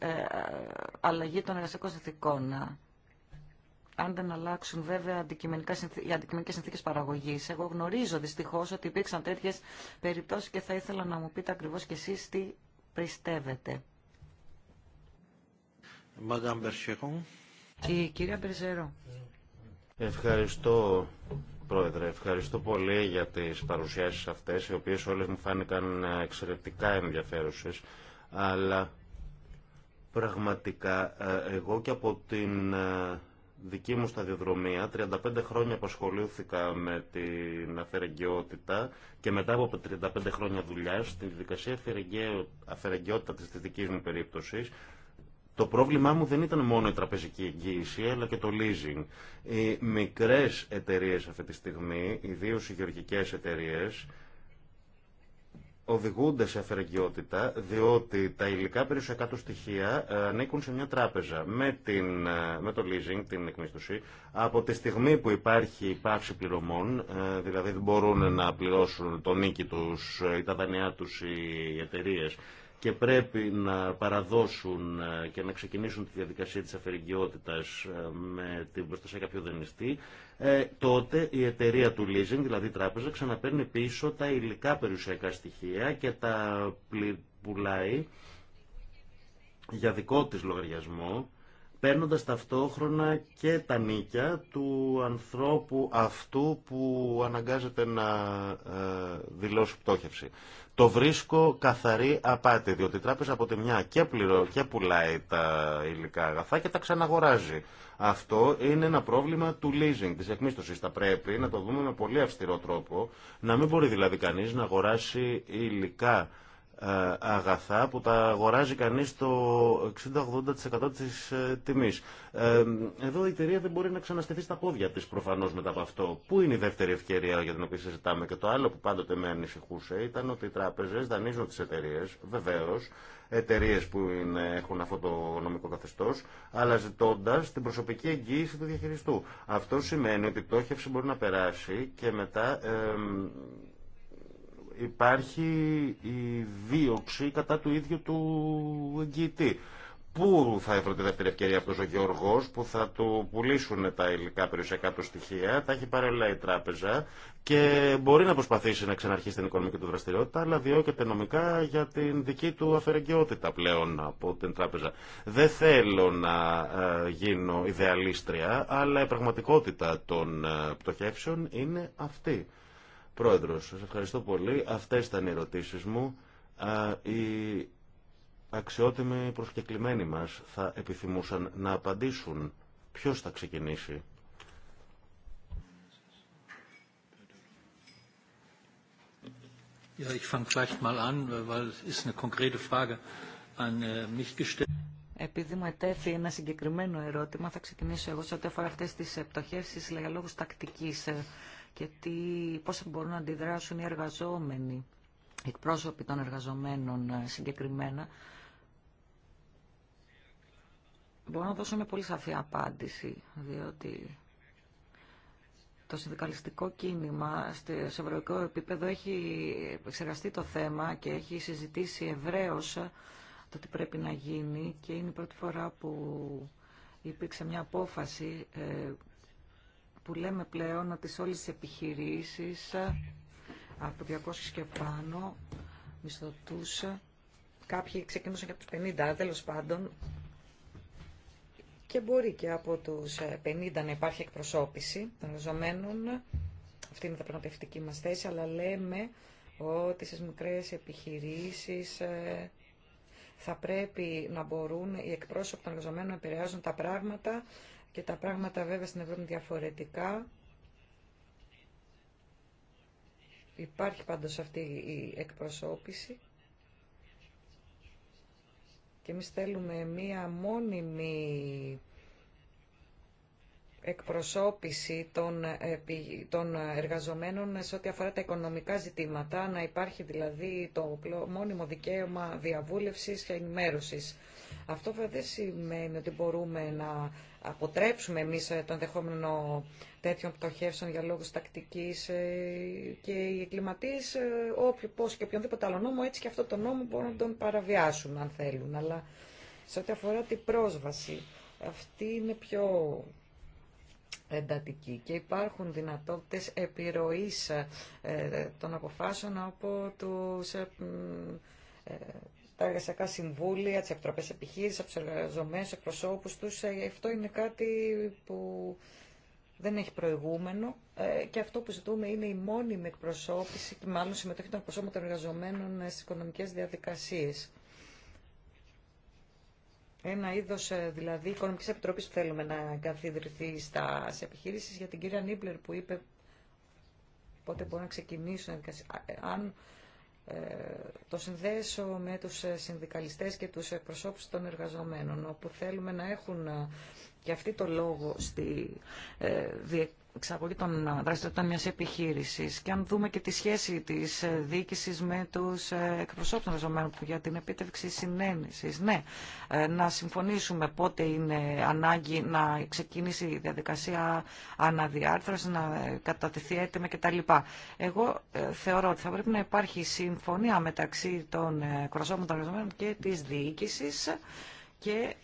αλλαγή των εργασιακών συνθηκών αν δεν αλλάξουν βέβαια οι αντικειμενικές συνθήκες παραγωγής. Εγώ γνωρίζω δυστυχώς ότι υπήρξαν τέτοιε περιπτώσεις και θα ήθελα να μου πείτε ακριβώς και εσεί τι πιστεύετε. Η κυρία Ευχαριστώ Πρόεδρε, ευχαριστώ πολύ για τις παρουσιάσεις αυτές, οι οποίες όλες μου φάνηκαν εξαιρετικά ενδιαφέρουσες, αλλά πραγματικά ε, εγώ και από την ε, δική μου σταδιοδρομία, 35 χρόνια απασχολήθηκα με την αφαιρεγκαιότητα και μετά από 35 χρόνια δουλειά στην δικασία αφαιρεγκαιότητα της δική μου περίπτωση, το πρόβλημά μου δεν ήταν μόνο η τραπεζική εγγύηση, αλλά και το leasing. Οι μικρές εταιρείες αυτή τη στιγμή, ιδίως οι γεωργικές εταιρείες, οδηγούνται σε αφαιρεγγιότητα διότι τα υλικά περιουσιακά του στοιχεία ε, ανήκουν σε μια τράπεζα με, την, ε, με το leasing, την εκμίσθωση. Από τη στιγμή που υπάρχει πάυση πληρωμών, ε, δηλαδή δεν μπορούν να πληρώσουν το νίκη τους ή τα δανειά τους οι εταιρείε και πρέπει να παραδώσουν και να ξεκινήσουν τη διαδικασία της αφαιρεγγιότητας με την προστασία κάποιου δανειστή, ε, τότε η εταιρεία του leasing, δηλαδή η τράπεζα, ξαναπαίρνει πίσω τα υλικά περιουσιακά στοιχεία και τα πουλάει για δικό της λογαριασμό, παίρνοντας ταυτόχρονα και τα νίκια του ανθρώπου αυτού που αναγκάζεται να ε, δηλώσει πτώχευση. Το βρίσκω καθαρή απάτη, διότι η τράπεζα από τη μια και, πληρώ, και πουλάει τα υλικά αγαθά και τα ξαναγοράζει. Αυτό είναι ένα πρόβλημα του leasing, της εκμίστοσης. Θα πρέπει να το δούμε με πολύ αυστηρό τρόπο, να μην μπορεί δηλαδή κανείς να αγοράσει υλικά ε, αγαθά που τα αγοράζει κανείς το 60-80% της ε, τιμής. Ε, εδώ η εταιρεία δεν μπορεί να ξαναστεθεί στα πόδια της προφανώς μετά από αυτό. Πού είναι η δεύτερη ευκαιρία για την οποία συζητάμε και το άλλο που πάντοτε με ανησυχούσε ήταν ότι οι τράπεζες δανείζουν τις εταιρείε, βεβαίως, εταιρείε που είναι, έχουν αυτό το νομικό καθεστώς αλλά ζητώντα την προσωπική εγγύηση του διαχειριστού. Αυτό σημαίνει ότι η πτώχευση μπορεί να περάσει και μετά ε, υπάρχει η δίωξη κατά του ίδιου του εγγυητή. Πού θα έφερε τη δεύτερη ευκαιρία αυτό ο Γιώργο που θα του πουλήσουν τα υλικά περιουσιακά του στοιχεία, τα έχει παρελάει η τράπεζα και μπορεί να προσπαθήσει να ξαναρχίσει την οικονομική του δραστηριότητα, αλλά διώκεται νομικά για την δική του αφαιρεγκαιότητα πλέον από την τράπεζα. Δεν θέλω να ε, γίνω ιδεαλίστρια, αλλά η πραγματικότητα των ε, πτωχεύσεων είναι αυτή. Πρόεδρος, σας ευχαριστώ πολύ. Αυτές ήταν οι ερωτήσεις μου. Οι αξιότιμοι προσκεκλημένοι μας θα επιθυμούσαν να απαντήσουν ποιος θα ξεκινήσει. Επειδή μου ετέθη ένα συγκεκριμένο ερώτημα, θα ξεκινήσω εγώ σε ό,τι αφορά αυτέ τι πτωχεύσει για λόγου τακτική. Ε, και τι, πώς μπορούν να αντιδράσουν οι εργαζόμενοι, εκπρόσωποι των εργαζομένων ε, συγκεκριμένα, Μπορώ να δώσω μια πολύ σαφή απάντηση, διότι το συνδικαλιστικό κίνημα σε ευρωπαϊκό επίπεδο έχει εξεργαστεί το θέμα και έχει συζητήσει ευρέως ε, το τι πρέπει να γίνει και είναι η πρώτη φορά που υπήρξε μια απόφαση ε, που λέμε πλέον ότι σε όλες τις επιχειρήσεις από 200 και πάνω μισθωτούς κάποιοι ξεκινούσαν και από τους 50 τέλος πάντων και μπορεί και από τους 50 να υπάρχει εκπροσώπηση των εργαζομένων αυτή είναι η διαπραγματευτική μας θέση αλλά λέμε ότι στις μικρές επιχειρήσεις ε, θα πρέπει να μπορούν οι εκπρόσωποι των εργαζομένων να επηρεάζουν τα πράγματα και τα πράγματα βέβαια στην Ευρώπη διαφορετικά. Υπάρχει πάντως αυτή η εκπροσώπηση και εμείς θέλουμε μία μόνιμη εκπροσώπηση των, ε, των εργαζομένων σε ό,τι αφορά τα οικονομικά ζητήματα, να υπάρχει δηλαδή το μόνιμο δικαίωμα διαβούλευσης και ενημέρωσης. Αυτό βέβαια δεν σημαίνει ότι μπορούμε να αποτρέψουμε εμείς το ενδεχόμενο τέτοιων πτωχεύσεων για λόγους τακτικής ε, και οι εγκληματίες, ε, όποιοι, πώς και οποιονδήποτε άλλο νόμο, έτσι και αυτό το νόμο μπορούν να τον παραβιάσουν αν θέλουν. Αλλά σε ό,τι αφορά την πρόσβαση, αυτή είναι πιο εντατική και υπάρχουν δυνατότητες επιρροής ε, των αποφάσεων από τους τα εργασιακά συμβούλια, τι επιτροπέ επιχείρηση, από του εργαζομένου, εκπροσώπου του. Ε, αυτό είναι κάτι που δεν έχει προηγούμενο ε, και αυτό που ζητούμε είναι η μόνιμη εκπροσώπηση και μάλλον συμμετοχή των εκπροσώπων των εργαζομένων στι οικονομικέ διαδικασίε. Ένα είδο ε, δηλαδή οικονομική επιτροπή που θέλουμε να καθιδρυθεί στα επιχειρήσει για την κυρία Νίπλερ που είπε πότε μπορεί να ξεκινήσουν. Αν το συνδέσω με τους ε, συνδικαλιστές και τους εκπροσώπους των εργαζομένων, όπου θέλουμε να έχουν ε, και αυτοί το λόγο στη ε, εξαγωγή των δραστηριοτήτων μιας επιχείρησης και αν δούμε και τη σχέση της ε, διοίκησης με τους ε, εκπροσώπους των εργαζομένων για την επίτευξη συνένεσης. Ναι, ε, να συμφωνήσουμε πότε είναι ανάγκη να ξεκινήσει η διαδικασία αναδιάρθρωσης, να κατατεθεί έτοιμα κτλ. Εγώ θεωρώ ότι θα πρέπει να υπάρχει συμφωνία μεταξύ των εκπροσώπων των εργαζομένων και της διοίκησης και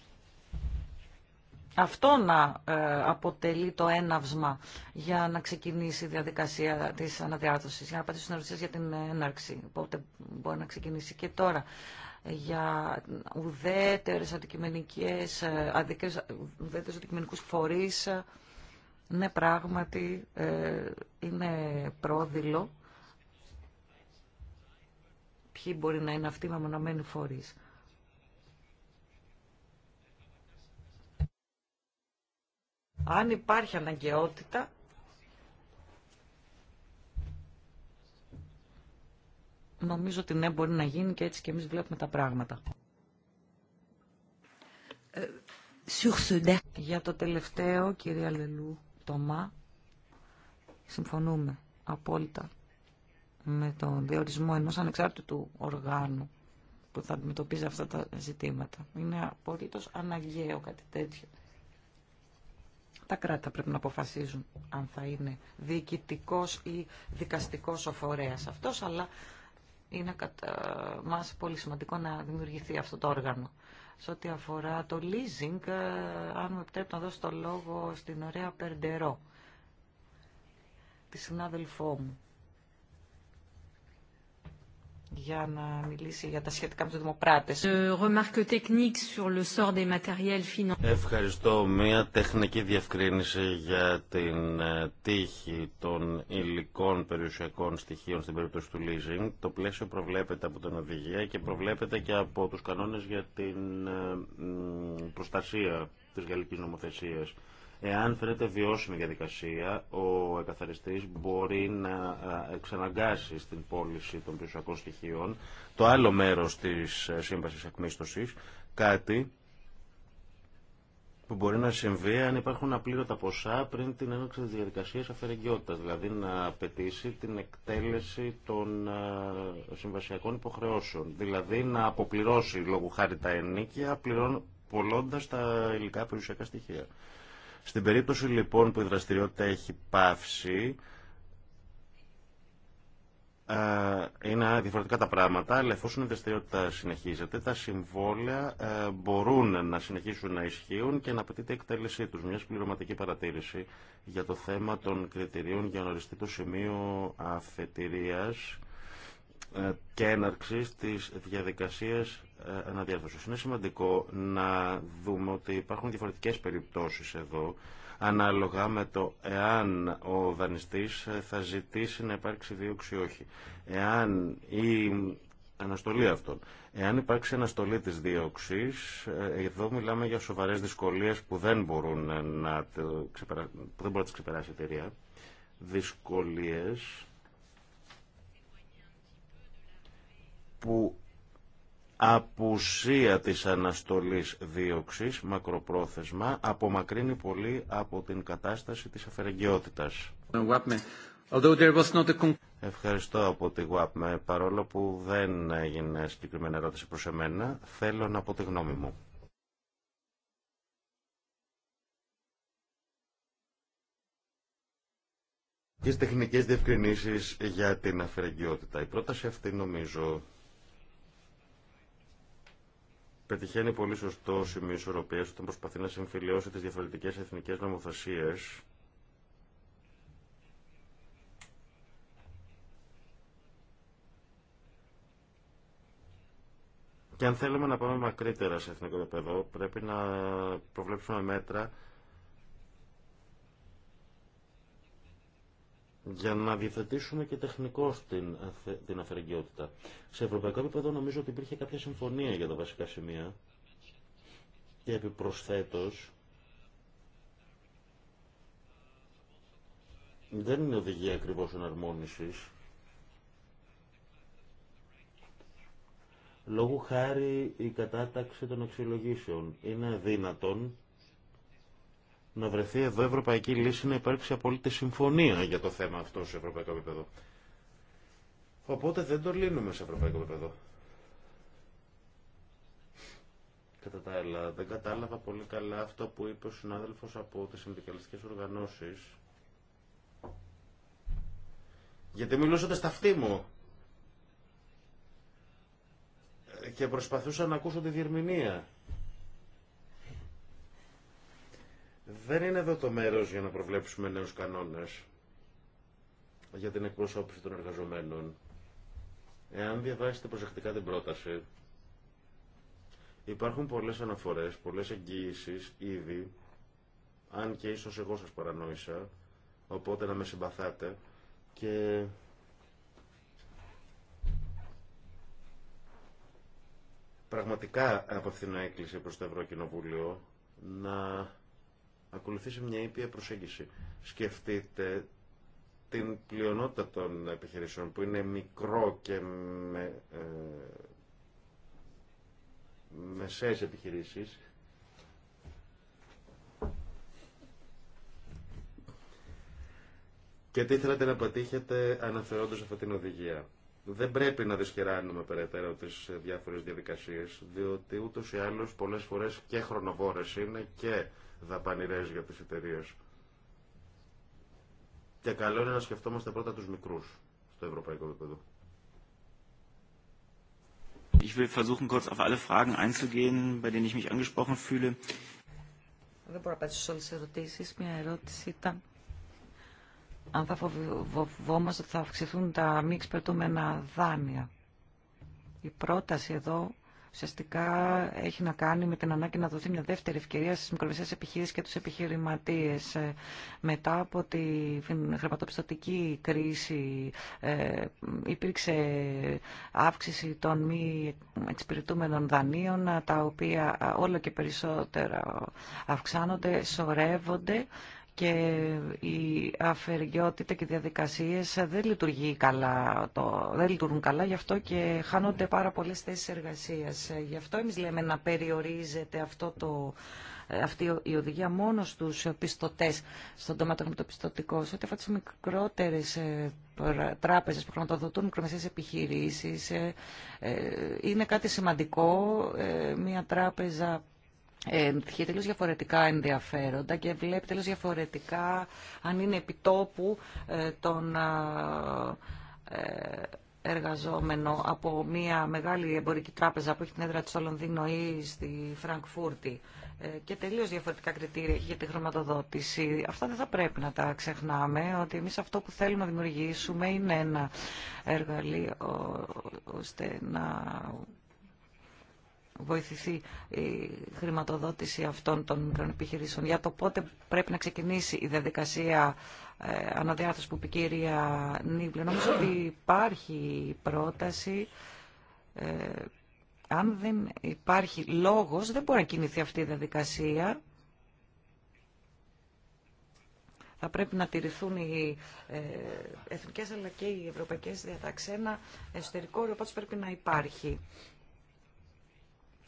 αυτό να ε, αποτελεί το έναυσμα για να ξεκινήσει η διαδικασία της αναδιάρθρωσης, για να τις στην για την έναρξη. Οπότε μπορεί να ξεκινήσει και τώρα για ουδέτερες αντικειμενικές, ε, αδικές, ουδέτερες αντικειμενικούς φορείς. Ναι, πράγματι ε, είναι πρόδειλο ποιοι μπορεί να είναι αυτοί οι μεμονωμένοι φορείς. Αν υπάρχει αναγκαιότητα, νομίζω ότι ναι μπορεί να γίνει και έτσι και εμείς βλέπουμε τα πράγματα. Για το τελευταίο, κυρία Λελού Τομά, συμφωνούμε απόλυτα με τον διορισμό ενός ανεξάρτητου οργάνου που θα αντιμετωπίζει αυτά τα ζητήματα. Είναι απολύτως αναγκαίο κάτι τέτοιο. Τα κράτη πρέπει να αποφασίζουν αν θα είναι διοικητικό ή δικαστικό ο φορέα αυτό, αλλά είναι κατά μα πολύ σημαντικό να δημιουργηθεί αυτό το όργανο. Σε ό,τι αφορά το leasing, ε, αν με πρέπει να δώσω το λόγο στην ωραία Περντερό, τη συνάδελφό μου για να μιλήσει για τα σχετικά με τους δημοκράτες. Ε, Ευχαριστώ. Μια τεχνική διευκρίνηση για την ε, τύχη των υλικών περιουσιακών στοιχείων στην περίπτωση του leasing. Το πλαίσιο προβλέπεται από την οδηγία και προβλέπεται και από τους κανόνες για την ε, προστασία της γαλλικής νομοθεσίας Εάν φαίνεται βιώσιμη διαδικασία, ο εκαθαριστής μπορεί να εξαναγκάσει στην πώληση των περιουσιακών στοιχείων το άλλο μέρος της ε, σύμβασης εκμίσθωσης, κάτι που μπορεί να συμβεί αν υπάρχουν απλήρωτα ποσά πριν την έναρξη της διαδικασίας αφαιρεγγιότητας, δηλαδή να απαιτήσει την εκτέλεση των συμβασιακών υποχρεώσεων, δηλαδή να αποπληρώσει λόγου χάρη τα ενίκια, πληρών, πολλώντας τα υλικά περιουσιακά στοιχεία. Στην περίπτωση λοιπόν που η δραστηριότητα έχει πάυσει, είναι διαφορετικά τα πράγματα, αλλά εφόσον η δραστηριότητα συνεχίζεται, τα συμβόλαια μπορούν να συνεχίσουν να ισχύουν και να απαιτείται η εκτέλεσή τους. Μια πληρωματική παρατήρηση για το θέμα των κριτηρίων για να οριστεί το σημείο αφετηρίας ε, και έναρξης της διαδικασία ε, αναδιάρθρωσης. Είναι σημαντικό να δούμε ότι υπάρχουν διαφορετικέ περιπτώσεις εδώ ανάλογα με το εάν ο δανειστή ε, θα ζητήσει να υπάρξει δίωξη ή όχι. Εάν η αναστολή αυτών. Εάν υπάρξει αναστολή της δίωξης, εδώ μιλάμε για σοβαρές δυσκολίες που δεν μπορούν να, να τις ξεπεράσει η εταιρεία. Δυσκολίες που απουσία της αναστολής δίωξης μακροπρόθεσμα απομακρύνει πολύ από την κατάσταση της αφαιρεγγιότητας. Ευχαριστώ από τη ΓΟΑΠΜΕ. Παρόλο που δεν έγινε συγκεκριμένη ερώτηση προς εμένα, θέλω να πω τη γνώμη μου. Τις τεχνικές διευκρινήσεις για την αφαιρεγγιότητα. Η πρόταση αυτή νομίζω πετυχαίνει πολύ σωστό σημείο ισορροπία όταν προσπαθεί να συμφιλειώσει τις διαφορετικές εθνικές νομοθεσίε Και αν θέλουμε να πάμε μακρύτερα σε εθνικό επίπεδο, πρέπει να προβλέψουμε μέτρα για να διευθετήσουμε και τεχνικώ την, την αφαιρεγκαιότητα. Σε ευρωπαϊκό επίπεδο νομίζω ότι υπήρχε κάποια συμφωνία για τα βασικά σημεία και επιπροσθέτως δεν είναι οδηγία ακριβώς εναρμόνισης λόγου χάρη η κατάταξη των αξιολογήσεων είναι δυνατόν να βρεθεί εδώ ευρωπαϊκή λύση, να υπάρξει απόλυτη συμφωνία για το θέμα αυτό σε ευρωπαϊκό επίπεδο. Οπότε δεν το λύνουμε σε ευρωπαϊκό επίπεδο. Κατά τα άλλα, δεν κατάλαβα πολύ καλά αυτό που είπε ο συνάδελφο από τις συνδικαλιστικέ οργανώσεις. Γιατί μιλούσατε στα αυτή μου και προσπαθούσα να ακούσω τη διερμηνία. Δεν είναι εδώ το μέρος για να προβλέψουμε νέους κανόνες για την εκπροσώπηση των εργαζομένων. Εάν διαβάσετε προσεκτικά την πρόταση, υπάρχουν πολλές αναφορές, πολλές εγγύησεις ήδη, αν και ίσως εγώ σας παρανόησα, οπότε να με συμπαθάτε, και πραγματικά απευθύνω έκκληση προς το Ευρωκοινοβούλιο να ακολουθήσει μια ήπια προσέγγιση. Σκεφτείτε την πλειονότητα των επιχειρήσεων που είναι μικρό και με, ε, επιχειρήσεις και τι θέλετε να πετύχετε αναφερόντως αυτή την οδηγία. Δεν πρέπει να δυσχεράνουμε περαιτέρω τις διάφορες διαδικασίες, διότι ούτως ή άλλως πολλές φορές και χρονοβόρες είναι και δαπανηρές για τις εταιρείε. Και καλό είναι να σκεφτόμαστε πρώτα τους μικρούς στο ευρωπαϊκό επίπεδο. Ich will versuchen, kurz auf alle Fragen einzugehen, bei denen ich mich angesprochen fühle. Δεν μπορώ να απαντήσω σε όλες τις ερωτήσεις. Μια ερώτηση ήταν αν θα φοβόμαστε ότι θα αυξηθούν τα μη εξπερτούμενα δάνεια. Η πρόταση εδώ ουσιαστικά έχει να κάνει με την ανάγκη να δοθεί μια δεύτερη ευκαιρία στις μικρομεσαίες επιχειρήσεις και τους επιχειρηματίες. Ε, μετά από τη χρηματοπιστωτική κρίση ε, υπήρξε αύξηση των μη εξυπηρετούμενων δανείων, τα οποία ε, όλο και περισσότερο αυξάνονται, σωρεύονται και η αφαιριότητα και οι διαδικασίες δεν, λειτουργεί καλά, το, δεν λειτουργούν καλά, γι' αυτό και χάνονται πάρα πολλές θέσεις εργασίας. Γι' αυτό εμείς λέμε να περιορίζεται αυτό το, αυτή η οδηγία μόνο στους πιστωτές στον τομέα το πιστωτικό, σε ό,τι αφορά τις μικρότερες ε, τράπεζες που χρηματοδοτούν μικρομεσαίες επιχειρήσεις, ε, ε, είναι κάτι σημαντικό. Μια τράπεζα έχει ε, τελείως διαφορετικά ενδιαφέροντα και βλέπει τελείως διαφορετικά αν είναι επιτόπου ε, τον ε, εργαζόμενο από μια μεγάλη εμπορική τράπεζα που έχει την έδρα της στο Λονδίνο ή στη Φραγκφούρτη και τελείως διαφορετικά κριτήρια για τη χρηματοδότηση. Αυτά δεν θα πρέπει να τα ξεχνάμε, ότι εμείς αυτό που θέλουμε να δημιουργήσουμε είναι ένα εργαλείο ώστε να βοηθηθεί η χρηματοδότηση αυτών των μικρών επιχειρήσεων. Για το πότε πρέπει να ξεκινήσει η διαδικασία ε, αναδιάθεσης που είπε η κυρία Νίβλε. Νομίζω ότι υπάρχει πρόταση. Ε, αν δεν υπάρχει λόγος, δεν μπορεί να κινηθεί αυτή η διαδικασία. θα πρέπει να τηρηθούν οι ε, εθνικές αλλά και οι ευρωπαϊκές διαταξένα. Ένα εσωτερικό όριο πρέπει να υπάρχει.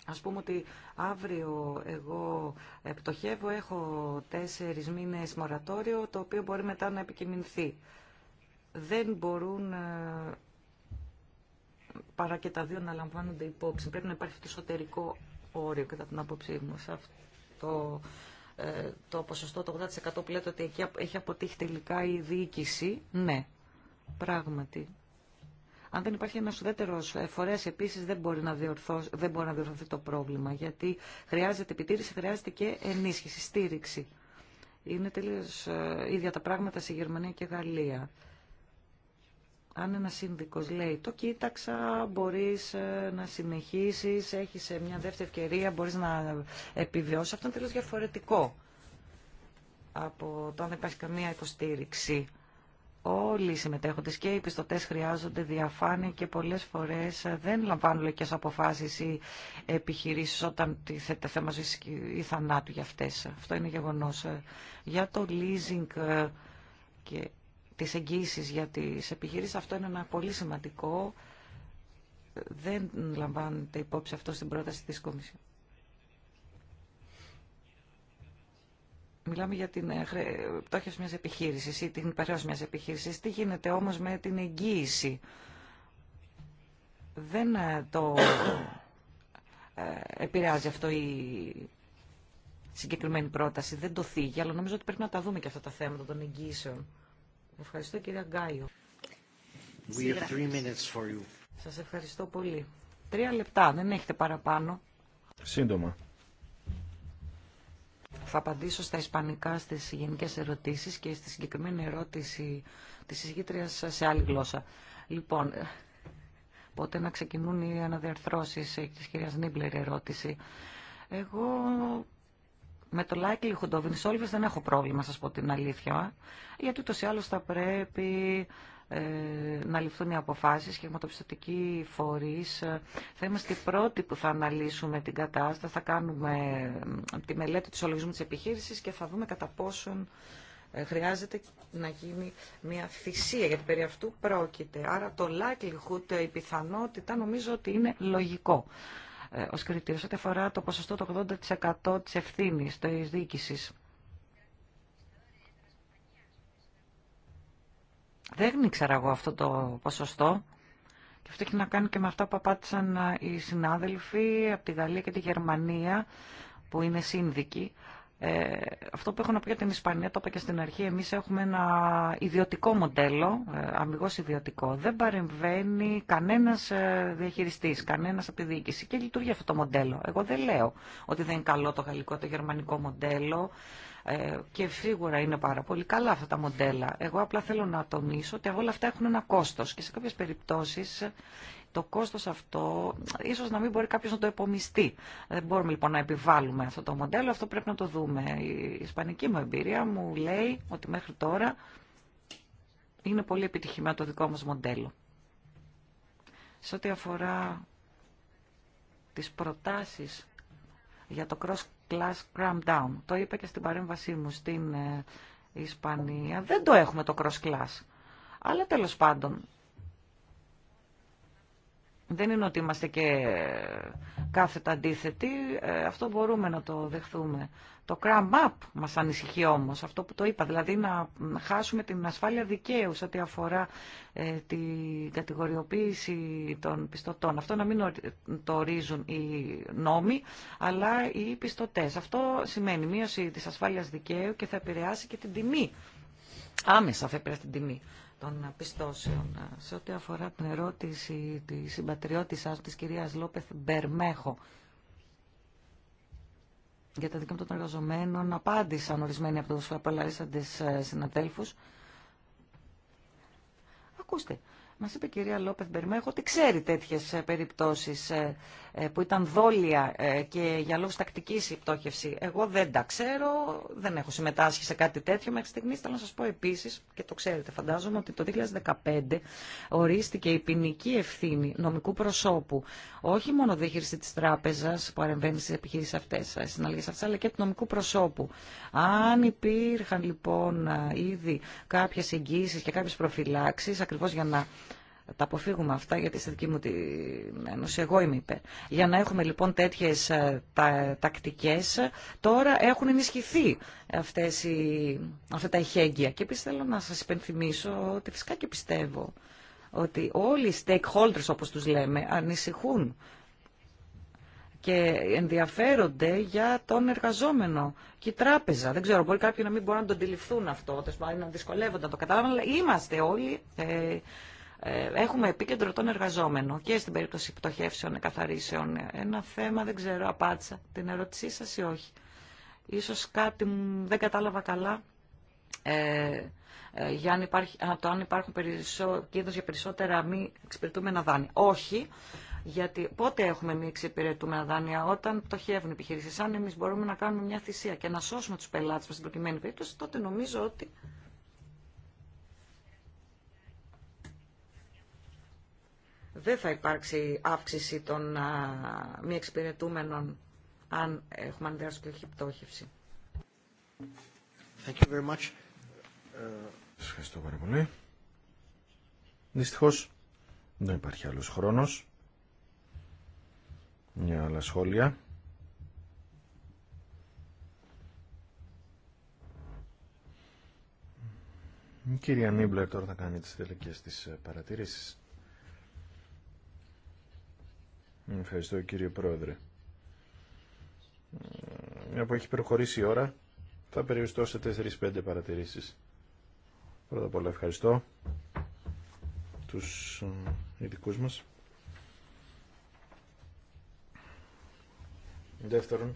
Ας πούμε ότι αύριο εγώ πτωχεύω, έχω τέσσερις μήνες μορατόριο, το οποίο μπορεί μετά να επικοινωνηθεί. Δεν μπορούν ε, παρά και τα δύο να λαμβάνονται υπόψη. Πρέπει να υπάρχει το εσωτερικό όριο κατά την άποψή μου. Σε αυτό ε, το ποσοστό, το 80% που λέτε ότι εκεί έχει αποτύχει τελικά η διοίκηση, ναι, πράγματι αν δεν υπάρχει ένας ουδέτερο ε, φορέας επίσης δεν μπορεί, να δεν μπορεί να διορθωθεί το πρόβλημα γιατί χρειάζεται επιτήρηση, χρειάζεται και ενίσχυση, στήριξη. Είναι τελείως ε, ίδια τα πράγματα σε Γερμανία και Γαλλία. Αν ένα σύνδικο λέει το κοίταξα, μπορείς ε, να συνεχίσεις, έχεις μια δεύτερη ευκαιρία, μπορείς να επιβιώσει. Αυτό είναι τελείω διαφορετικό από το αν δεν υπάρχει καμία υποστήριξη. Όλοι οι συμμετέχοντες και οι πιστωτέ χρειάζονται διαφάνεια και πολλές φορές δεν λαμβάνουν λογικέ αποφάσει ή επιχειρήσει όταν τίθεται θέμα ζωή ή θανάτου για αυτές. Αυτό είναι γεγονό. Για το leasing ε, και τις εγγύσει για τι επιχειρήσει, αυτό είναι ένα πολύ σημαντικό. Δεν λαμβάνεται υπόψη αυτό στην πρόταση τη Κομισιόν. Μιλάμε για την ε, πτώχεια μιας επιχείρησης ή την υπεραίωση μιας επιχείρησης. Τι γίνεται όμως με την εγγύηση. Δεν ε, το ε, επηρεάζει αυτό η συγκεκριμένη πρόταση. Δεν το θίγει, αλλά νομίζω ότι πρέπει να τα δούμε και αυτά τα θέματα των εγγύησεων. Ευχαριστώ κυρία Γκάιο. Σα Σας ευχαριστώ πολύ. Τρία λεπτά, δεν έχετε παραπάνω. Σύντομα. Θα απαντήσω στα ισπανικά στις γενικές ερωτήσεις και στη συγκεκριμένη ερώτηση της εισηγήτριας σε άλλη γλώσσα. Λοιπόν, πότε να ξεκινούν οι αναδιαρθρώσεις της κυρίας Νίμπλερ ερώτηση. Εγώ με το λάκη Χουντόβιν δεν έχω πρόβλημα, σας πω την αλήθεια, γιατί ούτως ή άλλως θα πρέπει ε, να ληφθούν οι αποφάσεις και χρηματοπιστωτικοί φορείς. Ε, θα είμαστε οι πρώτοι που θα αναλύσουμε την κατάσταση, θα κάνουμε τη μελέτη του ολογισμού της επιχείρησης και θα δούμε κατά πόσον ε, χρειάζεται να γίνει μια θυσία, γιατί περί αυτού πρόκειται. Άρα το likelihood, η πιθανότητα, νομίζω ότι είναι λογικό ως κριτήριο, ό,τι αφορά το ποσοστό το 80% της ευθύνης της διοίκησης. Δεν ήξερα εγώ αυτό το ποσοστό. Και αυτό έχει να κάνει και με αυτά που απάντησαν ε, οι συνάδελφοι από τη Γαλλία και τη Γερμανία, που είναι σύνδικοι. Ε, αυτό που έχω να πω για την Ισπανία, το είπα και στην αρχή, εμείς έχουμε ένα ιδιωτικό μοντέλο, ε, αμυγός ιδιωτικό. Δεν παρεμβαίνει κανένας ε, διαχειριστής, κανένας από τη διοίκηση και λειτουργεί αυτό το μοντέλο. Εγώ δεν λέω ότι δεν είναι καλό το γαλλικό, το γερμανικό μοντέλο και σίγουρα είναι πάρα πολύ καλά αυτά τα μοντέλα. Εγώ απλά θέλω να τονίσω ότι όλα αυτά έχουν ένα κόστος και σε κάποιες περιπτώσεις το κόστος αυτό ίσως να μην μπορεί κάποιος να το επομιστεί. Δεν μπορούμε λοιπόν να επιβάλλουμε αυτό το μοντέλο, αυτό πρέπει να το δούμε. Η ισπανική μου εμπειρία μου λέει ότι μέχρι τώρα είναι πολύ επιτυχημένο το δικό μας μοντέλο. Σε ό,τι αφορά τις προτάσεις για το cross-class cram-down, το είπα και στην παρέμβασή μου στην ε, Ισπανία, δεν το έχουμε το cross-class. Αλλά τέλος πάντων, δεν είναι ότι είμαστε και κάθετα αντίθετοι, ε, αυτό μπορούμε να το δεχθούμε. Το cram up μας ανησυχεί όμως, αυτό που το είπα, δηλαδή να χάσουμε την ασφάλεια δικαίου σε ό,τι αφορά ε, την κατηγοριοποίηση των πιστωτών. Αυτό να μην το ορίζουν οι νόμοι, αλλά οι πιστωτές. Αυτό σημαίνει μείωση της ασφάλειας δικαίου και θα επηρεάσει και την τιμή. Άμεσα θα επηρεάσει την τιμή των πιστώσεων. Σε ό,τι αφορά την ερώτηση της σα της κυρίας Λόπεθ Μπερμέχο για τα δικαιώματα των εργαζομένων, απάντησαν ορισμένοι από τους απελαρίσαντες ε, συναδέλφους. Ακούστε, μας είπε η κυρία Λόπεθ Μπερμέχο ότι ξέρει τέτοιες ε, περιπτώσεις ε, ε, που ήταν δόλια ε, και για λόγους τακτικής η πτώχευση. Εγώ δεν τα ξέρω, δεν έχω συμμετάσχει σε κάτι τέτοιο μέχρι στιγμής. Θέλω να σας πω επίσης, και το ξέρετε φαντάζομαι, ότι το 2015 ορίστηκε η ποινική ευθύνη νομικού προσώπου. Όχι μόνο διαχείριση της τράπεζας που αρεμβαίνει στις επιχειρήσεις ε, αυτές, αλλά και του νομικού προσώπου. Αν υπήρχαν λοιπόν ήδη κάποιες εγγύησεις και κάποιες προφυλάξεις, ακριβώς για να τα αποφύγουμε αυτά γιατί στη δική μου τη ένωση εγώ είμαι υπέρ. Για να έχουμε λοιπόν τέτοιες ε, τα, τακτικές τώρα έχουν ενισχυθεί αυτές οι, αυτά τα ηχέγγυα και επίσης θέλω να σας υπενθυμίσω ότι φυσικά και πιστεύω ότι όλοι οι stakeholders όπως τους λέμε ανησυχούν και ενδιαφέρονται για τον εργαζόμενο και η τράπεζα. Δεν ξέρω, μπορεί κάποιοι να μην μπορούν να το αντιληφθούν αυτό, να δυσκολεύονται να το καταλάβουν, αλλά είμαστε όλοι ε, ε, έχουμε επίκεντρο τον εργαζόμενο και στην περίπτωση πτωχεύσεων, εκαθαρίσεων. Ένα θέμα, δεν ξέρω, απάντησα την ερώτησή σας ή όχι. Ίσως κάτι δεν κατάλαβα καλά. Ε, ε για αν υπάρχει, το αν υπάρχουν κίνδυνο για περισσότερα μη εξυπηρετούμενα δάνεια. Όχι, γιατί πότε έχουμε μη εξυπηρετούμενα δάνεια, όταν πτωχεύουν οι επιχειρήσει. Αν εμεί μπορούμε να κάνουμε μια θυσία και να σώσουμε του πελάτε μα στην προκειμένη περίπτωση, τότε νομίζω ότι δεν θα υπάρξει αύξηση των μη εξυπηρετούμενων αν έχουμε αντιδράσει και Thank you very much. Σας ε, ευχαριστώ πάρα πολύ. Δυστυχώς δεν υπάρχει άλλος χρόνος Μια άλλα σχόλια. Η κυρία Νίμπλερ τώρα θα κάνει τις τελικές της παρατηρήσεις. Ευχαριστώ κύριε Πρόεδρε. Μια που έχει προχωρήσει η ώρα, θα περιοριστώ σε 4-5 παρατηρήσεις. Πρώτα απ' όλα ευχαριστώ τους ε, ειδικού μας. Δεύτερον,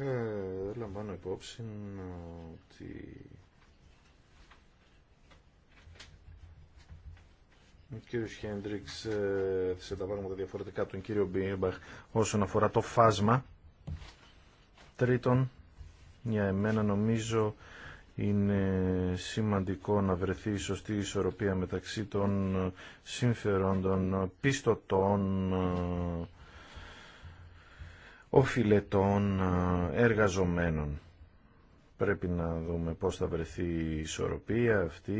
Και λαμβάνω υπόψη ότι ο κύριο Χέντριξ ε, έθεσε τα πράγματα διαφορετικά από τον κύριο Μπίμπαχ όσον αφορά το φάσμα. Τρίτον, για εμένα νομίζω είναι σημαντικό να βρεθεί η σωστή ισορροπία μεταξύ των συμφερόντων πιστωτών οφειλετών εργαζομένων. Πρέπει να δούμε πώς θα βρεθεί η ισορροπία αυτή,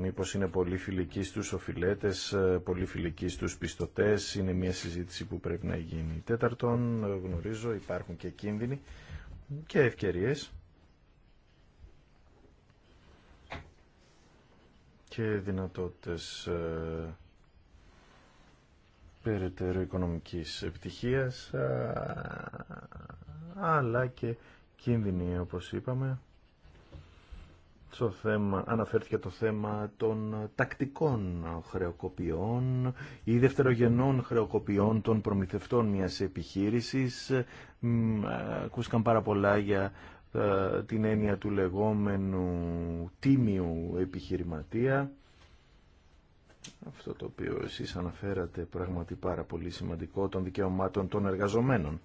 μήπως είναι πολύ φιλικοί στους οφειλέτες, πολύ φιλικοί στους πιστωτές, είναι μια συζήτηση που πρέπει να γίνει. Τέταρτον, γνωρίζω, υπάρχουν και κίνδυνοι και ευκαιρίες και δυνατότητες περαιτέρω οικονομικής επιτυχίας αλλά και κίνδυνοι όπως είπαμε θέμα, αναφέρθηκε το θέμα των τακτικών χρεοκοπιών ή δευτερογενών χρεοκοπιών των προμηθευτών μιας επιχείρησης. Ακούστηκαν πάρα πολλά για την έννοια του λεγόμενου τίμιου επιχειρηματία αυτό το οποίο εσείς αναφέρατε πράγματι πάρα πολύ σημαντικό των δικαιωμάτων των εργαζομένων.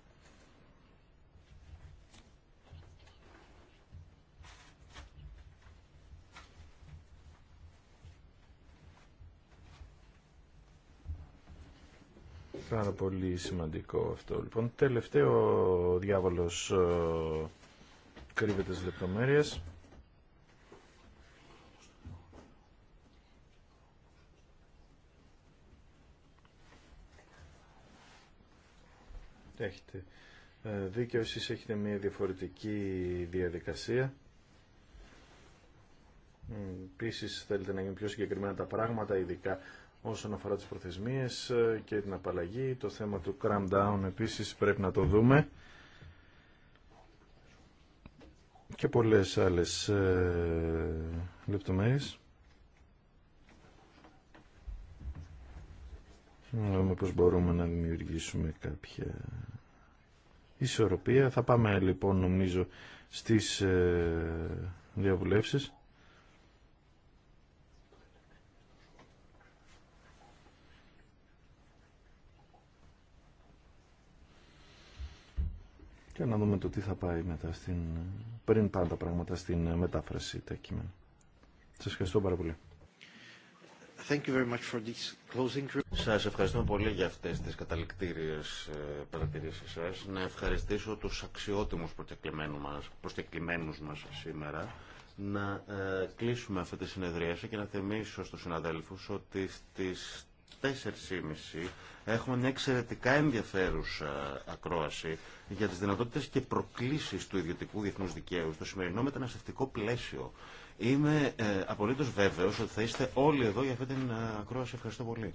Πάρα πολύ σημαντικό αυτό. Λοιπόν, τελευταίο διάβολος ε, κρύβεται στις λεπτομέρειες. έχετε ε, δίκιο, εσείς έχετε μια διαφορετική διαδικασία. Επίση θέλετε να γίνουν πιο συγκεκριμένα τα πράγματα, ειδικά όσον αφορά τις προθεσμίες ε, και την απαλλαγή. Το θέμα του cram down επίσης πρέπει να το δούμε. Και πολλές άλλες ε, λεπτομέρειες. να δούμε πώς μπορούμε να δημιουργήσουμε κάποια ισορροπία. Θα πάμε λοιπόν νομίζω στις ε, διαβουλεύσεις. Και να δούμε το τι θα πάει μετά στην... πριν πάντα πράγματα στην μετάφραση τα κείμενα. Σας ευχαριστώ πάρα πολύ. Thank you very much for this closing... Σας ευχαριστώ πολύ για αυτές τις καταληκτήριες ε, παρατηρήσεις σας. Να ευχαριστήσω τους αξιότιμους μας, προσκεκλημένους μας σήμερα να ε, κλείσουμε αυτή τη συνεδρίαση και να θυμίσω στους συναδέλφους ότι στις 4.30 έχουμε μια εξαιρετικά ενδιαφέρουσα ε, ακρόαση για τις δυνατότητες και προκλήσεις του ιδιωτικού διεθνούς δικαίου στο σημερινό μεταναστευτικό πλαίσιο. Είμαι ε, απολύτως βέβαιος ότι θα είστε όλοι εδώ για αυτή την ε, ακρόαση. Ευχαριστώ πολύ.